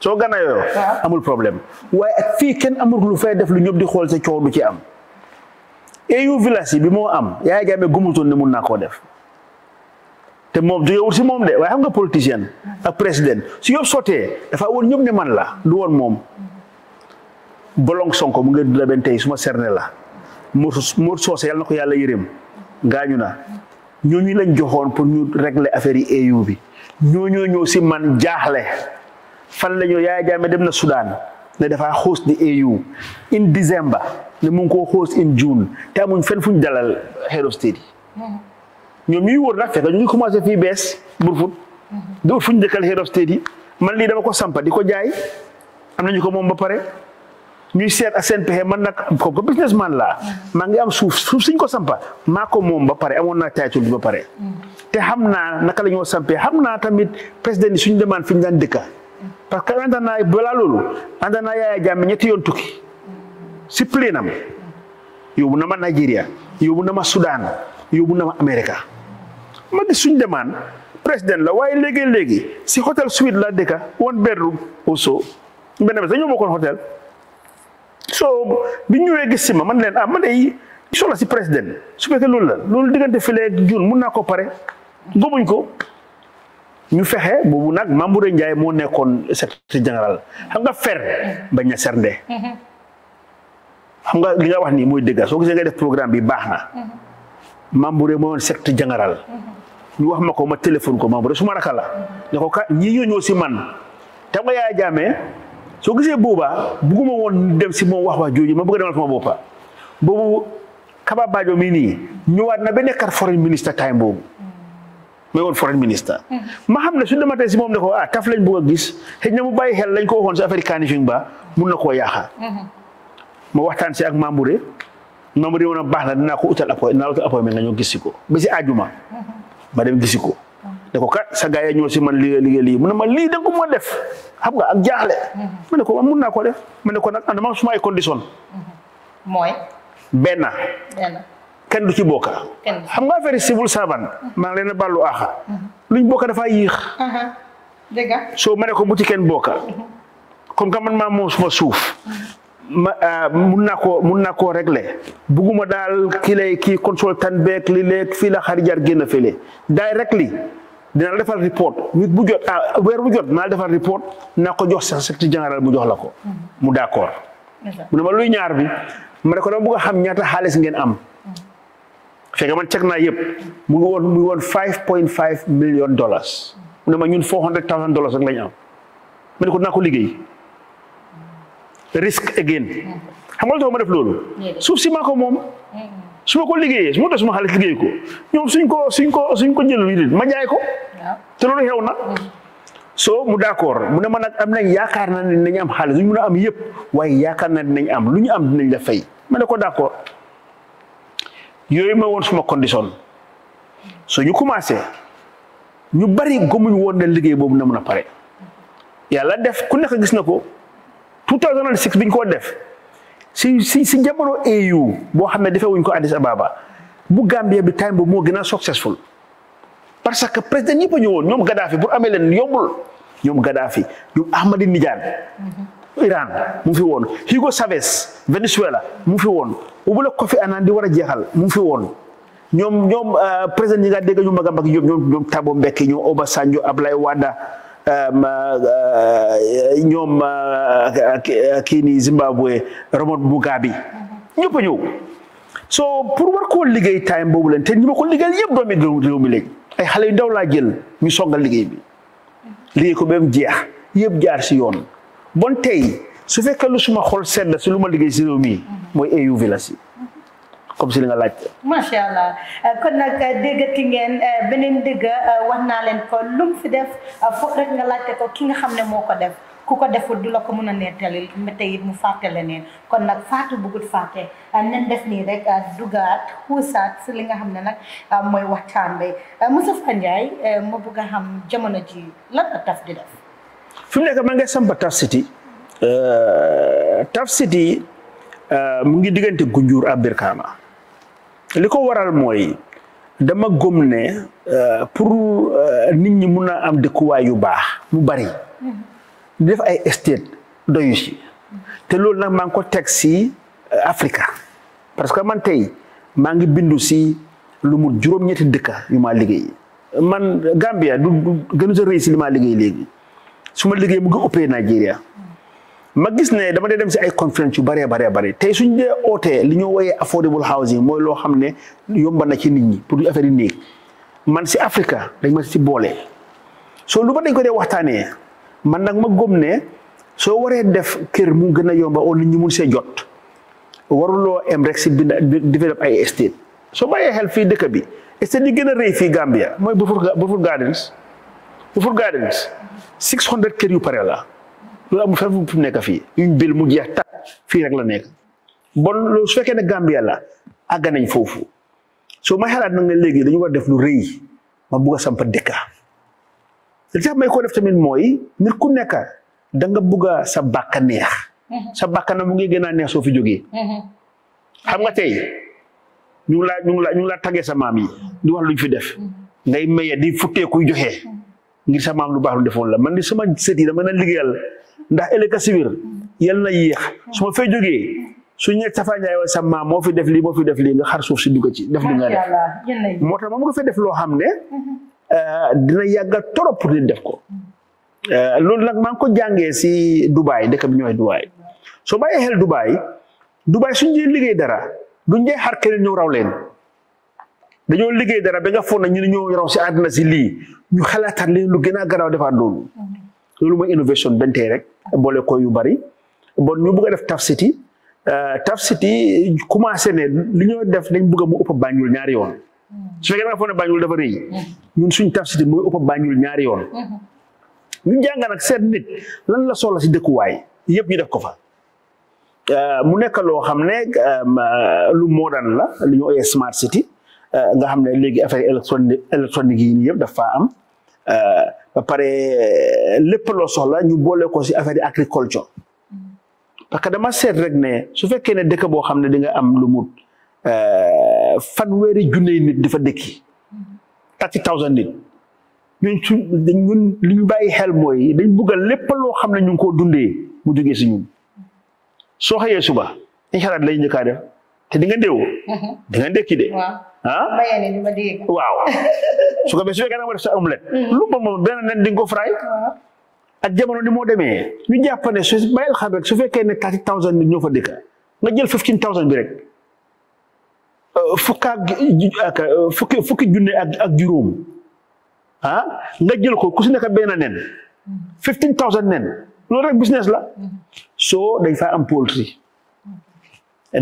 Speaker 4: soo gànna yooyu amul problème waaye ak fii kenn amul lu fay def lu ñëpp di xool te coow du ci am. EU village bi moo am Yahya Jammeh gëmutoon ne mun naa koo def te moom jógewul si moom de waaye xam nga politicien ak président su yëpp sottee dafa woon ñëpp ne man la du woon moom bolong sonko mu ngi dula benn tey suma serne la Mor Socé yàlla na ko yàlla yërëm gaañu na ñooñu lañ joxoon pour ñu régler affaire yi EU bi ñooñoo ñëw si man jaaxle fan la ñoo Yahya Jammeh dem na Soudan ne dafa host di EU in December ne mon ko host in June ta mon fen fuñ dalal head of state yi ñoom ñuy wóor ñu commencé fi bes burfut do fuñ dekkal head of state man li dama ko sampa diko jaay am nañu ko mom ba paré ñuy seet ak seen pexe man nak ko ko businessman la ma ngi am souf souf suñ ko sampa mako mom ba paré amon na taatul ba paré té xamna naa naka la ñoo sampee tamit président suñ demaan fiñ dan daan parce que andana ay balaa lolu andana yaaya jamm ñetti yon tukki sipilin am yóbbu nama Nigeria yóbbu nama Sudan yóbbu nama ma America ma ne suñ demaan president la si hotel suite la deka, one bedroom also ben bés dañoo bokon hotel. so bi ñëwee gis ma man len ah man day soxla si president su fekk lool la loolu diggante file jun mun ko pare gobuñ ko ñu fexe boobu nag Mamoudou ndjay mo nekkoon secrétaire général xam nga fer bañ xam nga li nga wax nii mooy dëgg soo gisee nga def programme bi baax na. Mamburé moo woon secte jàngaral. ñu wax ma ko ma téléphone ko Mamburé su ma raka la. ne ko ka ñii ñoo ñëw si man. tam nga yaay jaamee soo gisee booba bugguma woon dem si moom wax wax jooju ma bëgg demal sama boppa boobu Kaba Bajo mii nii ñëwaat na ba nekkat foreign minister time boobu. may woon foreign minister. ma xam ne su dematee si moom ne ko ah taf lañ bëgg gis xëy na mu bàyyi xel lañ ko waxoon si africanisme ba mun na koo yaaxa. ma waxtaan si ak Mambouré Mambouré woon a baax la dinaa ko utal appoint dinaa utal appoint mais nga ñëw gisi ko ba si àjjuma ma dem gisi ko ne ko kat sa gars yi ñoo si man liggéey lii mu ne ma lii da ko ma def xam nga ak jaaxle. ma ne ko man mun naa ko def ma ne ko nag ànduma suma ay condition mooy. benn. kenn du ci bokk. xam nga affaire civil servant. maa ngi leen a baalu aaxa. luñ bokk uh-huh. soo ma ne ko bu ci kenn bokk. comme que man maa moom suma suuf. Ah, mun na ko mun na ko régler buguma daal ki lay kii consultant li lek fi la xarijar gene fele directly dina defal report nit bu jot ah, wer bu jot mal defal report nako jox jox secrétaire général mu jox lako mu d'accord accord mu ne ma luy ñaar bi ma rek ko dama xam ñata ngeen am fekk man cek na yeb mu ngi won mu won 5.5 million dollars mu ne ma ñun four dollars rek lañ am ma ne ko nako liggey risk again xam nga do ma def lolu suuf si mako mom suma su ma ko liggéeyee su ma def suma xaalis liggéey ko ñom suñ ko suñ ko suñ ko jël yi ma jaay ko te lolu xew na so mu d'accord mu ne ma nag am nañ yaakar na ni dinañ am xaalis ñu mëna am yépp waye yaakar na dinañ am lu am dinañ la fay ma ne ko d'accord yoy ma won suma condition so ñu commencé ñu bari gomuñ won na liggey bobu na mëna a pare def ku nekk gis nako 2006 bi ñu ko def si si si jamono AU boo xam ne defee wuñ ko Addis Ababa bu Gambia bi time boobu moo gën a successful parce que président ñëpp a ñëwoon ñoom Gaddafi pour amee leen yombul ñoom Gaddafi ñoom Ahmadinejad
Speaker 5: mm-hmm.
Speaker 4: Iran mu fi woon Hugo Chavez Venezuela mu fi woon ubula Kofi Annan di war a jeexal mu fi woon ñoom ñoom euh, président ñi nga dégg ñu mag a mag ñoom ñoom Thabo Mbeki ñoom Obasanjo Ablaye Wade Eh, eh, ñoom eh, kii nii Zimbabwe Robert Mugabe ñëpp a ñëw so pour war koo liggéey time boobu leen te ñu ma ko liggéeyal yëpp doomi réew mi léegi ay xale yu ndaw laa jël ñu soggal liggéey bi liggéey ko ba mu jeex yëpp jaar si yoon bon tey su fekkee lu suma xol sedd si lu ma liggéey si réew mi mooy AU Villas comme si li nga allah
Speaker 3: eh, kon nag eh, déggati ngeen eh, beneen dëgg wax naa leen ko lu fi def foog rek nga laajte ko ki nga xam ne moo ko def ku ko deful du la ko mën a nettali te it mu fàtte leneen kon nag faatu bugut fàtte nen def nii rek dugaat xuusaat si li nga xam ne nag mooy waxtaan bi Moustapha Njie ma bëgg a xam jamono ji lan la taf
Speaker 4: di def. fi mu nekk maa ngi samp Taf City Taf City mu ngi diggante Gunjur ak Brikama li ko waral mooy dama gëm ne euh, pour euh, nit ñi mun a am dëkkuwaay yu baax mu bari def ay estate doyu te loolu nag maa ngi ko teg si euh, africa parce que man tey maa ngi bindu si lu mu juróom-ñetti dëkka yu maa liggéey man Gambia du gënu sa rëy si li maa liggéey léegi su ma liggéey mu ngi ëppee Nigeria ma gis ne dama dem ci ay conférence yu bare bare bare tay suñu dé hôtel li ñu woyee affordable housing moy lo xamné yomba na ci nit ñi pour affaire yi néeg man ci afrika dañ ma ci bolé so lu ba dañ ko dé waxtané man nag ma gom ne so waré def kër mu gëna a yomba o nit ñi mu sé jot lo em rek ci develop ay estate So baye hel fi dëkk bi estate yi gën Gambia mooy Bufur Gardens Bufur Gardens 600 kër yu paré la lu am fefu fu nek fi fii bil mu jeex tak fi rek la nek bon lu su fekke ne Gambia la àgg nañ fofu so ma xalat nga legi dañu war def lu reuy ma bugg a samp deka ci tax may ko def tamit moy nit ku nekk da nga bu a sa bakka neex mhm. sa bakka na mu ngi gëna neex so fi jógee mhm. xam nga tay ñu la ñu la ñu la laa sa mam yi di wax luñ fi def mhm. ngay maye di futé ku joxé ngir sa mam lu baax lu defoon la man di sama sët yi dama na liggéeyal ndax ëllëg si biir yal na yéex su ma fee jógee su ñu nekk Tafa Ndiaye sa maam moo fi def lii moo fi def lii nga xar suuf si dugg ci def li nga
Speaker 5: def moo
Speaker 4: tax moom nga fee def loo xam ne mhm. euh, dina yàgga torop pour nit def ko euh, loolu nag maa ngi ko jàngee si Dubai dëkk bi ñooy Dubai soo bàyyee xel Dubai Dubai suñ dee liggéey dara duñ dee xar keneen ñëw raw leen dañoo liggéey dara ba nga foog na ñu ne ñoo raw si àddina si lii ñu xalaataat leen lu gën a garaw defaat loolu mhm. loolu mooy innovation benn tey rek boole ko yu bari bon ñu bëgg a def Taf City euh, Taf City commencé ne li ñoo def dañ bëgg a mu ëpp ñaari yoon su fekkee da nga foog ne Banjul dafa ñun suñ Taf City mooy ëpp ñaari yoon ñu jàng nag seet nit lan la soxla si dëkkuwaay yëpp ñu def ko fa euh, mu nekk loo xam ne euh, lu modern la li ñu ooyee smart city nga xam ne léegi affaire électronique électronique yi nii yëpp dafa am ba pare eh, lépp loo soxla ñu boole ko si affaire agriculture parce que dama seet rek ne su fekkee ne dëkk boo xam ne di nga am lu mut eh, fanweeri junne nit dafa dëkki thirty thousand nit ñun su ñun li ñu bàyyi xel mooy dañ bugg a lépp loo xam ne ñu ngi koo dundee mu jógee si ñun soo xëyee suba incha allah lañ njëkkaa def te di nga ndéw mhm. di de ah waaw su ko be su fekkee da def sa omelette mm-hmm. lu ba moom benn nen di nga ko fray ak jamono ni moo demee ñu jàpp ne su bàyyil xam su fekkee ne thirty thousand nit ñoo fa dëkk nga jël fifteen thousand bi rek uh, fukk uh, ak uh, fukki fukki junne ak juróom ah nga jël ko ku si nekk benn nen mm-hmm. fifteen thousand nen loolu rek business la soo dañ faa am poultry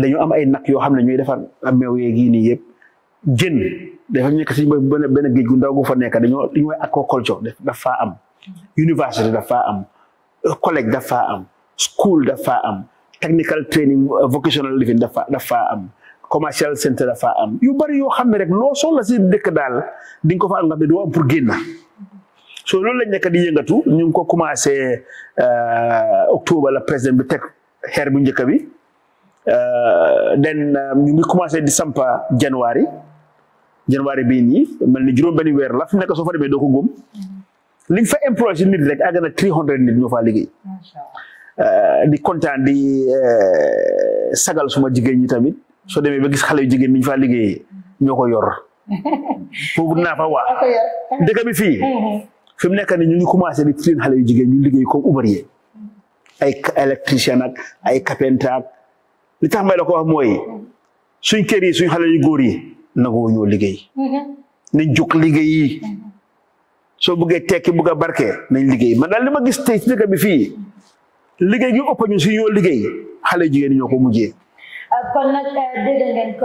Speaker 4: dañu am ay nag yoo xam ne ñooy defar meew yeeg yi nii yëpp jën dafa nekk si benn benn géej gu ndaw gu fa nekk dañoo li ñuy aquaculture daf faa am université daf faa am collège daf faa am school daf faa am technical training euh, vocational living dafa dafa am commercial centre dafa am yu bari yoo xam ne rek loo soxla si dëkk daal di ko fa am nga xam pour génn so loolu lañ nekk di yëngatu ñu ngi ko commencé euh, octobre la président bi teg xeer bu njëkk bi den euh, ñu ngi commencé di sampa januari janwaari bii nii mel ni juróom benn weer la fi mu nekk soo fa demee doo ko góom mm-hmm. liñ fa employé si nit rek àgg na 300 nit ñoo faa liggéey. Euh, di kontaan di euh, sagal suma jigéen ñi tamit soo demee ba gis xale yu jigéen ñi faa liggéeyee mm-hmm. ñoo ko yor. foofu naa fa waa
Speaker 5: dëkk bi fii. Mm-hmm.
Speaker 4: fi mu nekk nii ñu ngi commencé di train xale yu jigéen ñu liggéey comme ouvrier ay électricien ak ay carpenter ak li tax may la ko wax mooy suñ kër yi suñ xale yu góor yi. nagoo ñoo liggéey. Mm-hmm. nañ jóg liggéeyi. Mm-hmm. soo buggee tekki bëgg a barke nañ liggéey man daal li ma gis tey ci dëkk bi fii liggéey gi ëpp ñu si ñoo liggéey xale jigéen ñoo ko mujjee.
Speaker 3: Ah, kon nag eh, dégg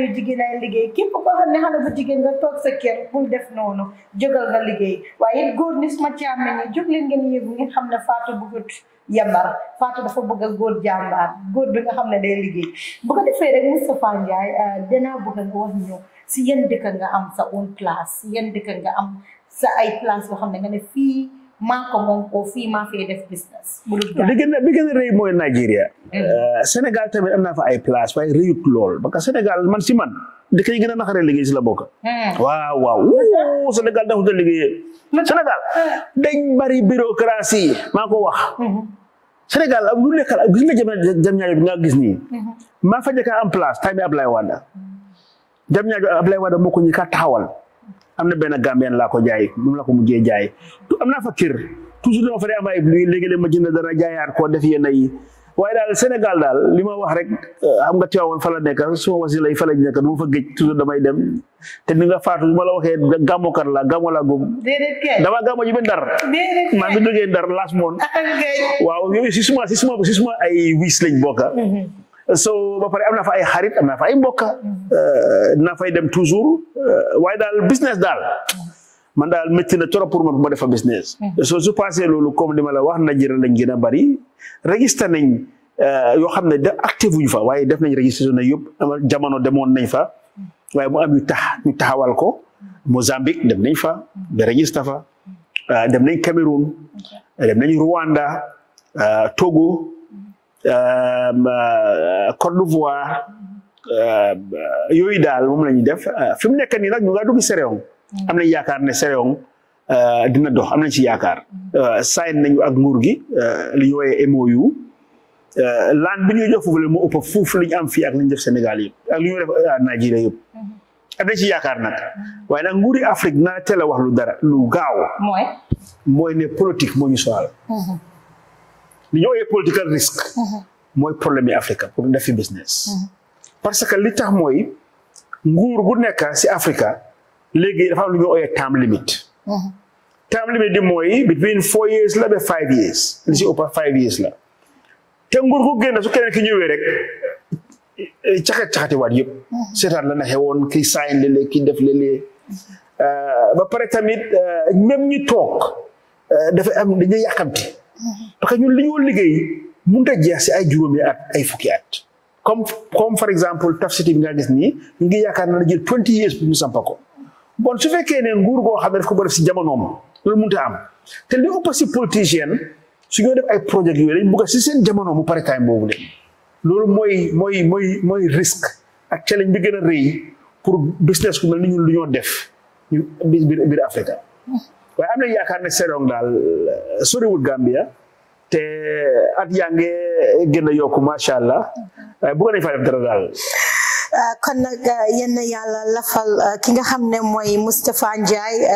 Speaker 3: yu jigéen ay liggéey képp koo xam ne xale bu jigéen nga toog sa kër bul def noonu jógal nga liggéey waaye it góor ni suma càmmeñ yi jóg leen ngeen yëgu ngeen xam ne faatu bugut yambar Fatou dafa bëgg a góor jàmbaar góor bi nga xam ne day liggéey bu ko defee rek Moustapha Ndiaye euh, danaa bëgg nga wax ñu si yan dëkk nga am sa own place si yan dëkk nga am sa ay place yoo xam ne nga ne fii maa ko moom ko fii maa fee def business. bi
Speaker 4: gën a bi gën a rëy mooy Nigeria. Mm. Euh, Sénégal tamit am naa fa ay place waaye rëyut lool parce Sénégal man si man. dikay gën a naqaree liggéey si la bokk. Hmm. waaw waaw wuu Sénégal dafa ko liggéey. Sénégal hmm. dañ bari bureaucratie mako wax. Hmm. Sénégal am lu nekkal gis nga Jamñaajo bi nga gis ni ma fa jëk am place time Ablaye Wade. Jamñaajo Ablaye Wade moo ko ñu ka taxawal. amna ben Gambien la ko jaay moom la ko mujjé jaay amna fa kër toujours dama fa ré am ay léegi ma jëna dara jaayar ko def yenn yi. waaye daal Sénégal daal li ma wax rek euh, am nga Tiwaawan fa la nekka suma wasi lay fa la nekk du ma fa géej toujours damay dem te ni nga faatu bu ma la waxee gàmmukat la gàmmu laa góob
Speaker 7: dama gàmmu ji ba Ndar
Speaker 4: maa ngi jógee Ndar last month ah,
Speaker 7: ah, waaw
Speaker 4: yooyu si suma si suma ay wiis lañ bokka mm-hmm. so ba pare am naa fa ay xarit am naa fa ay mbokka mm-hmm. euh, naa fay dem toujours euh, waaye daal business daal man daal métti na trop pour man bu ma defa business. Mm-hmm. soo su passé loolu comme li ma la wax Nigeria lañ gën a bari registré nañ euh, yoo xam ne de active wuñ fa waaye def nañ registration na yëpp jamono demoon nañ fa mm-hmm. waaye mu am tax ñu taxawal ko mm-hmm. Mozambique dem nañ fa de fa euh, dem nañ Cameroun dem nañ Rwanda euh, Togo Côte d'Ivoire yooyu daal moom la ñuy def fi mu nekk nii nag ñu ngaa dugg Sénégal am nañ yaakaar ne Sénégal euh, dina dox am nañ ci yaakaar euh, sign nañu ak nguur gi euh, li ñu wooyee MOU laan bi ñuy jox foofu la moo ëpp fuuf li am fii ak li ñu def Sénégal yëpp ak li ñu ci yaakaar nag waaye nag yi Afrique naa teel a wax lu dara lu gaaw mooy mooy ne politique moo ñu soxal li ñu risk mooy problème yi Afrique pour def fi business parce que li tax mooy nguur bu nekk si Afrique léegi dafa am lu ñu ooyee term limit. term mm-hmm. limit di mooy between four years la ba five years li si ëpp five years la te nguur gu génn su keneen ki ñëwee rek caxat caxati waat yëpp. Mm-hmm. seetaan la na xewoon ki sign léeg-léeg ki def léeg-léeg mm-hmm. euh, ba pare tamit euh, même ñi toog euh, dafa am dañuy yàqamti. parce que ñun li ñu liggéey mënut a jeex si ay juróomi at ay fukki at comme comme par exemple taf city bi nga gis nii ñu ngi yaakaar na ne jël twenty years pour ñu sampa ko. bon su fekkee ne nguur goo xam ne daf ko def si jamonoom loolu mënut a am te li ëpp si politicien su ñoo def ay projet yooyu dañ bugg si seen jamono mu pare time boobu de loolu mooy mooy mooy mooy risque ak challenge bi gën a rëy pour business ku mel ni ñun lu ñoo def ñu biir biir Afrique waaye am yaakaar ne Serong daal euh, soriwul Gambia te at yaa ngi gën a yokk macha allah waaye bëgg nañ fa def dara daal.
Speaker 3: Euh, kon nag euh, yéen yàlla lafal euh, ki nga xam ne mooy Moustapha Ndiaye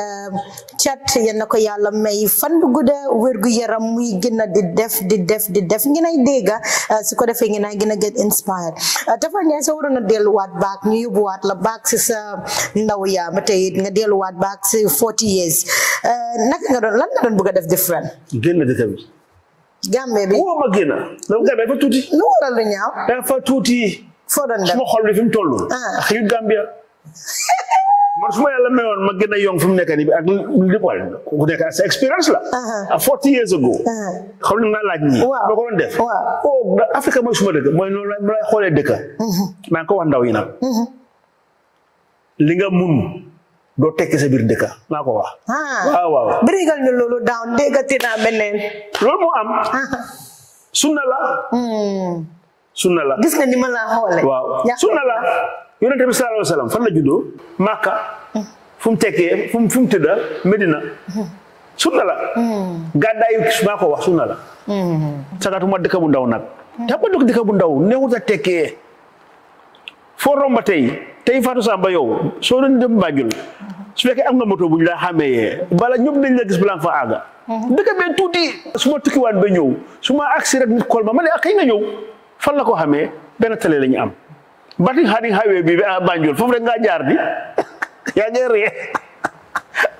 Speaker 3: cat yéen na ko yàlla may fan bu gudda wér gu yaram muy gën a di def di def di def ngi nay dégg su ko defee ngi naa gën a get inspired dafa sa waroon a delluwaat baak ñu yóbbuwaat la baak si sa ndaw yaa ma tey nga delluwaat baak si 40 years naka nga doon lan nga doon bëgg def different
Speaker 4: génn bi woo ma génn dafa Gambie dafa tuuti lu waral lu ñaaw dafa tuuti foo doon dem su ma xool bi fi mu toll. Ah. xëy na Gambia man su ma yàlla mayoon ma gën a yong fi mu nekk nii ak li wal sa expérience la. à ah. ah, forty years ago. xam nga laaj ñi. waaw ma ko doon def. waaw oh mooy suma dëkk mooy noonu la xoolee dëkk. Mhm. maa nga ko wax.
Speaker 3: Mhm. waaw waaw. birigal loolu daaw dégg naa beneen.
Speaker 4: loolu moo am. sunna la. Hmm. sunna la gis nga ni ma laa xoolee. waaw sunna la yonente bi sallallahu alayhi fan la juddoo Màkka fu mu tekkee fu mu fu mu tëdda Medina sunna la gàddaayu maa ko wax sunna la sagatuma dëkk bu ndaw nag ta ma dëkk bu ndaw neexut a tekkee foo romba tey tey Fatou Samba yow soo doon dem Banjul su fekkee am na moto bu ñu la xàmmee bala ñëpp dañ la gis balaa nga fa àgga
Speaker 6: mhm. dëkk bee tuuti
Speaker 4: su ma tukkiwaat ba ñëw su ma agsi rek nit xool ma ma ne ah, nga ñëw fan la ko xamee benn télé la ñu am bati xaadi highway bi ba Banjul jaar di yaa ngi ree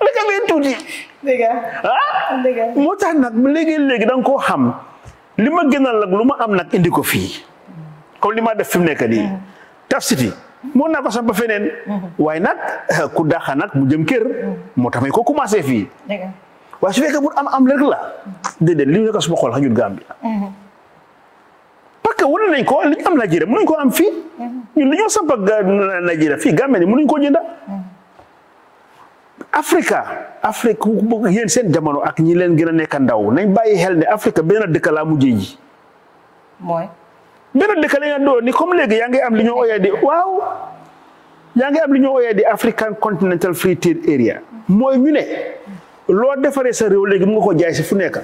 Speaker 4: la nga leen tuuti dëgg moo tax nag léegi-léegi da koo xam li ma gënal nag lu ma am nag indi ko fii comme li ma def fi mu nekk nii Taf City moo naa ko samp feneen waaye nag ku daxa nag mu jëm kër moo tax may ko commencé fii waaye su fekkee bu am am rek la déedéet li ñu nekk suma xol xajul Gambia mm-hmm. que wala nañ ko li la jire Nigeria mënuñ ko am fii ñun li ñoo samp Nigeria fi Gambie ni mënuñ ko Afrika, Africa Afrique yeen seen jamono ak ñi leen gëna nekk ndaw nañ bàyyi xel ne Afrique benn la mu mujjee ji moy benn dekk la ñu doon ni comme légui ya nga am li ñoo di waaw ya nga am li ñoo di African Continental Free Trade Area Moy ñu ne lo défaré sa réew légui mu nga ko jaay ci fu nekk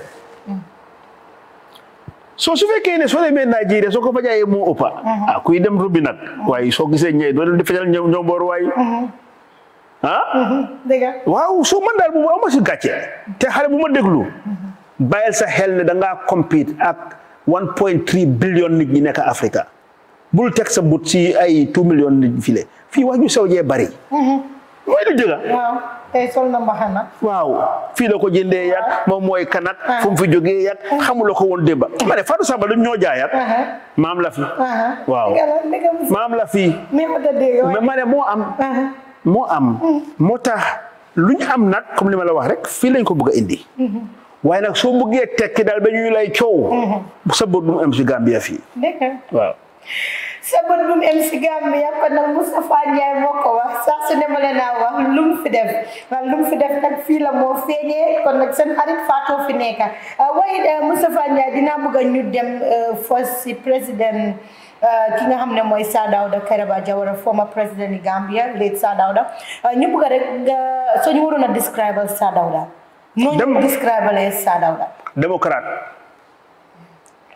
Speaker 4: soo su fekkee ne soo demee Nigeria soo ko fa jaayee moo ëpp uh-huh. ah dem rubbi nag waaye soo gisee ñëw doo dem di fajal ñoom ñoom boor waay uh-huh. Ah?
Speaker 3: Uh-huh.
Speaker 4: waaw soo man daal bu ma ama si gàcce te xale bu ma déglu bàyyil sa xel ne da ngaa compete ak one point three billion ni ñi nekk Africa bul teg sa but si ay two million nit file fii wax ju sew jee bari mooy lu waaw tey sol na ko jëndee yat ah. moom mooy kanat ah. fu mu fi jógee yàgg ah. xamula ko woon démba ma ne Fatou Samba dañ ñoo jaayaat maam la fi waaw maam la fi mais moo am moo am mm. moo tax luñ am nag comme li la wax rek fii lañ ko bëgg indi mm-hmm. waaye nag soo bëggee tekki daal ba ñuy lay coow mm-hmm. sa bët du mu am si fii waaw
Speaker 3: sama dum em si Gambia kon nag Moustapha Ndiaye moo ko wax sax su ne ma leen naa wax lu mu fi def waaw lu mu fi def nag fii la moo feeñee kon nag seen fi nekka ah, waaye eh, Moustapha Ndiaye dinaa a ñu dem eh, foos si président eh, ki nga xam ne mooy Sir Dawda Kairaba Jawara former président yi Gambia late Sir Dawda ah, ñu bëgg rek soo ñu waroon a describe Sir Dawda
Speaker 4: noo ñu describe la Sir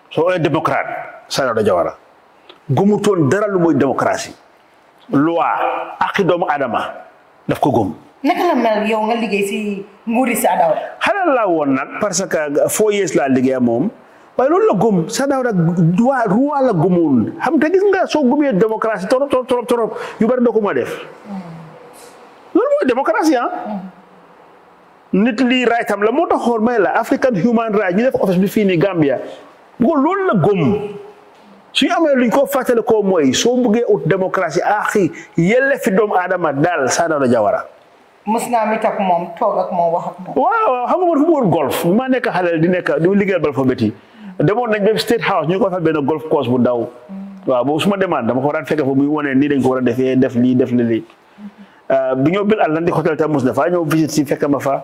Speaker 4: soo un démocrate Sir Dawda Jawara Gumuton dara lu moy démocratie loi ak doom adama daf ko gum naka la mel yow nga liggey ci nguri sa daw halal la won nak parce que four years la liggey mom way lolou la gum. sa daw nag roi roi la gëmoon xam te gis nga so gumé démocratie torop torop torop torop yu bari doo ma def mm. lolou moy démocratie hein ah. mm. nit li right la mo taxor may la African Human Rights ñu def office bi fii nii Gambia lolou la gum. su ñu amee lu ñu ko fàttali ko mooy soo buggee ut démocratie axi yelle fi doomu aadama daal saa daaw jawara mës
Speaker 3: naa mi tak moom toog ak moom wax ak
Speaker 4: moom. waaw xam fu mu woon maa nekk xale di nekk di liggéeyal bal fa béti demoon nañ ba state house ñu benn golf course bu ndaw waaw boobu su ma demaan dama ko war a fekk fa muy nii dañ ko war a defee def lii def lii mhm. ah, bi ñoo bil Atlantic hotel tam mos na faa ñëw visite si fekk ma fa.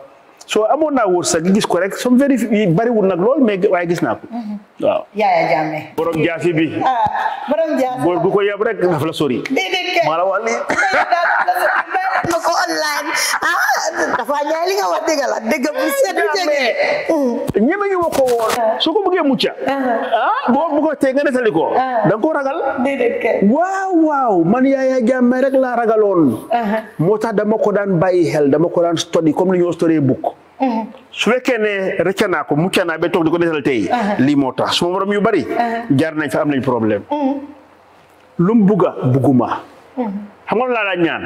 Speaker 4: soo amoon naa wërsëg gis ko rek som vérifié bariwul nag lool mais waaye gis naa ko. Mhm. waaw
Speaker 3: Yaya Jammeh. borom jaafi bi. Ah,
Speaker 4: borom jaafi góor gu ko yab rek dafa la
Speaker 3: online ah dafa ñaay li nga wax dëgg la dëgg hmm. ñeme ñu ma woon
Speaker 4: ah. su ko bëggee mucca ah.
Speaker 3: ah,
Speaker 4: boo bu ko nga netali ko ko ragal waaw waaw man yaaya jàmme rek laa ragaloon moo tax dama ko daan bàyyi xel dama ko daan study comme ni ñoo study book su fekkee ne rëcca naa ko mucca naa ba toog di ko netali tey lii moo tax su ma morom yu bari jaar nañ fa am nañ problème hmm. lu mu bugga bugguma hmm. xam nga laa ñaan.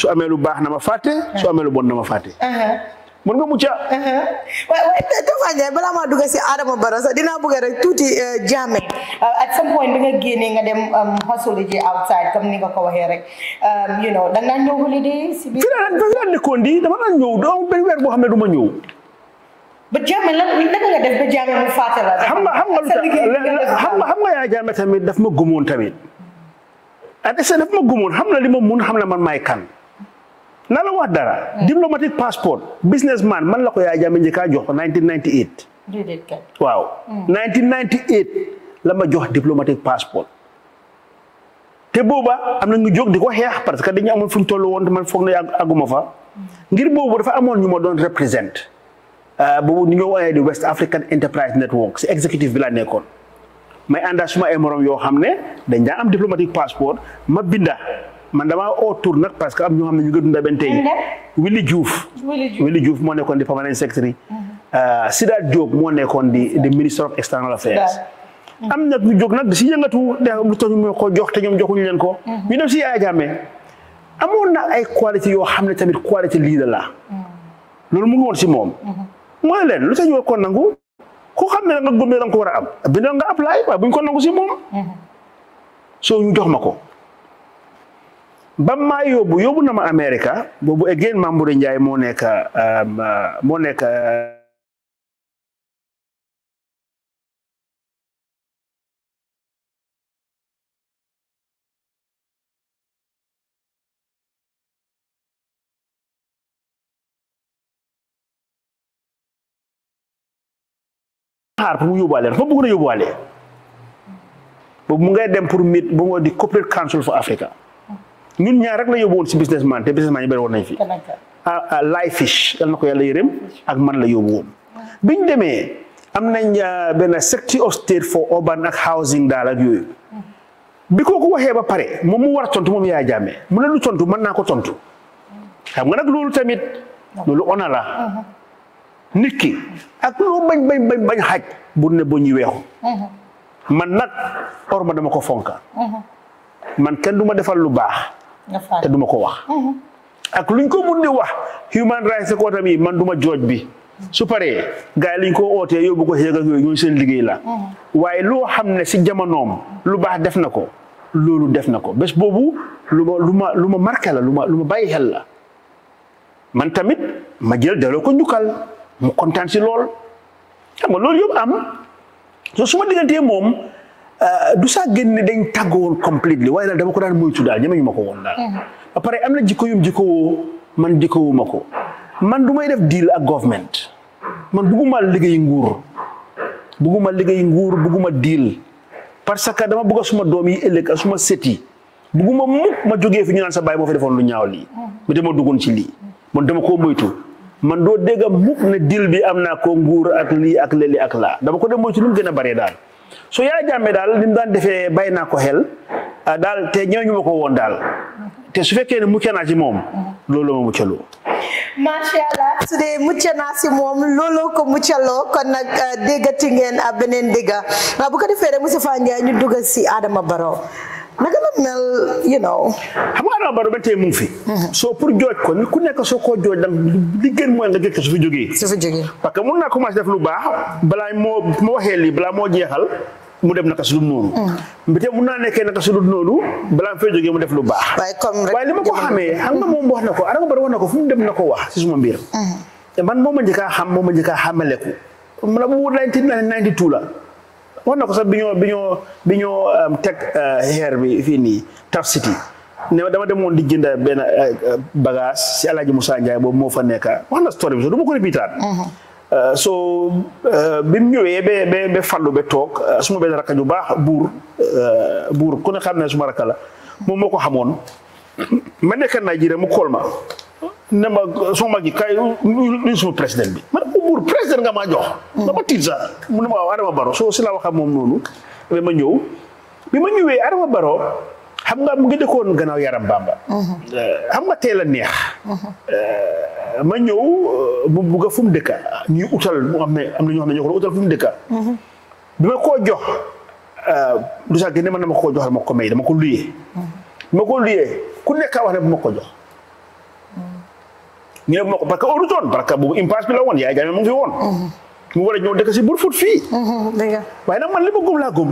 Speaker 4: su amee lu baax na ma fàtte. su ah. amee lu bon na ma fàtte.
Speaker 3: Ah. mën nga mucca waay ah. waay Tafa Ndiaye balaa dugg si Adama Barrow sax dinaa bëgg rek tuuti euh, jaame euh, at some point nga génnee nga dem um, hustle ji outside comme ni nga ko waxee rek um, you know da nga daan ñëw holiday si biir dama daan
Speaker 4: ñëw dama benn weer boo xam ne du ma ñëw
Speaker 3: ba jaame def ba jaame mu fàtte la xam nga xam nga xam
Speaker 4: nga yaa jaame tamit daf ma gëmoon tamit NSA dafa ma gëmoon xamna lima mun xamna man may kan na wax dara hmm. diplomatic passport businessman man la ko ya Jammeh njëkkaa jox 1998 wow 1998 lama jox diplomatic passport te boba am ñu di xex parce que dañu amul fuñ tollu won man fogné aguma fa hmm. ngir boba dafa amone ñuma don represent represent euh, bobu ñu ngi di West African Enterprise Network executive bi la may àndaa suma ay morom yoo xam ne dañ daan am diplomatique passeport ma binda man damaa oo tur nag parce que am ñoo xam ne ñu ngi dunda benn tey Willy Diouf
Speaker 5: Willy
Speaker 4: moo nekkoon di permanent secretary mhm. euh, Sidat Diop moo nekkoon di di minister of external affairs mhm. am nag ñu jóg nag di si yëngatu de lu tax ko jox te ñoom joxuñu leen ko mhm. ñu dem si Yaya Jammeh amoon na ay qualité yoo xam ne tamit qualité leader la loolu mu ngi si moom mooy leen lu tax ko nangu ku xam ne da nga gëm ne da nga ko a am bindal nga apply waaye buñ ko nangu si moom. soo ñu ma ko. ba maa yóbbu yóbbu na ma America boobu again Mambouri Njie moo nekk euh, moo nekk. Euh, xaar pour mu yóbbuwaale dafa bëgg na yóbbuwaale boobu mu ngay dem pour meet bu moo di corporate council for Africa ñun ñaar rek la yóbbu woon si business man te business man yi bëri woon nañ fi ah lay fish yal na ko yàlla yërëm ak man la yóbbu woon biñ demee am nañ euh, benn secretary of state for urban ak housing daal ak yooyu bi kooku waxee ba pare moom mu war a tontu moom yaa jàmmee mu ne lu tontu mën naa ko tontu xam nga nag loolu tamit loolu ona la uh-huh. nit ki ak loo bañ bañ bañ bañ xaj bu ne ba ñu weexu man nag or ma dama ko fonka man kenn du ma defal lu baax te du ma ko wax ak luñ ko mun di wax human rights ko tam yi man du ma jooj bi su paree gars liñ ko ootee yóbbu yooyu ñooy seen liggéey la waaye loo xam ne si jamonoom lu baax def na ko loolu def na ko bés boobu lu ma ma lu ma marqué lu ma lu ma bàyyi xel la mu kontaan si lool xam nga loolu yëpp am so su ma diggantee moom euh, du saa génne dañ tàggoon completely waaye daal dama ko daan moytu daal ñemeñu ma ko woon daal
Speaker 5: mm-hmm.
Speaker 4: ba am na jikko yum jikkowoo man jikkowu ma ko man du may def deal ak government man bugguma liggéey nguur bugguma liggéey nguur bugguma deal parce que dama bugg suma doom yi ëllëg a suma sët yi bugguma mukk ma jógee fi ñu naan sa baay moo fi defoon lu ñaaw lii mu mm-hmm. dama duggoon ci lii man dama koo moytu man doo dégg mukk ne dil bi am naa ko nguur ak lii ak leli ak laa dama ko dem mooy ci lu gën a bare daal so yaa jàmme daal li daan defee bay naa ko xel ah, daal te ñëw ñu ma ko woon daal te su fekkee ne mucc naa moom loolu ma muccaloo
Speaker 3: macha allah su dee si moom looloo ko muccaloo kon nag ah, déggati ngeen beneen dégga ah, bu ko defee rek Moustapha Ndiaye ñu dugg si Adama Barrow naka la
Speaker 4: mel you know. xam nga Adama Barrow ba tey mu ngi fi. Mm-hmm. soo pour jooj ko ni ku nekk soo koo jooj dam li gën mooy nga jëkk su fi jógee. su fi jógee parce que mun naa commencé def lu baax balaa moo ma waxee lii balaa moo jeexal mu dem naka su dul mm-hmm. noonu. balaa mu fee jógee mu def lu baax. waaye comme rek waaye li ma ko xamee xam nga moom wax na ko Adama Barrow wax na ko fu mu dem na ko wax si suma mbir. Mm-hmm. te man moom ma njëkk a xam moom ma njëkk a xamaleku. man bu wóor wax na ko sax bi ñoo bi ñoo bi um, teg uh, xeer bi fii nii Taf City ne dama demoon di jënd benn uh, uh, bagage si Alaaji Moussa Ndiaye boobu moo fa nekka wax na story bi sax ma ko répétaat uh-huh. so bi mu ñëwee ba ba ba fallu ba toog suma benn rakka ju baax buur buur ku ne xam ne suma rakka la moom moo ko xamoon ma nekk Nigeria mu kool ma ne ma son mag yi kaay nuyu suma président bi man ko buur président nga maa jox hmm. dama tiit sax mu ne ma ma ñëw bi hmm. eh, a neex hmm. eh, ma ñëw eh, a fu ko jox dama koo jox dama ko may dama ko luyee bi ma ko luyee ku nekk wax ne bu ma ko jox ñu ne ma ko barka horizon barka boobu impasse bi la woon yaay jaame mu ngi fi woon. mu war a ñëw dëkk si Brufut fii. Mm-hmm, dëgg la waaye nag man li ma góom laa góom.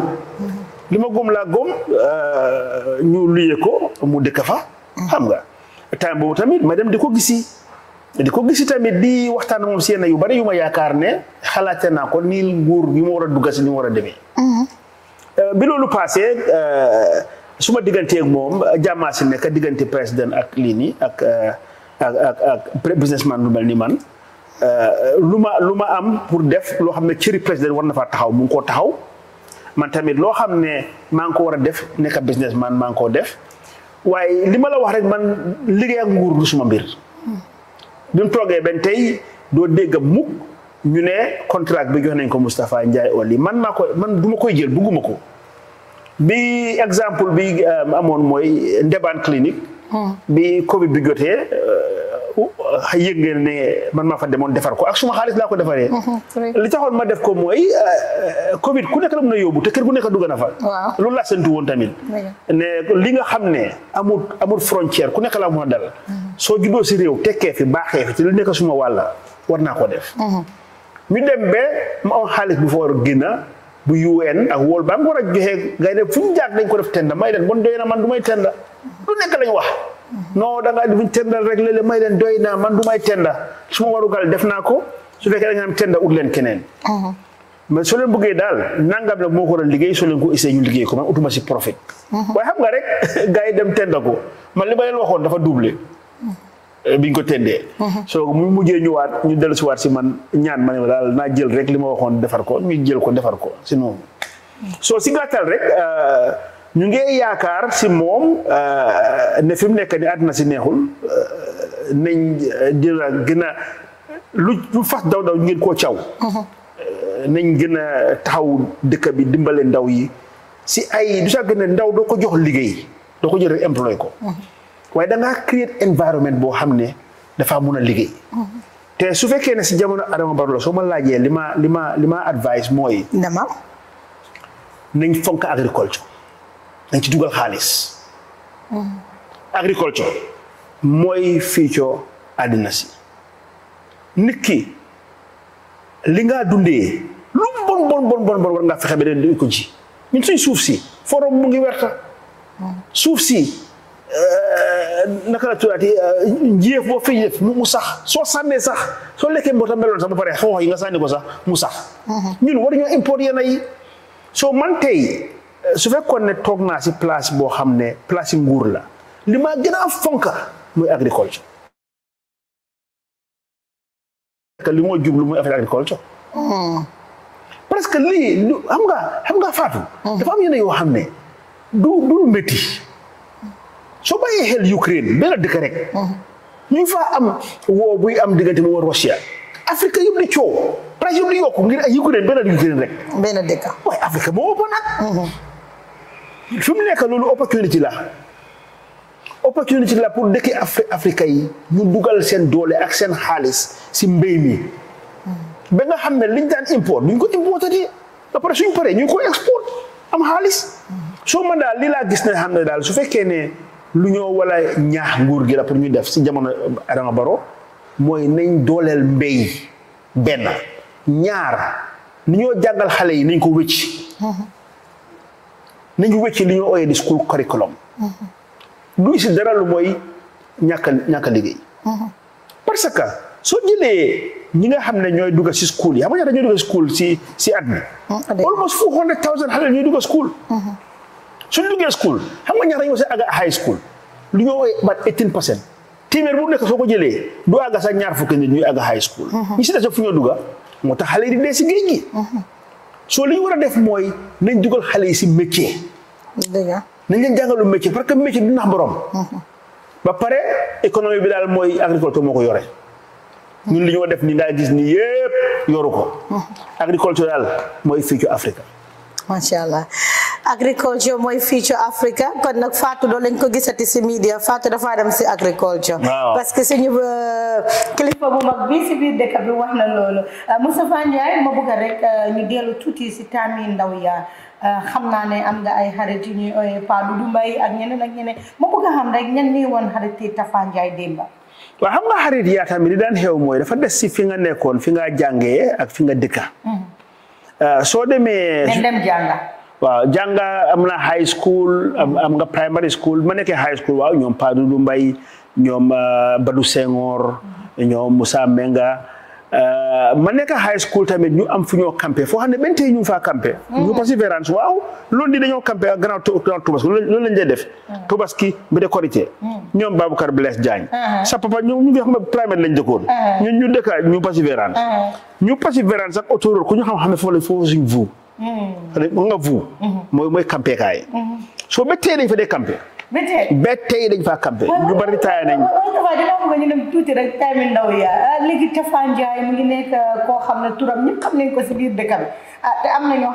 Speaker 4: li ma góom laa góom euh, ñu luyee ko mu dëkk fa. xam nga temps boobu tamit ma dem di ko gisi. di ko gisi tamit di waxtaan moom seen yu bari yu ma yaakaar ne xalaate naa ko nii nguur yi ma war a dugg si ni mu war a demee. Mm-hmm. Euh, bi loolu paase euh, su digganteeg moom jàmmaa si nekk diggante président ak lii nii ak. ak ak businessman lu mel ni man eh, luma luma am pour def lo xam ne cëri président war na fa taxaw mu ko taxaw man tamit lo ne ko wara def nek businessman man ko def waye lima la wax rek man liggéey ak nguur du suma mbir bi mu ben tay do doo dégg mukk ñu ne contrat bi jox ko mustapha ndjay Oli man mako man duma koy jël bugguma ko bi exemple bi eh, amone moy Ndebane clinique bi Covid bi jotee euh, yëg ngeen ne man maa fa demoon defar ko ak suma xaalis laa ko defaree.
Speaker 5: Mhm, li taxoon ma def
Speaker 4: ko mooy euh, Covid ku nekk la mun a yóbbu te kër gu nekk dugg na fa. loolu laa séntu woon tamit. ne li nga xam ne amul frontière ku nekk la mun a dal. Mhm. soo juddoo si réew tekkee fi baaxee fi te lu nekk suma wàlla war naa ko def. Mhm. ñu dem ba ma am xaalis bu fa war a génn bu UN ak World Bank war a joxe gaynde fu ñu jaag dañ ko def tenda may den bon doy du nekk lañu wax non da ngaa defuñ tendal rek léeg-léeg may leen doy naa man du may tenda su ma warugal def naa ko su fekkee da nga am tenda ut leen keneen la moo ko doon liggéey soo leen ko essayé ñu liggéey ko man utuma si profit waaye xam nga rek gars yi dem tenda ko li ma leen waxoon dafa doublé eh, biñ ko tendee soo mu mujjee ñëwaat ñu dellu si waat si man ñaan ma ne ma daal naa jël rek li ma waxoon defar ko ñu jël ko defar ko si noonu soo si gàttal rek euh, ñu ngee yaakaar si moom euh, ne fi mu nekk ni àddina si neexul euh, nañ dina euh, gën a lu lu fas daw daw ñu ngeen koo caw
Speaker 5: mm-hmm.
Speaker 4: nañ gën a taxaw dëkk bi dimbale ndaw yi si ay du saa gën a ndaw doo ko jox liggéey doo ko jël employé ko mm-hmm. waaye dangaa create environment boo xam ne dafa mun a liggéey mm-hmm. te su fekkee ne si jamono Adama Barrow la soo ma laajee li ma li ma li ma advice mooy nañ fonk agriculture dañ ci dugal xaalis. Mm. agriculture. mooy fiicoo àddina si. nit ki li ngaa dundee lu bon bon bon bon bon war ngaa fexe ba dee ko ji ñun suñ suuf si forom mu ngi werta mm. suuf si euh, naka la turaati euh, njiyeef boo fi def mu sax soo sànnee sax soo lekkee tam meloon sax ba pare xoox yi nga sànni ko sax mu sax mm-hmm. ñun waruñoo import yenn yi soo man tey su fekkoon ne toog naa si place boo xam ne place nguur la li ma gën a fonka li moo jublu muy affaire agriculture. Hmm. parce que lii xam nga xam faatu. Hmm. dafa am yeneen yoo xam ne du du métti. soo bàyyee xel Ukraine benn dëkk rek. Hmm. ñu fa am woo buy am diggante mu war Russia. Afrique yëpp di coow. price yëpp di yokku ngir ay Ukraine benn Ukraine dëkk waaye Afrique moo nag. fum nek lolu opportunity la opportunity la pour dëkki afrique Afrique yi ñu duggal sen doole ak sen xaliss ci mbey mi hmm. ba nga xamne liñ daan import ñu ko importati da pare suñu ya, paree ñu ko export am xaliss hmm. So man dal li la gis ne xamne dal su fekke ne lu ñoo wala ñaax nguur gi la pour ñu def ci jamono Adama eh, baro moy nañ dolel mbey ben ñaar ni ñoo jàngal xalé yi nañ ko wëcc nañu wécci li ñu oyé di school curriculum du si dara lu moy ñàkk ñaka liggéey parce que so jëlé ñi nga xamné ñoy dugg si school ya xam nga ñaata dugg si school si ci adna hmm, almost four hundred thousand dugg school su dugg school xam nga ñaata ñu ci aga high school lu ñu oyé ba eighteen percent bu nek soko ko do aga sa ñaar fukk nit ñuy aga high school ñi hmm, hmm. ci des fu ñu dugga moo tax di dé ci géej gi soo li ñu war a def mooy nañ dugal xale yi si métier. dëgg la nañ leen jàngalu métier parce que métier du nax borom. ba pare économie bi daal mooy agriculture moo ko yore. ñun li ñu def ni ngaa gis nii yëpp yoru ko. agriculture mooy fii ci Afrique.
Speaker 3: macha allah agriculture mooy future Africa kon nag Fatou doo lañ ko gisati si media Fatou dafa dem si agriculture. parce que suñu euh, kilifa bu mag bi si biir dëkk bi wax na loolu euh, Moustapha Ndiaye ma bëgg rek euh, ñu dellu tuuti si taam yi ndaw yaa xam naa ne am nga ay xarit yu ñuy ooyee a xam rek ñan nii woon xarit yi Tafa Ndiaye démba.
Speaker 4: waaw xam nga xarit yaa daan xew mooy dafa des si fi nga nekkoon fi nga jàngee ak fi nga dëkka. Mm-hmm. Uh, soo demee. dem jànga. waaw jànga am na high school am nga primary school ma nekkee high school waaw ñoom Paa Dudu Mbay ñoom uh, Badou Senghor ñoom Moussa Euh, ma nekk high school tamit ñu am fu ñoo campé foo xam ne benn tey ñu ngi faa campé. Hmm. ñu persévérance waaw loolu di dañoo campé ak gannaaw Tobaski loolu lañ dee def. Hmm. Tobaski bi de Korité. Hmm. ñoom Babacar Blaise Diagne. sa papa ñoom ñu ngi xam ne primaire lañ dëkkoon. ñu ñu dëkk ñu persévérance. ñu persévérance ak autoroute ku ñu xam xam ne foofu la foofu suñ vuu. xam nga vuu. mooy mooy campé kaay. soo ba tey dañ fa dee campé. ba tey dañ faa campé ñu bari taay nañ
Speaker 3: ñu dem tuuti ah, mu ngi nekk ah, koo xam ne turam ñëpp xam nañ ko si biir dëkk bi ah, am na ñoo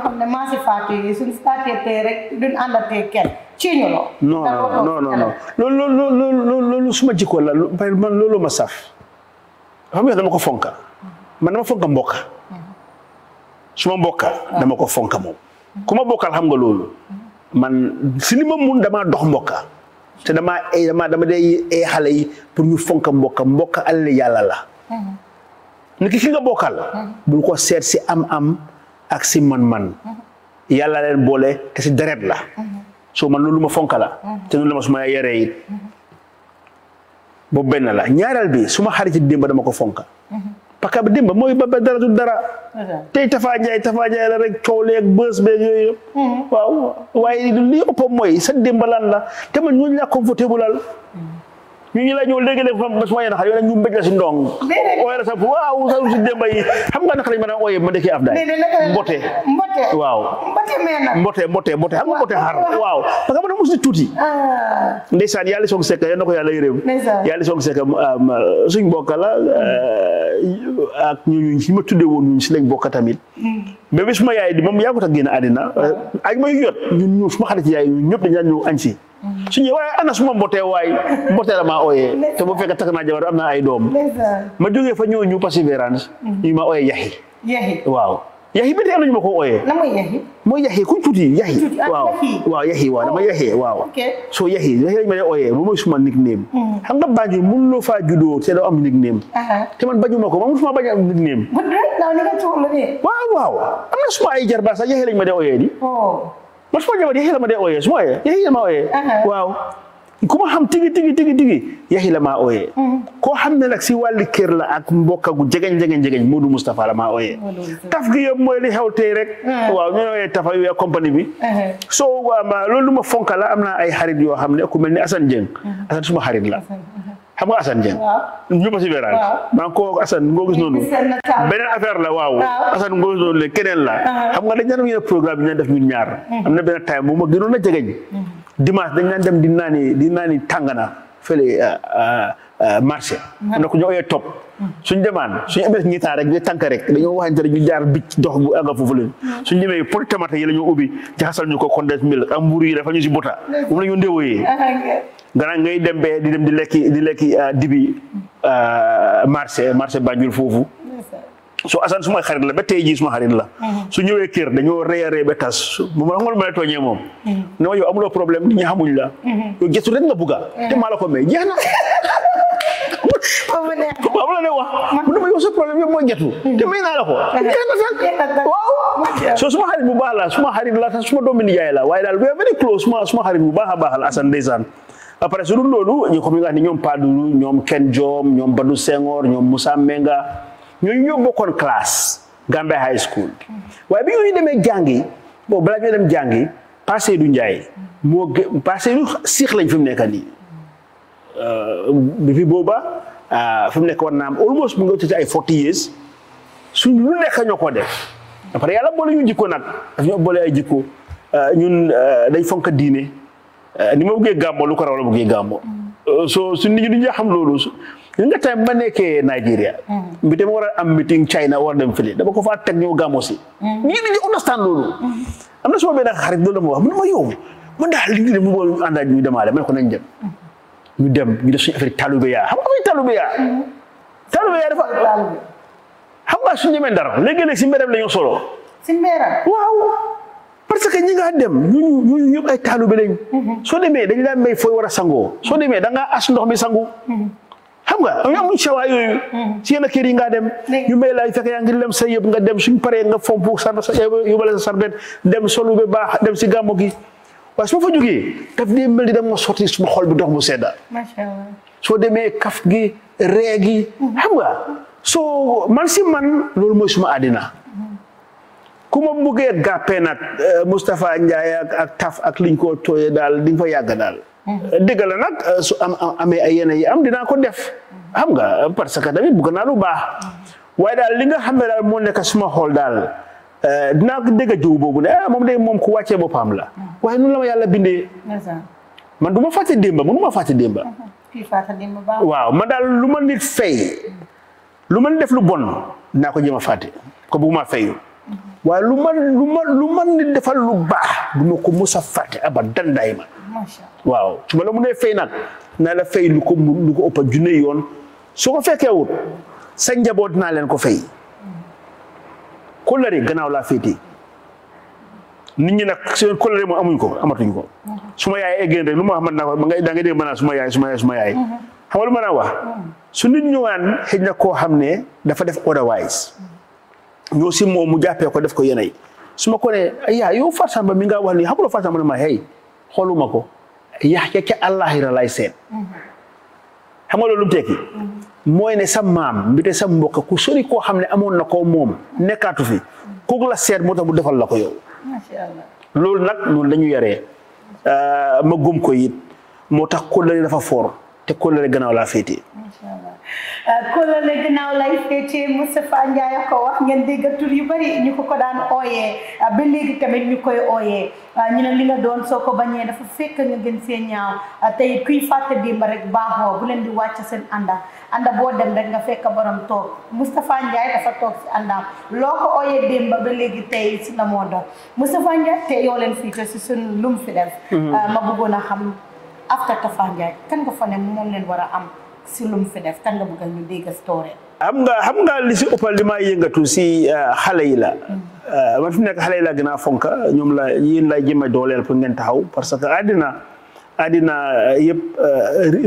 Speaker 3: ci ñu
Speaker 5: loo non
Speaker 4: non loolu loolu loolu loolu suma jikko la man loolu ma saf xam dama ko fonka man dama fonka mbokka mm-hmm. suma mbokka dama ko fonka moom ku ma bokkal xam nga loolu mm-hmm. man si li ma mun damaa dox mbokka te eh, dama dama day ee eh, xale yi pour ñu fonk mbokka mbokka alal yàlla la mhm. ni ki ki nga bokkal mhm. bul ko seet si am-am ak si man-man mhm. yàlla leen boole te si deret la soo man loolu ma fonka la te noonu la ma su ma yaree benn la ñaaral bi suma ma xarit démb dama ko fonka parce que dimba mooy ba ba dara du dara. tey Tafa Ndiaye Tafa Ndiaye la rek coow leeg bës beeg mm-hmm. waaw waaye li ëpp mooy sa dimba lan la te man ñooñu laa confortable ñu ngi lay ñëw léegi-léegi fam suma yéen xar yow xam nga naka lañ mën a ooye ma dëkkee af daay mbote waaw mbote mbote mbote xam nga mbote xar waaw parce que ma tuuti ah. ndeysaan yàlla soog sekk na ko yàlla yërëm yàlla soog sekk um, um, suñ bokka la uh, ak ñuñu si woon si lañ bokka tamit mais mm. bi suma yaay di moom yaa ko tax génn àddina ak ah. may yot ñun ñu suma xarit yaay ñun ñëpp dañ daan ñëw añ si su ñëwee waaye ana suma mbotee waay mbotee la maa ooyee te bu fekkee takk naa jabar am naa ay doom ma jógee fa ñëw ñu persévérance mm-hmm. ñu ma ooyee yaxi yaxi waaw yaxi ba tey am na ñu ma ko ooyee lan mooy yaxi mooy yaxi kuñ tuuti yaxi ah, waaw waaw waaw oh, soo yaxi yaxi lañ ma dee ooyee bu mooy suma nickname mm-hmm. loo faa juddoo te doo am nickname te man ko man musuma bañ am nickname waaw waaw am na suma ay jarbaas sax yaxi ma dee ooyee di oh. Masuknya apa? Dia hilang dia oye semua ya. Dia hilang oye. Wow. kuma xam tigi tigi yahi la maa oye ko xam ne nag si wàlli kër la ak mbokk jegeñ jegeñ jegeñ Modou la maa oye taf gi yëpp mooy li xew tey rek uh-huh. waaw ñu oye tafa yu compagnie bi uh-huh. so loolu ma fonka la am naa ay xarit yoo xam ne ku mel ni Assane Dieng uh-huh. Assane suma xarit la xam nga Assane Dieng. waaw ñëpp a maa koo Assane ngoo gis noonu. beneen affaire la waaw. Assane ngoo gis noonu la keneen la. Ah. xam nga dañ naan yéen programme bi ñu def ñun ñaar. Hmm. am na benn time bu ma gënoon a jegeñ. Hmm. dimanche dañ naan dem di naani di naani tàngana fële euh, euh, euh, marché. Hmm. am na ku ñu oyee topp. suñ demaan suñ amee suñu taal rek ñu tànk rek dañoo waxante ñu jaar bicc dox bu àgga foofu leen suñu demee pot tomate yi la ñu ubbi jaxasal ñu ko condensé mil ak mburu yi fa ñu si bota moom la ñu ndéwooyee ah, gannaaw ngay dem be di dem di lekki di lekki ah, dibi ah, marché marché Banjul fofu so asan suma xarit la ba tay ji suma xarit la mhm. su ñewé kër dañu rëy a rëy ba tas bu ma ngol mhm. ma toñé mom no yow problème ñi xamuñ la
Speaker 5: mhm. yo gëstu
Speaker 4: rek nga buga té mala ko may getu après su dul loolu ñu comme ñoom Padoulou ñoom Ken Jom ñoom Badou Senghor ñoom Moussa Menga ñooñu ñoo bokkoon classe Gambia High School waaye bi ñooñu demee jàngi bon balaa ñoo dem jàngi passé du Njaay moo gë lañ fi mu nekk nii depuis booba euh, fi mu nekk war naa am almost mu ngi ci ay forty years suñ lu nekk ñoo ko def après yàlla boole ñu jikko nag daf ñoo boole ay jikko euh, ñun euh, dañ fonk diine Eh, ni ma bëggee gàmmo lu ko raw la bëggee gàmmo mm. eh, so su nit ñi duñu xam loolu su ñu nga tamit ma nekkee Nigeria mm. bi war a am meeting China war dem fële dama ko fa teg ñëw gàmmo si mm. ñi understand loolu am na suma benn xarit loolu la ma wax mu ne ma yow man daal li ñu mu dem ñu dem ñu def suñu affaire talube yaa xam nga talube yaa talube yaa ndar léegi-léeg si mbeeram la ñu solo waaw parce que ñi nga dem ñu ñu ñu ay taalibe lañ. soo demee dañu laa may fooy war a sangoo soo demee da ndox mi sangu. xam nga am amuñ yooyu si yenn yi nga dem ñu may laay fekk yaa ngi lem sa yëpp nga dem suñ paree nga fomp sa yóbbale sa sarbet dem solu bi baax dem si gàmmu gi waaye su ma fa jógee daf dee mel ni dama sotti suma xol bi ndox mu sedda macha soo demee kaf gi ree gi xam nga soo man si man loolu mooy suma àddina ku ma buggee gàppee nag euh, Moustapha Ndiaye ak ak taf ak liñ ko tooyee daal di nga fa yàgg daal. Mm-hmm. dëgg la nag euh, su am amee ay yenn yi am dinaa ko def. xam nga parce que tamit bugga naa lu baax. Mm-hmm. waaye daal li nga xam ne daal moo nekk suma xool daal euh, dinaa dégg jiw boobu ne ah moom de moom ku wàccee boppam la. Mm-hmm. waaye noonu la ma yàlla bindee. man du ma fàtte démba mënuma fàtte démba. waaw man daal lu ma nit fay. lu ma def lu bon dinaa ko jéem a fàtte ko bëgguma fayu. waaye lu man lu man lu man ni defal lu baax du ma ko mos sa fàtte abadan daay ma waaw su ma la mënee fay la fay lu ko yoon su ko fekkee wut njaboot naa leen ko fay kóllëre gannaaw laa féetee nit ñi nag seen kóllëre moom ko amatuñ ko mhm. su ma yaay eggee rek lu ma xamat naa ko ma naa su ma yaay su ma yaay mhm. wax mhm. su nit ñëwaan xëj na koo xam ne dafa def otherwise ñoo si moom mu jàppee ko def ko yeneen su ma ko nee yaa yow Fat Samba mi nga wax nii xooluma ko yax ca lay seet xam nga loolu mu mooy ne sa maam bi te sa mbokk ku sori koo xam ne amoon na ko moom nekkaatu fi kooku la seet moo tax mu defal la ko yow loolu nag noonu lañu yaree euh, ma gum ko it moo tax kóllëre dafa foor te kóllëre gannaaw laa féetee
Speaker 3: Euh, kóllëre ginnaaw lay féetee Moustapha Ndiaye a ko wax ngeen dégg tur yu bari ñu ko ko daan ooye euh, ba léegi tamit ñu koy ooyee euh, ñu ne li nga doon soo ko bañee dafa fekk nga gën see ñaaw tey kuy fàtte démb rek baaxoo bu leen di wàcc seen ànda ànda boo dem rek nga fekk borom toog Moustapha Ndiaye dafa toog si àndaam loo ko ba léegi tey si la moo doon Moustapha Ndiaye tey yoo leen féetee si suñ lum fi def mm-hmm. ma bëggoon a xam after Tafa Ndiaye kan nga fa ne moom leen war a am si nga bëgg a xam
Speaker 4: nga xam nga li si ëppal li yëngatu si euh, xale yi la. Mm. Euh, man fi mu nekk xale yi la gën a fonk ñoom la yéen lay jëm a dooleel pour ngeen taxaw parce que àddina àddina euh, yëpp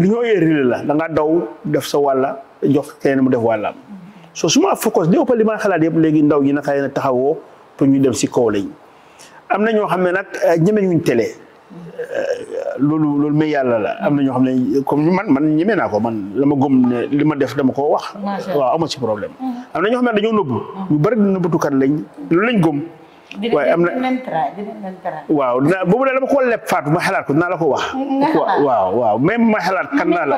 Speaker 4: li ñoo yee la da nga daw def sa walla jox keneen mu def wàllam. so suma focus li ëppal li may xalaat yëpp léegi ndaw yi naka leen taxawoo pour ñu dem si kaw lañ am na ñoo xam ne nag ñemeñuñ télé. Mm. loolu loolu mais yàlla la am na ñoo xam ne comme man man ñemee naa ko man la ma gëm ne li ma def dama koo wax. waaw amoo ci problème. Mm. am na ñoo xam ne dañoo nëbbu. ñu bari nëbbutukat lañ loolu lañ gëm. waaye am na waaw na boobu daal dama ko leb faatu ma xalaat ko la ko wax. waaw waaw même ma xalaat naa la.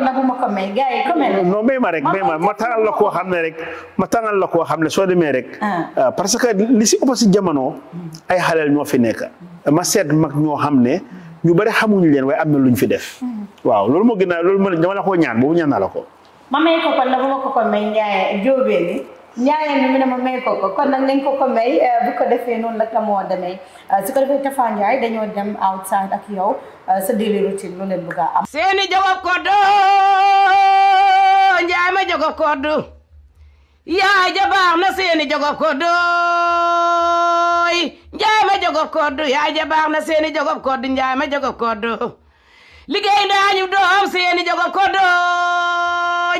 Speaker 3: non mais ma rek mais ma ma la koo
Speaker 4: xam ne rek ma tàngal la koo xam ne soo demee rek. Ah. Ah, parce que li si ëpp si jamono ay xaleel ñoo fi nekk ma seet mag ñoo xam ne. ñu bari xamuñu leen waaye am na luñ fi def. Mm-hmm. waaw loolu moo gën a loolu ma dama la ko ñaan boobu ñaan naa la ko.
Speaker 3: ma may ko kon nag ma ko ko may Ndiaye Diobéni Ndiaye mi ko ko kon nag eh, defee noonu la moo demee eh, su ko defee Tafa Ndiaye dañoo dem outside ak yow eh, sa daily routine lu leen bëgg am.
Speaker 2: seeni jogo koddu Ndiaye ma jogo koddu yaay ja na seeni jogo koddu. njaay ma jogob kodd yaay ja baax na seeni jogob kodd njaay ma jogob kodd liggéey naañu doom seeni jogob kodd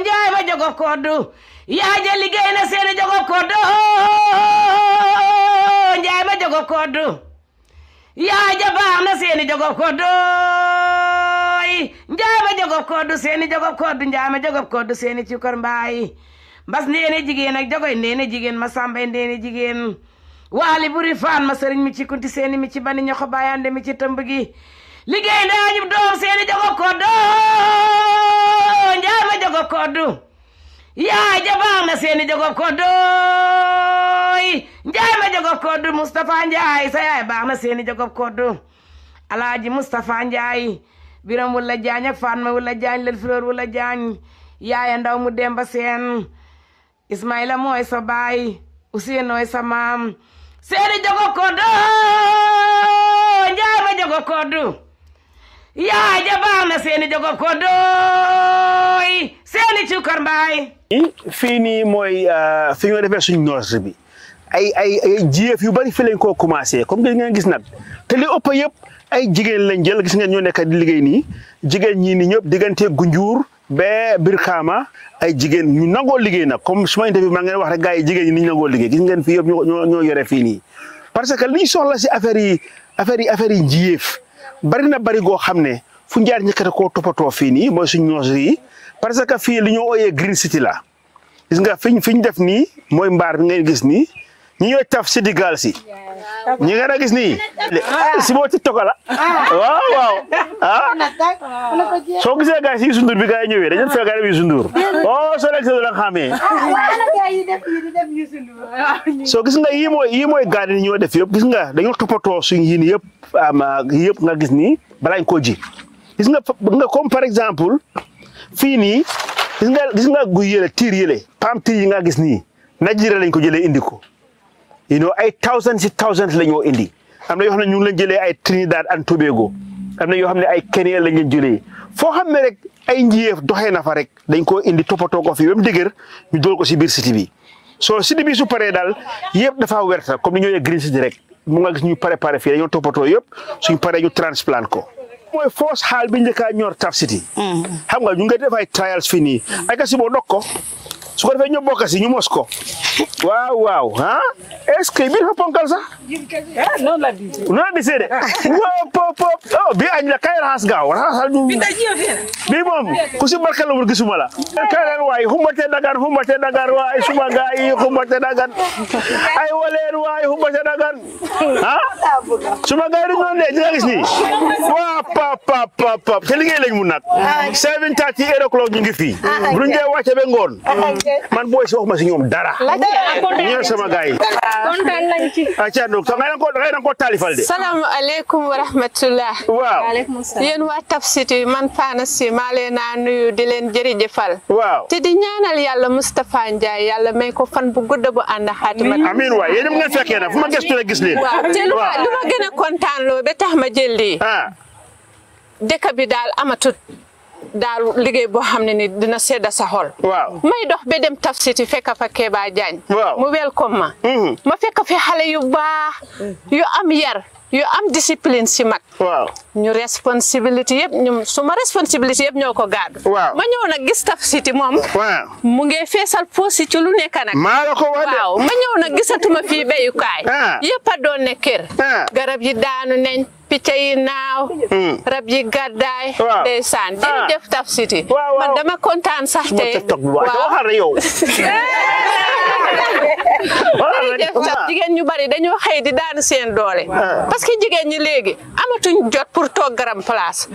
Speaker 2: njaay ma jogob kodd yaay ja liggéey na seeni jogob kodd njaay ma jogob kodd yaay ja baax na seeni jogob kodd njaay ma jogob kodd seeni jogob kodd njaay ma jogob kodd seeni cukkar mbaay mbas neene jigéen ak jogoy neene jigéen ma sàmbay neene jigéen waali buri faan ma sëriñ mi ci kunti seeni mi ci bani ñoxo baayande mi ci tëmb gi liggéey daañu doom seeni jogo koddo njaama jogo koddu yaay jabaang na seeni jogo koddo njaama jogo koddu Moustapha Njaay sa yaay baax na seeni jogo koddu alaaji Moustapha Njaay biram wula jaañ ak Fatma wula jaañ lel fleur wula jaañ yaaya ndaw mu demba seen Ismaila mooy sa baay Useen nooy sa maam Seri jogo kodo njaama jogo kodo ya baama seeni jogo koddo seeni cukkar mbaay
Speaker 4: fii nii mooy fi suñ noos bi ay ay jief yu bari fi lañ ko commencé comme ngeen gis nak te li ëpp yëpp ay jigen lañ jël gis ngeen ñoo nekk di liggéey ni jigen ñi ni ñop diggante gunjuur ba Birkama ay jigéen ñu nangoo liggéey nag comme suma interview maa ngeen wax rek gars yi jigéen ñi ni ñu nangoo liggéey gis ngeen fii yëpp ñoo yore fii nii parce que liñ soxla si affaire yi affaire yi affaire yi njiyeef bari na bari goo xam ne fu ñu ñëkkate koo toppatoo fii nii mooy suñ ñoos yi parce que fii li ñu ooyee Green City la gis nga fiñ ñu def nii mooy mbaar bi ngay gis nii ñi ñoy taf ci digal ci ñi nga na gis ni ci ah, bo ci tokala waaw waaw ah. so gisé gaay ci sundur bi gaay ñëwé dañu fé gaay bi sundur oh so lek so la xamé so gis nga yi moy yi moy gaay ni ñoo def yëp gis nga dañu topato suñ yi ni yëp ama yëp nga gis ni balañ ko ji gis nga nga comme par exemple fi ni gis nga gis nga guy yele tir yele pam tir yi nga gis ni najira lañ ko jëlé indi ko you know ay thousands ci thousands lañu indi amna yo xamne ñu lañ jëlé ay Trinidad and Tobago amna yo xamne ay Kenya lañu jëlé fo xamne rek ay njiyef doxé na fa rek dañ ko indi topato ko fi bam deuguer ñu dol ko ci bir city bi so city bi su paré dal yépp dafa werta comme ñoy green city rek mu nga gis ñu préparer fi dañu topato yépp suñu paré ñu transplant ko moy force hal bi ñëka ñor tough city mm-hmm. xam nga ñu nga def ay trials fini ay kasi bo dokko su ko defé ñu bokasi ñu mosko waaw waaw ah est-ce que biir fa ponkal sax
Speaker 5: non nah, la di non di sede waaw
Speaker 4: pop pop oh bi añ la kay raxas gaaw raxasal du bi moom ku si barkal wul gisuma la kay leen waay xumbate dagan xumbate dagan waay suma gaay yi xumbate dagan ay waleen waay xumbate dagan ah suma gaay du non de dina gis ni waaw pop pop pop pop te liggéey lañ mu nak 7:30 8 o'clock ñu ngi fi buñu dee wàcce be ngoon man boy si waxuma oh, si ñoom dara sama gaay kontaan nañ ci acca nok so ngay
Speaker 6: ko wa waa Tapsity man Fana Si maa leen a nuyu di leen jërëjëfal waaw te ñaanal yàlla Moustapha Ndiaye yàlla may ko fan bu gudd bu ànd xaatima amiin waay yéen fu ma gëstu la gis leen waaw te lu ma gën a kontaan loo ba tax ma jël lii dëkk bi daal amatut daal liggéey boo xam ne ni dina sedda sa xol. waaw may dox ba dem taf siti fekk fa Keba Jaañ mu welcome ma mm-hmm. ma fekk fi xale yu baax mm-hmm. yu am yar yu am discipline si mag waaw ñu responsabilité yëpp ñu suma responsabilité yëpp ñoo ko gaadu ma ñëw nag gis taf siti moom mu nge feesal poosi ci lu nekk nag maa la ko wax waaw ma ñëw nag gisatuma fii béyukaay ah. yëpp a doon ne kër ah. garab yi daanu nañ picca naw, naaw hmm. rab yi gàddaay ndeysaan jërëjëf taf siti man dama kontaan sax tey waxal yow jigéen ñu bari dañoo xëy di daan seen doole parce que jigéen ñi léegi amatuñ jot pour toog garam place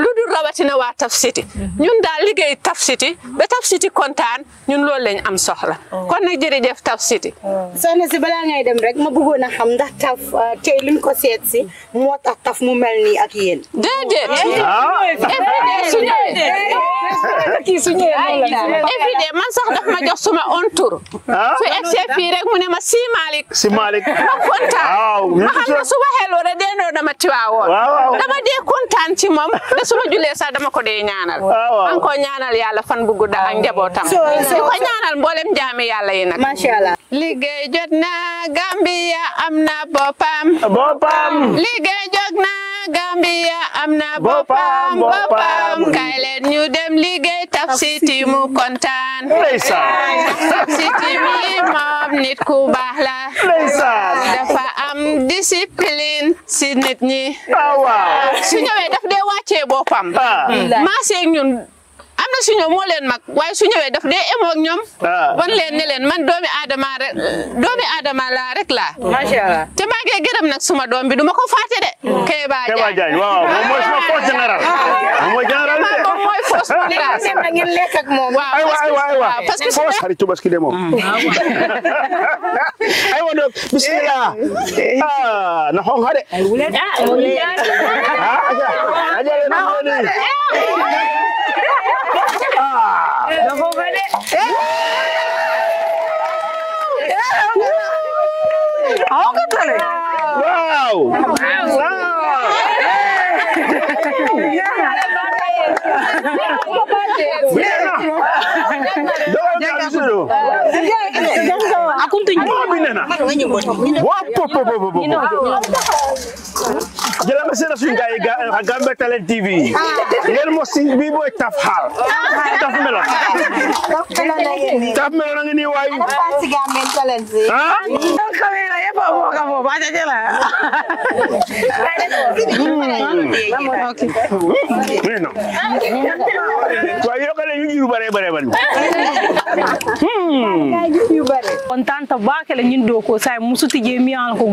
Speaker 6: lu dul rawatina waa taf siti ñun daal liggéey taf siti ba taf siti kontaan ñun loolu lañ am soxla kon nag
Speaker 3: jërëjëf taf siti soxna si balaa ngay dem rek ma bëggoon xam ndax taf euh, tey luñ ko seet si moo tax taf mu mel ni ak yéen dede kii su ñëwee man sax daf ma jox suma on
Speaker 6: tour ah. su egsee fi rek mu ne ma si malik si malik ma kontaan ma xam na suba waxee loolu de no dama tiwaawoon dama de kontaan ci mom da suma julle sa dama ko de ñaanal an ko ñaanal yalla fan bu gudda ak njabootam di ko ñaanal mboolem jami yalla yi nak macha liggey jotna Gambia amna bopam bopam liggey liggéey jot naa Gambia am na boppam boppam kay leen ñu dem liggéey taf siti mu kontaan ndeysaan taf siti mi moom nit ku baax la dafa am discipline si nit ñi ah, su ñëwee daf dee wàccee boppam ah. maasee ñun amna suñu mo len mak way mag waaye su ñëwee daf dé émo ak ñom
Speaker 5: wan len né len
Speaker 6: man doomi adama rek doomi adama la rek ma sha allah té ma ngay gërëm nak suma doom bi du ma ko fàtte kay ba
Speaker 4: jaay waaw mo mooy suma fos général mo général de moom mooy fos général na ngeen lekk ak moom waaw aywa aywa aywa parce que fos xarit tubaski de moom aywa donc bismillah ah na xonxa
Speaker 6: de ah ajale na Nos vamos ver.
Speaker 9: Wow. Wow.
Speaker 5: wow. wow. ¡Eh! ¡Eh! aku tunggu.
Speaker 6: Acum tu bine na.
Speaker 4: Jela mesera suin ga ga gambe talent TV. Ngel mo sin bi boy taf hal. Taf melo.
Speaker 6: Taf melo ngi ni way. Taf gambe talent. Ha? Kamera ya ba mo ga mo ba ja jela.
Speaker 4: Okay. Bueno. waaw yow kale ñu yu bare bare bare hmm.
Speaker 3: kontaan ta ba kele ñin do ko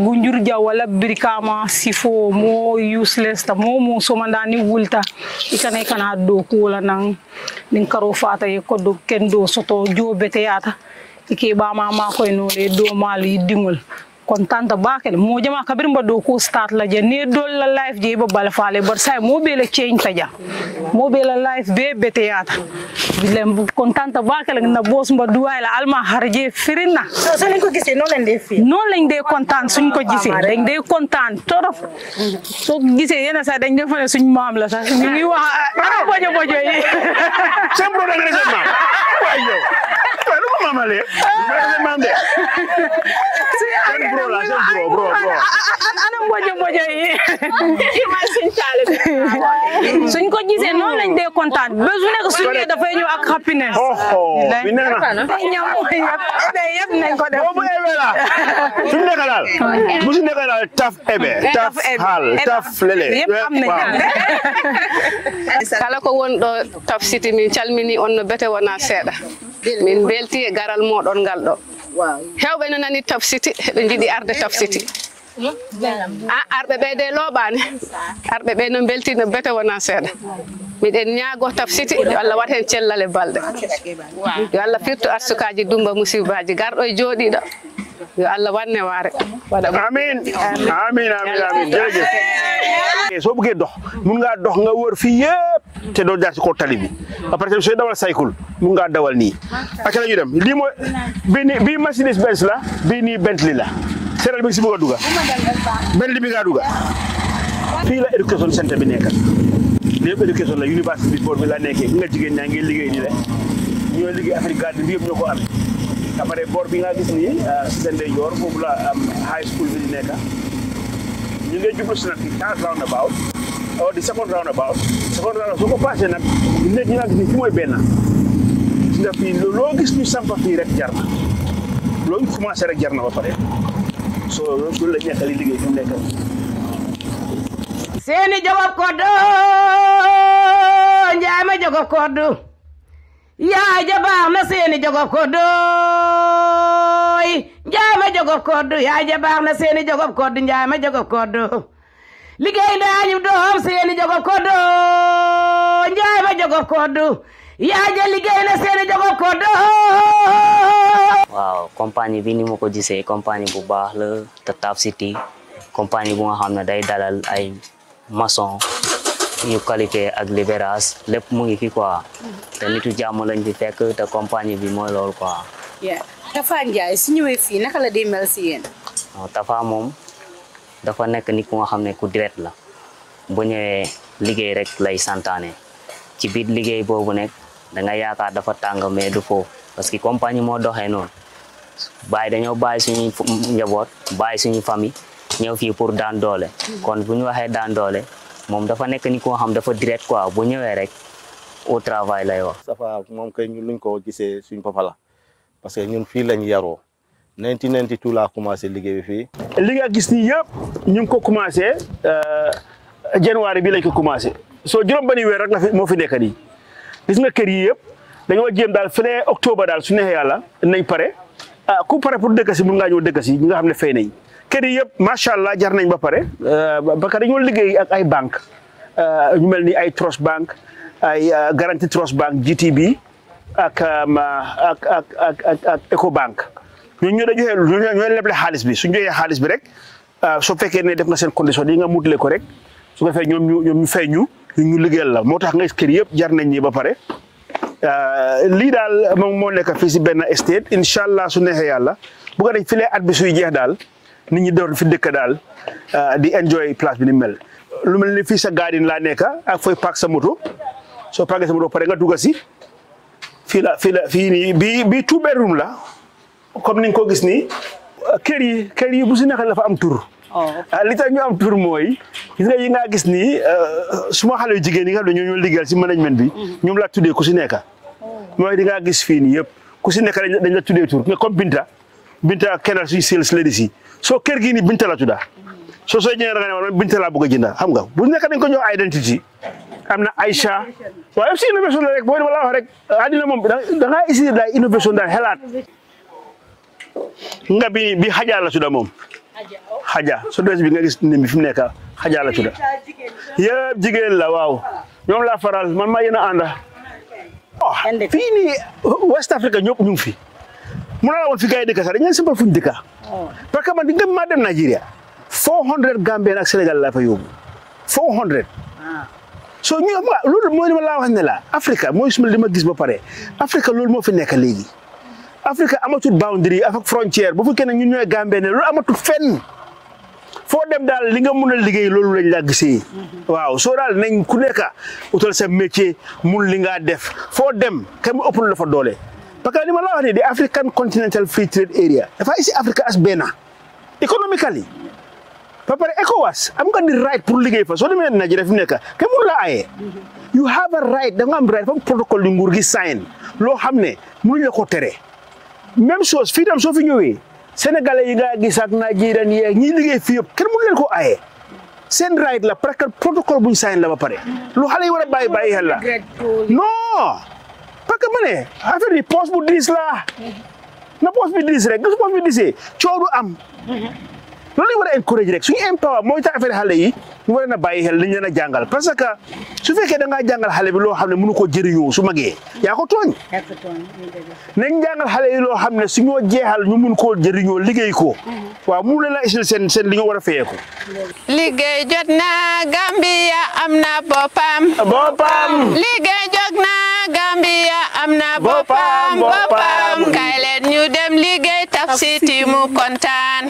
Speaker 3: gunjur ja wala birikama sifo mo useless ta mo mo somandani wulta ikane kana do ko wala nan nin karo fata ye ko do ken do soto jobete yata ike ba ma ma koy no kontanta bakele mo jama kabir mba do ko start la je ne do la life je ba bal faale bor say mo be le change ta ja mo be la life be bete yata bilem kontanta bakele na boss mba duwa la alma harje firina so len ko gisse non len de fi non len de kontan suñ ko gisse dañ de kontan torof
Speaker 6: so gisse yena sa dañ de fane suñ mam la sa ñu ngi wax ara ah, ah, bojo bojo yi sem problème raisonnement wayo lu ko mamale raisonnement de bro la shan bro bro bro ana mboje mboje yi suñ ko gisé non lañ dé kontaan bés nek nekk suñ da fay ñu ak happiness Oh, bi neex na day yépp. day yépp nañ ko def Bo bu ebe la suñ nekk daal musu nekk daal taf ébé, taf hal taf lélé. yëpp am nañ kala ko won do taf city mi calmini on no bété wona séda. min belti e garal moɗon ngal ɗo hewɓe no nani top city heɓe jiɗi arde top city a arɓe ɓe de looɓaani arɓe ɓe no mbeltino bete wona seeɗa miɗen ñaago taf siti yo allah wat heen cellal e balɗe yo allah firtu arsukaji dumba musibbaji garɗo e jooɗiɗo yo ya allah wanne waare amin amin amin amin ya
Speaker 4: jërëjëf eh, so bëggee dox mun nga dox nga wër fi yëpp te do jaar si kaw tali bi après tamit sooy dawal cycle mun nga dawal ni ak lañu dem li mo bi nii Mercedes Benz la bii nii Bentley la seeral bi ci bëgg a duga Bentley bi ngaa duga fi la éducation centre bi nekk lépp éducation la université bi boor bi la nekké nga jigen ñaa ngi liggéey ni la ñoo liggéey Afrique Garden bi yëpp ñoo après boor bi nga gis nii euh, sa ndeyjoor foofu la high school bi di nekk ñu ngi jublu si nag third roundabout or di second roundabout euh, second roundabout soo ko passé nag ñu nekk ñu nga gis nii fi mooy benn si nga fii loo gis ñu sampa fii rek jar na loo ñu commencé rek jar na ba pare soo loolu la nekk li liggéey fi mu
Speaker 2: seeni jogo koddu njaame jogo koddu Ya aja bang seeni jogob koddooy ya ma ya aja yaa jabar na seeni jogob koddu ya ma jogob koddu liggéey ndaañum doom seeni jogob koddu njaay ma jogob koddu ya aja liggéey na seeni jogob koddu waaw compagnie bi ni ma ko gisee compagnie bu baax la tetap City compagnie bu nga xam ne day dalal ay maçon yu qualité ak libérage lépp mu ngi fi quoi te nitu jàmm lañ fi fekk te compagnie bi mooy loolu quoi.
Speaker 3: Tafa Ndiaye su ñëwee fii naka la di mel si yéen.
Speaker 2: moom dafa nekk nit ku nga xam ne ku direct la bu ñëwee liggéey rek lay santaane ci biir liggéey boobu nekk da nga yaakaar dafa tàng mais du foofu parce que compagnie moo doxee noonu bàyyi dañoo bàyyi suñuy njaboot bàyyi suñu famille ñëw fii pour daan doole mm-hmm. kon bu ñu waxee daan doole moom dafa nekk ni koo xam dafa direct quoi bu ñëwee rek
Speaker 1: au travail lay wax. Safa moom kay ñu luñ ko gisee suñ papa la parce que ñun fii lañ yaroo ninety ninety two la commencé liggéey bi fii.
Speaker 4: li nga gis nii yëpp ñu ngi ko commencé euh, janvier bi lañ ko commencé soo juróom benni weer rek la fi moo fi nekk nii gis nga kër yi yëpp dañoo jéem daal fële octobre daal su neexee yàlla nañ pare ah ku pare pour dëkk si mun ngaa ñëw dëkk si ñi nga xam ne fay nañ. kër yëpp macha allah jar nañ ba pare euh, ba ka dañoo liggéey ak ay banque euh, ñu mel ni ay Trust Bank ay euh, Guaranty Trust Bank GTB um, ak ak ak ak ak Ecobank ñun ñoo da joxe ñooy leble xaalis bi suñ joxee xaalis bi rek soo fekkee ne def nga seen condition yi nga mutale ko rek su ko defee ñoom ñu ñoom ñu fay ñu ñu liggéeyal la moo tax nga kër yëpp jar nañ ñi ba pare lii daal moom moo nekk fii si benn estate incha allah su neexee yàlla bu ko def filee at bi suy jeex daal nit ñi door fi dëkk daal ah, di enjoy place bi ni mel lu mel ni sa garden la nekk ak fooy park sa moto soo paakee sa moto pare nga si la fi la fii nii bi bi two bedroom la comme ni nga ko gis ni kër yi kër yi bu si nekk dafa am tur oh. ah, li tax ñu am tur mooy gis nga yi nga gis ni ah, suma xale yu jigéen yi nga xam ne ñoo si management bi mm-hmm. ñoom la tuddee ku si nekk oh. mooy di nga gis fii nii yëpp ku si nekk dañ la tuddee tur nga comme Binta binta ak kenal ci sales lady yi so ker gi ni binta la tuda so so ñëw nga ne binta la bëgg jinda xam nga bu nekk dañ ko identity amna Aisha waaye aussi innovation rek boy wala wax rek eh, adina mom da nga isi da innovation da Helat. nga bi bi haja la tuda mom haja so dress bi nga gis ni fim nekk haja la tuda yeb ya, jigen la waw ñom la faral man ma yena ya anda ah, fini west africa ñop ñu fi Mura ne la woon fi gars yi dëkk sax dañu leen simpal fu parce que man di dem Nigeria four hundred Gambien ak Sénégal laa fa yóbbu four hundred ah. so ñu am lulu mooy li ma laa wax ne la africa mooy suma li gis ba pare africa loolu moo fi nekk léegi Afrique amatul boundary ak frontière bu fekkee ne ñun ñooy Gambie ne loolu amatul fenn foo dem daal li nga mun a liggéey loolu lañ la gisee waaw so daal nañ ku nekk utal sa métier mun li def foo dem kenn mu ëpp la fa parce que ni ma la african continental free trade area dafa isi africa as que nous avons pare ECOWAS nous kan avons di right pour liggéey fa soo demee Nigeria fi mu nekk kenn you have a right dengan am right fa protocole yu gi sign loo xam ne mënuñ la même chose fii tam soo fi ñëwee sénégalais yi nga gis ak nigérian yi ñi liggéey fi yop, kenn mënu leen ko ayé. Sen right la parce que protocole buñ sign la ba paré. lu xalé wara bay a hal la non ba que ma ne affaire yi bu diis la na poche bi diis rek gis poche bi diisee coow am. loolu wara encourage rek suñu empower moy tax affaire xale yi ñu wara na bayyi xel li ñu leen a parce que su fekké da nga jangal xale bi lo xamné mënu ko jëriñoo su magé ya ko tooñ nañ jangal xale yi lo xamné ne su ñoo jeexal ñu mënu ko jëriñoo liggéey ko mm-hmm. wa mu leen la isil sen sen li ñu war a
Speaker 6: liggéey jot na Gambia amna Bopam. Bopam. liggéey jot na Gambia amna Bopam Bopam. kay leen ñu dem liggéey taf siti mu kontaan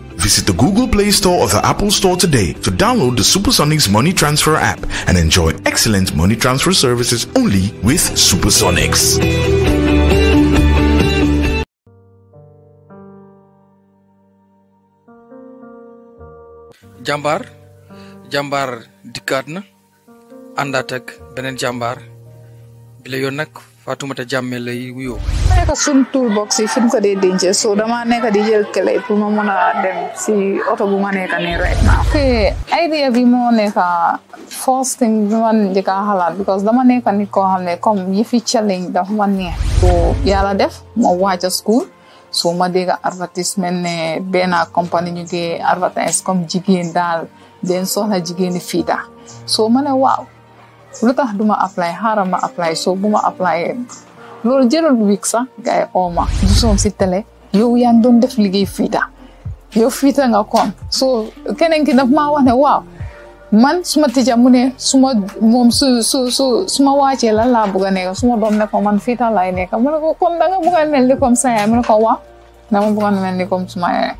Speaker 8: Visit the Google Play Store or the Apple Store today to download the Supersonics Money Transfer app and enjoy excellent money transfer services only with Supersonics.
Speaker 1: jàmbaar jàmbaar dikkaat na àndaat ak beneen Fatoumata Jammeh lay wuyoo.
Speaker 9: ma nekk suñ toolbox yi fi mu ko dee dencee so dama nekk di jël kële pour ma mën dem si oto bu ma nekk nii right now. ok idea bi moo nekk first thing bi ma njëkk xalaat because dama ni koo xam ne comme yëfi challenge dafa ma neex. yàlla def ma wàcc school. so ma dégg advertisement ne benn compagnie ñu ngi advertise comme jigéen daal den jigéen fii daal so ma ne waaw. Ulutah duma apply hara ma apply so buma apply lol jero wiksa gay oma jusum sitele yo yan don def liggey fita yo fita nga kom so kenen ki daf ma wane ne man suma tija mune, suma mom su su su suma waacee lan la buga a suma dom ne ko man fiita laay nekk mu kom ko da nga sa suma e.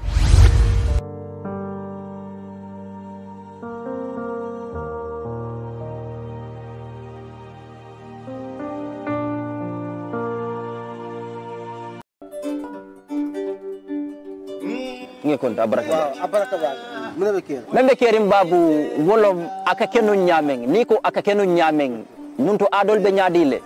Speaker 1: nge konta baraka ba baraka ba mun be kero men kerim babu wolom aka kenu nyameng ni ko aka kenu nyameng nunto adol be nyaadile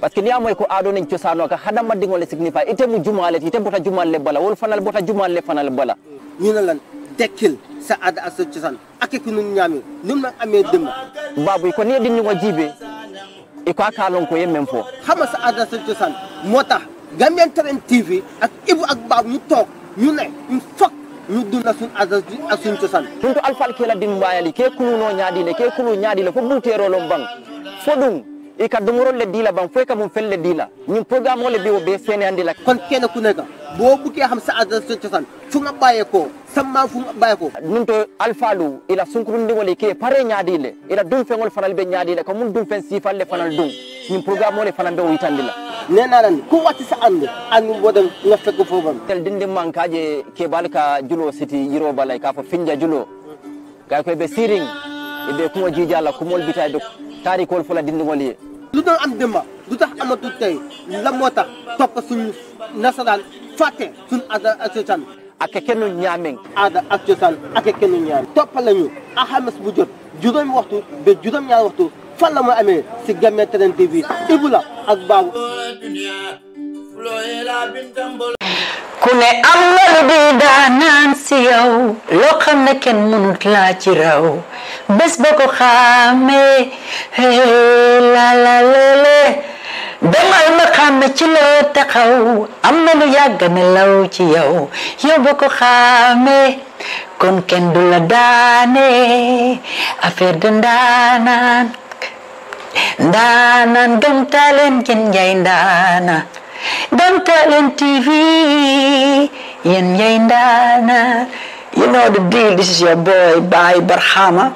Speaker 1: parce que niya moy ko aɗo nen cosano ka hada maddigol e signifa itemu jumale ite bota jumalle bala wol fanal bota jumalle fanal bala ñina lan dekil sa ada a sa cosan ake ko nun ñaami num nan ame demma babuy ko niye dinnigo jiibe e ko a kalon ko yemmen fo xama sa ada sa cosan moo tax gambian taren tv ak ibu ak babu ñu toog ñu ne ñu fokk yuddu na sun asasi a sun cosan ɗum to alfal kela dimbayali ke kuluno ñaadile ke kulu ñaadile fof ɗum terolon ban fo ɗum i ka domorol le di la ban fo i ka mun fel le di la ñin programme le be wo be seeneyandi la kon kene ku nega boo bukee xam sa adresse cosan fu nga bàyyee ko samma fu nga bàyyee ko nun to alfalu ila sunkurundiŋol i kee pare ñaadi le ila dum feŋol fanal be ñaadi le ko mun dum feŋ siifal le fanal dum ñin programme le fanan be wo yitandi la nenanani ko watti sa annde anni woden nga feggo fofam tel dindi mankaje kebal ka julo siti yiro balay ka fo finja julo gay koye ɓe siring eɓe kumo jiijala kumol bitayɓe tarikol fola dindigol ye lu doon am dëmba lu tax amatul tey la moo tax topp suñu nasaraan fàtte suñu aada ak cosaan ake kennu ñaameng aada ak cosaan ake kennu ñaameng toppa lañu alxames bu jot juróomi waxtu ba juróom-ñaari waxtu fan la moo amee si Gambian Talents TV Ibou la ak Babou
Speaker 4: ku
Speaker 1: ne am na lu di daanaan
Speaker 3: loo xam ne kenn mënut laa ci raw bés ba ko xàmmee la la lele demal ma xàmme ci loo taxaw am na lu yàgg ne law ci yow yow ba kon kenn du la daane affaire de ndaanaan ndaanaan gëm taaleen gën njaay Danta Len TV yéen ñay ndaana you know the deal this is your boy Bai Barhama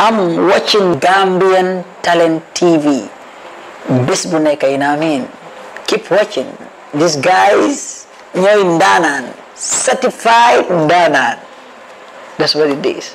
Speaker 3: I'm watching Gambian Talent TV bés bu nekk ay naa miin keep watching these guys ñooy ndaanaan certified
Speaker 7: ndaanaan that's what it is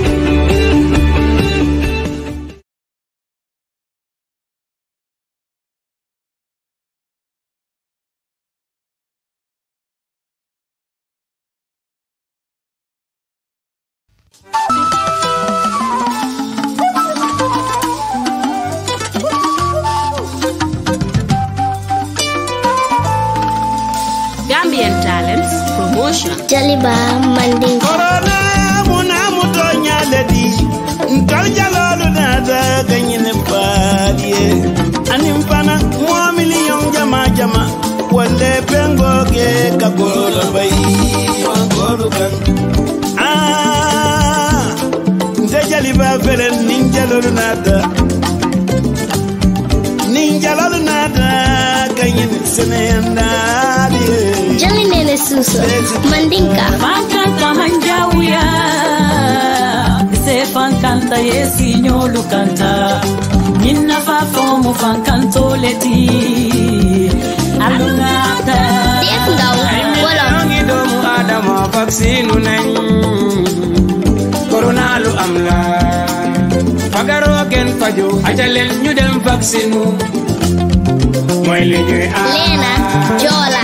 Speaker 2: kansu mun dinka fankan
Speaker 1: ka hanjawiya se fankanta ye siɲolu kanta ɲin nafa fo mu fankanto le ti alungata ɗongidomu
Speaker 2: adama vaksinu
Speaker 1: nan koronalu amla fagarogen fajo ajalel ñuden vaksinu moy leñoy
Speaker 2: a lena jola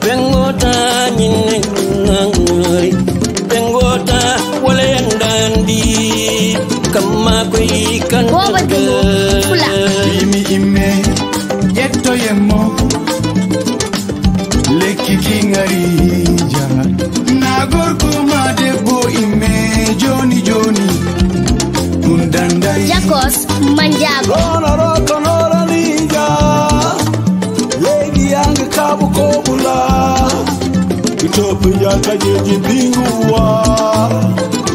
Speaker 1: ta ta nhìn ngang người, bengota nyine nangay bengota wala yandandi kamma koy kan imi imme yetto yemmo
Speaker 8: lekki kingari jaha na gorko ma debbo imme joni joni dun dandai
Speaker 2: jakos manjago
Speaker 4: tofi ya kaje jibin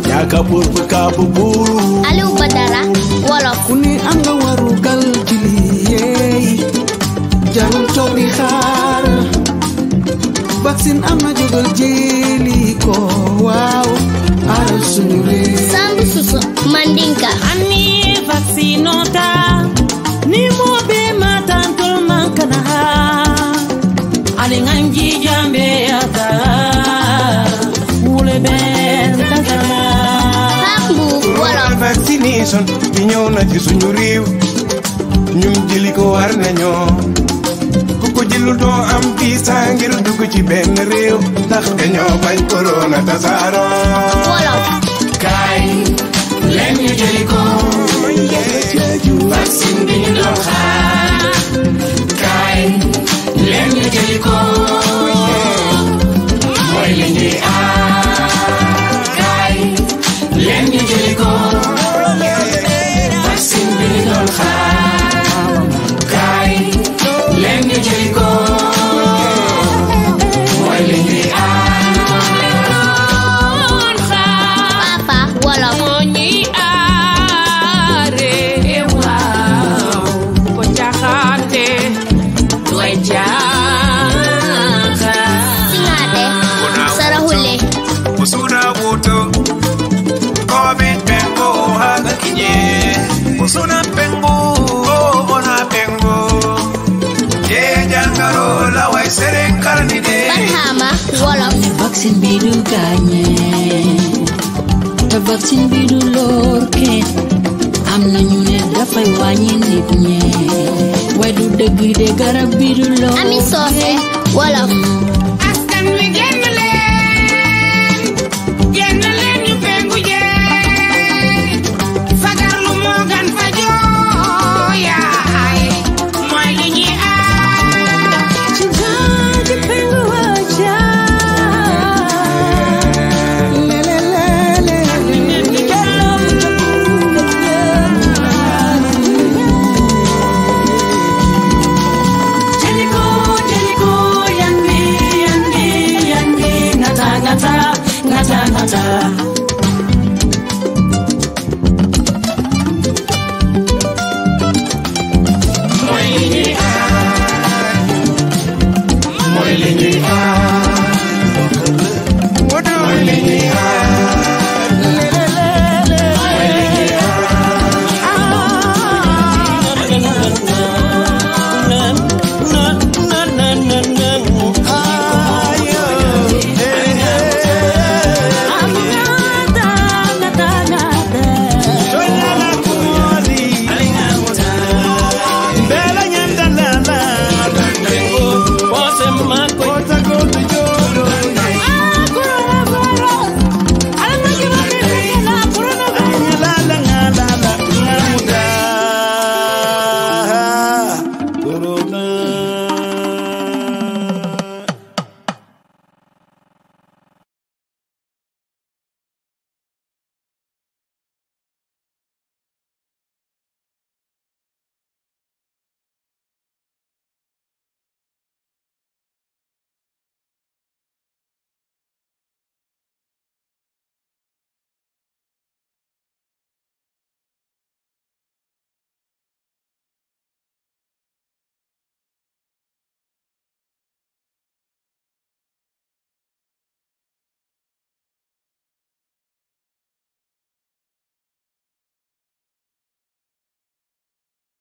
Speaker 4: ya ka kabur. buburu.
Speaker 6: Aliyu Badara, Kuni am nga waru gal jili jarul tobi xaar.
Speaker 1: Vaccine am na jógal jëli ko wow
Speaker 2: ala suñu Sambi susu mandinka. Ami vaccinota
Speaker 1: ni mo be matantul mankana. Ali nganji jambe ya. Tyson bi ñëw na ci suñu réew ñum jëli war nañoo ku ko jëlu doo am visa
Speaker 8: ngir dugg ci benn réew ndax dañoo bañ corona tasaaroo.
Speaker 5: kaay leen ñu jëli ko vaccine bi ñu doon xaar kaay leen ñu jëli
Speaker 2: vaksin biru gaañe lor am na ñu ne nit ñe du dëgg de garab lor ami askan wi